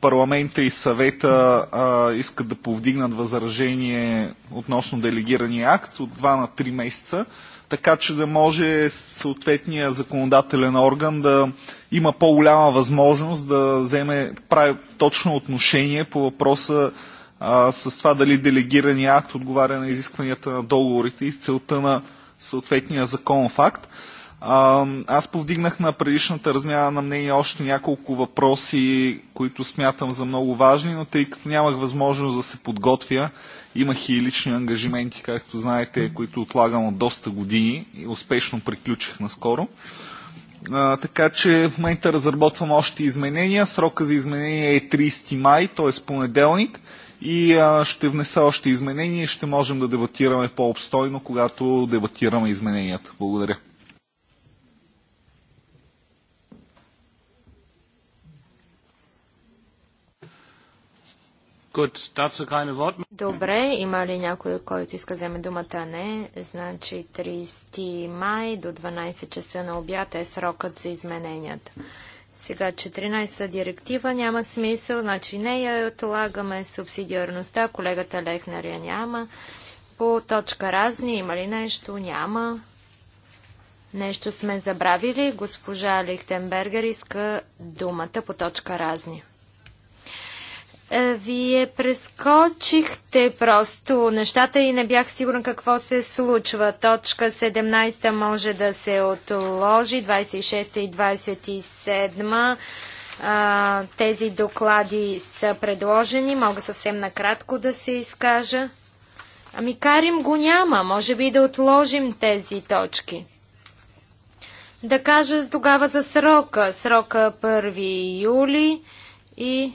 парламента и съвета а, искат да повдигнат възражение относно делегирания акт от 2 на 3 месеца, така че да може съответния законодателен орган да има по-голяма възможност да вземе прави, точно отношение по въпроса а, с това дали делегирания акт отговаря на изискванията на договорите и целта на съответния законов акт. Аз повдигнах на предишната размяна на мнение още няколко въпроси, които смятам за много важни, но тъй като нямах възможност да се подготвя, имах и лични ангажименти, както знаете, които отлагам от доста години и успешно приключих наскоро. А, така че в момента разработвам още изменения. Срока за изменение е 30 май, т.е. понеделник. И а, ще внеса още изменения и ще можем да дебатираме по-обстойно, когато дебатираме измененията. Благодаря. Добре, има ли някой, който иска вземе думата? Не. Значи 30 май до 12 часа на обяд е срокът за измененията. Сега 14-та директива няма смисъл, значи не я отлагаме субсидиарността, колегата Лехнер я няма. По точка разни има ли нещо? Няма. Нещо сме забравили. Госпожа Лихтенбергер иска думата по точка разни. Е, вие прескочихте просто нещата и не бях сигурен какво се случва. Точка 17 може да се отложи, 26 и 27. А, тези доклади са предложени. Мога съвсем накратко да се изкажа. Ами карим го няма. Може би да отложим тези точки. Да кажа тогава за срока. Срока 1 юли и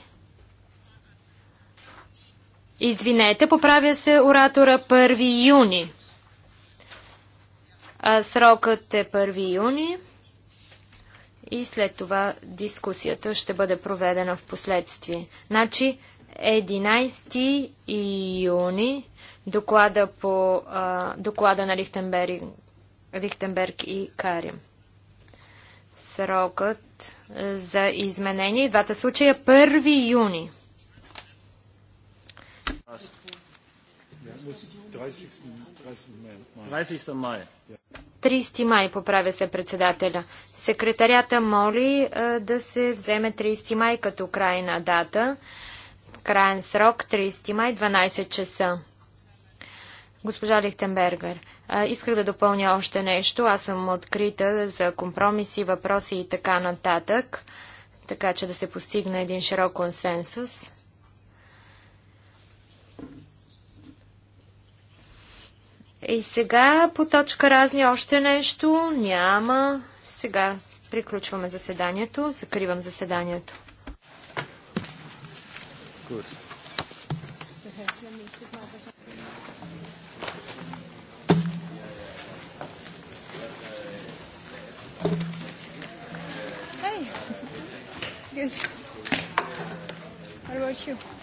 Извинете, поправя се оратора 1 юни. А, срокът е 1 юни и след това дискусията ще бъде проведена в последствие. Значи 11 юни доклада, по, а, доклада на Лихтенберг, Лихтенберг и Карим. Срокът за изменение. Двата случая 1 е юни. Was? 30 май. 30 май поправя се председателя. Секретарята моли а, е, да се вземе 30 май като крайна дата. Крайен срок 30 май 12 часа. Госпожа Лихтенбергер, а, е, исках да допълня още нещо. Аз съм открита за компромиси, въпроси и така нататък, така че да се постигне един широк консенсус. И сега по точка разни още нещо няма. Сега приключваме заседанието. Закривам заседанието. Good. Hey. Good. How about you?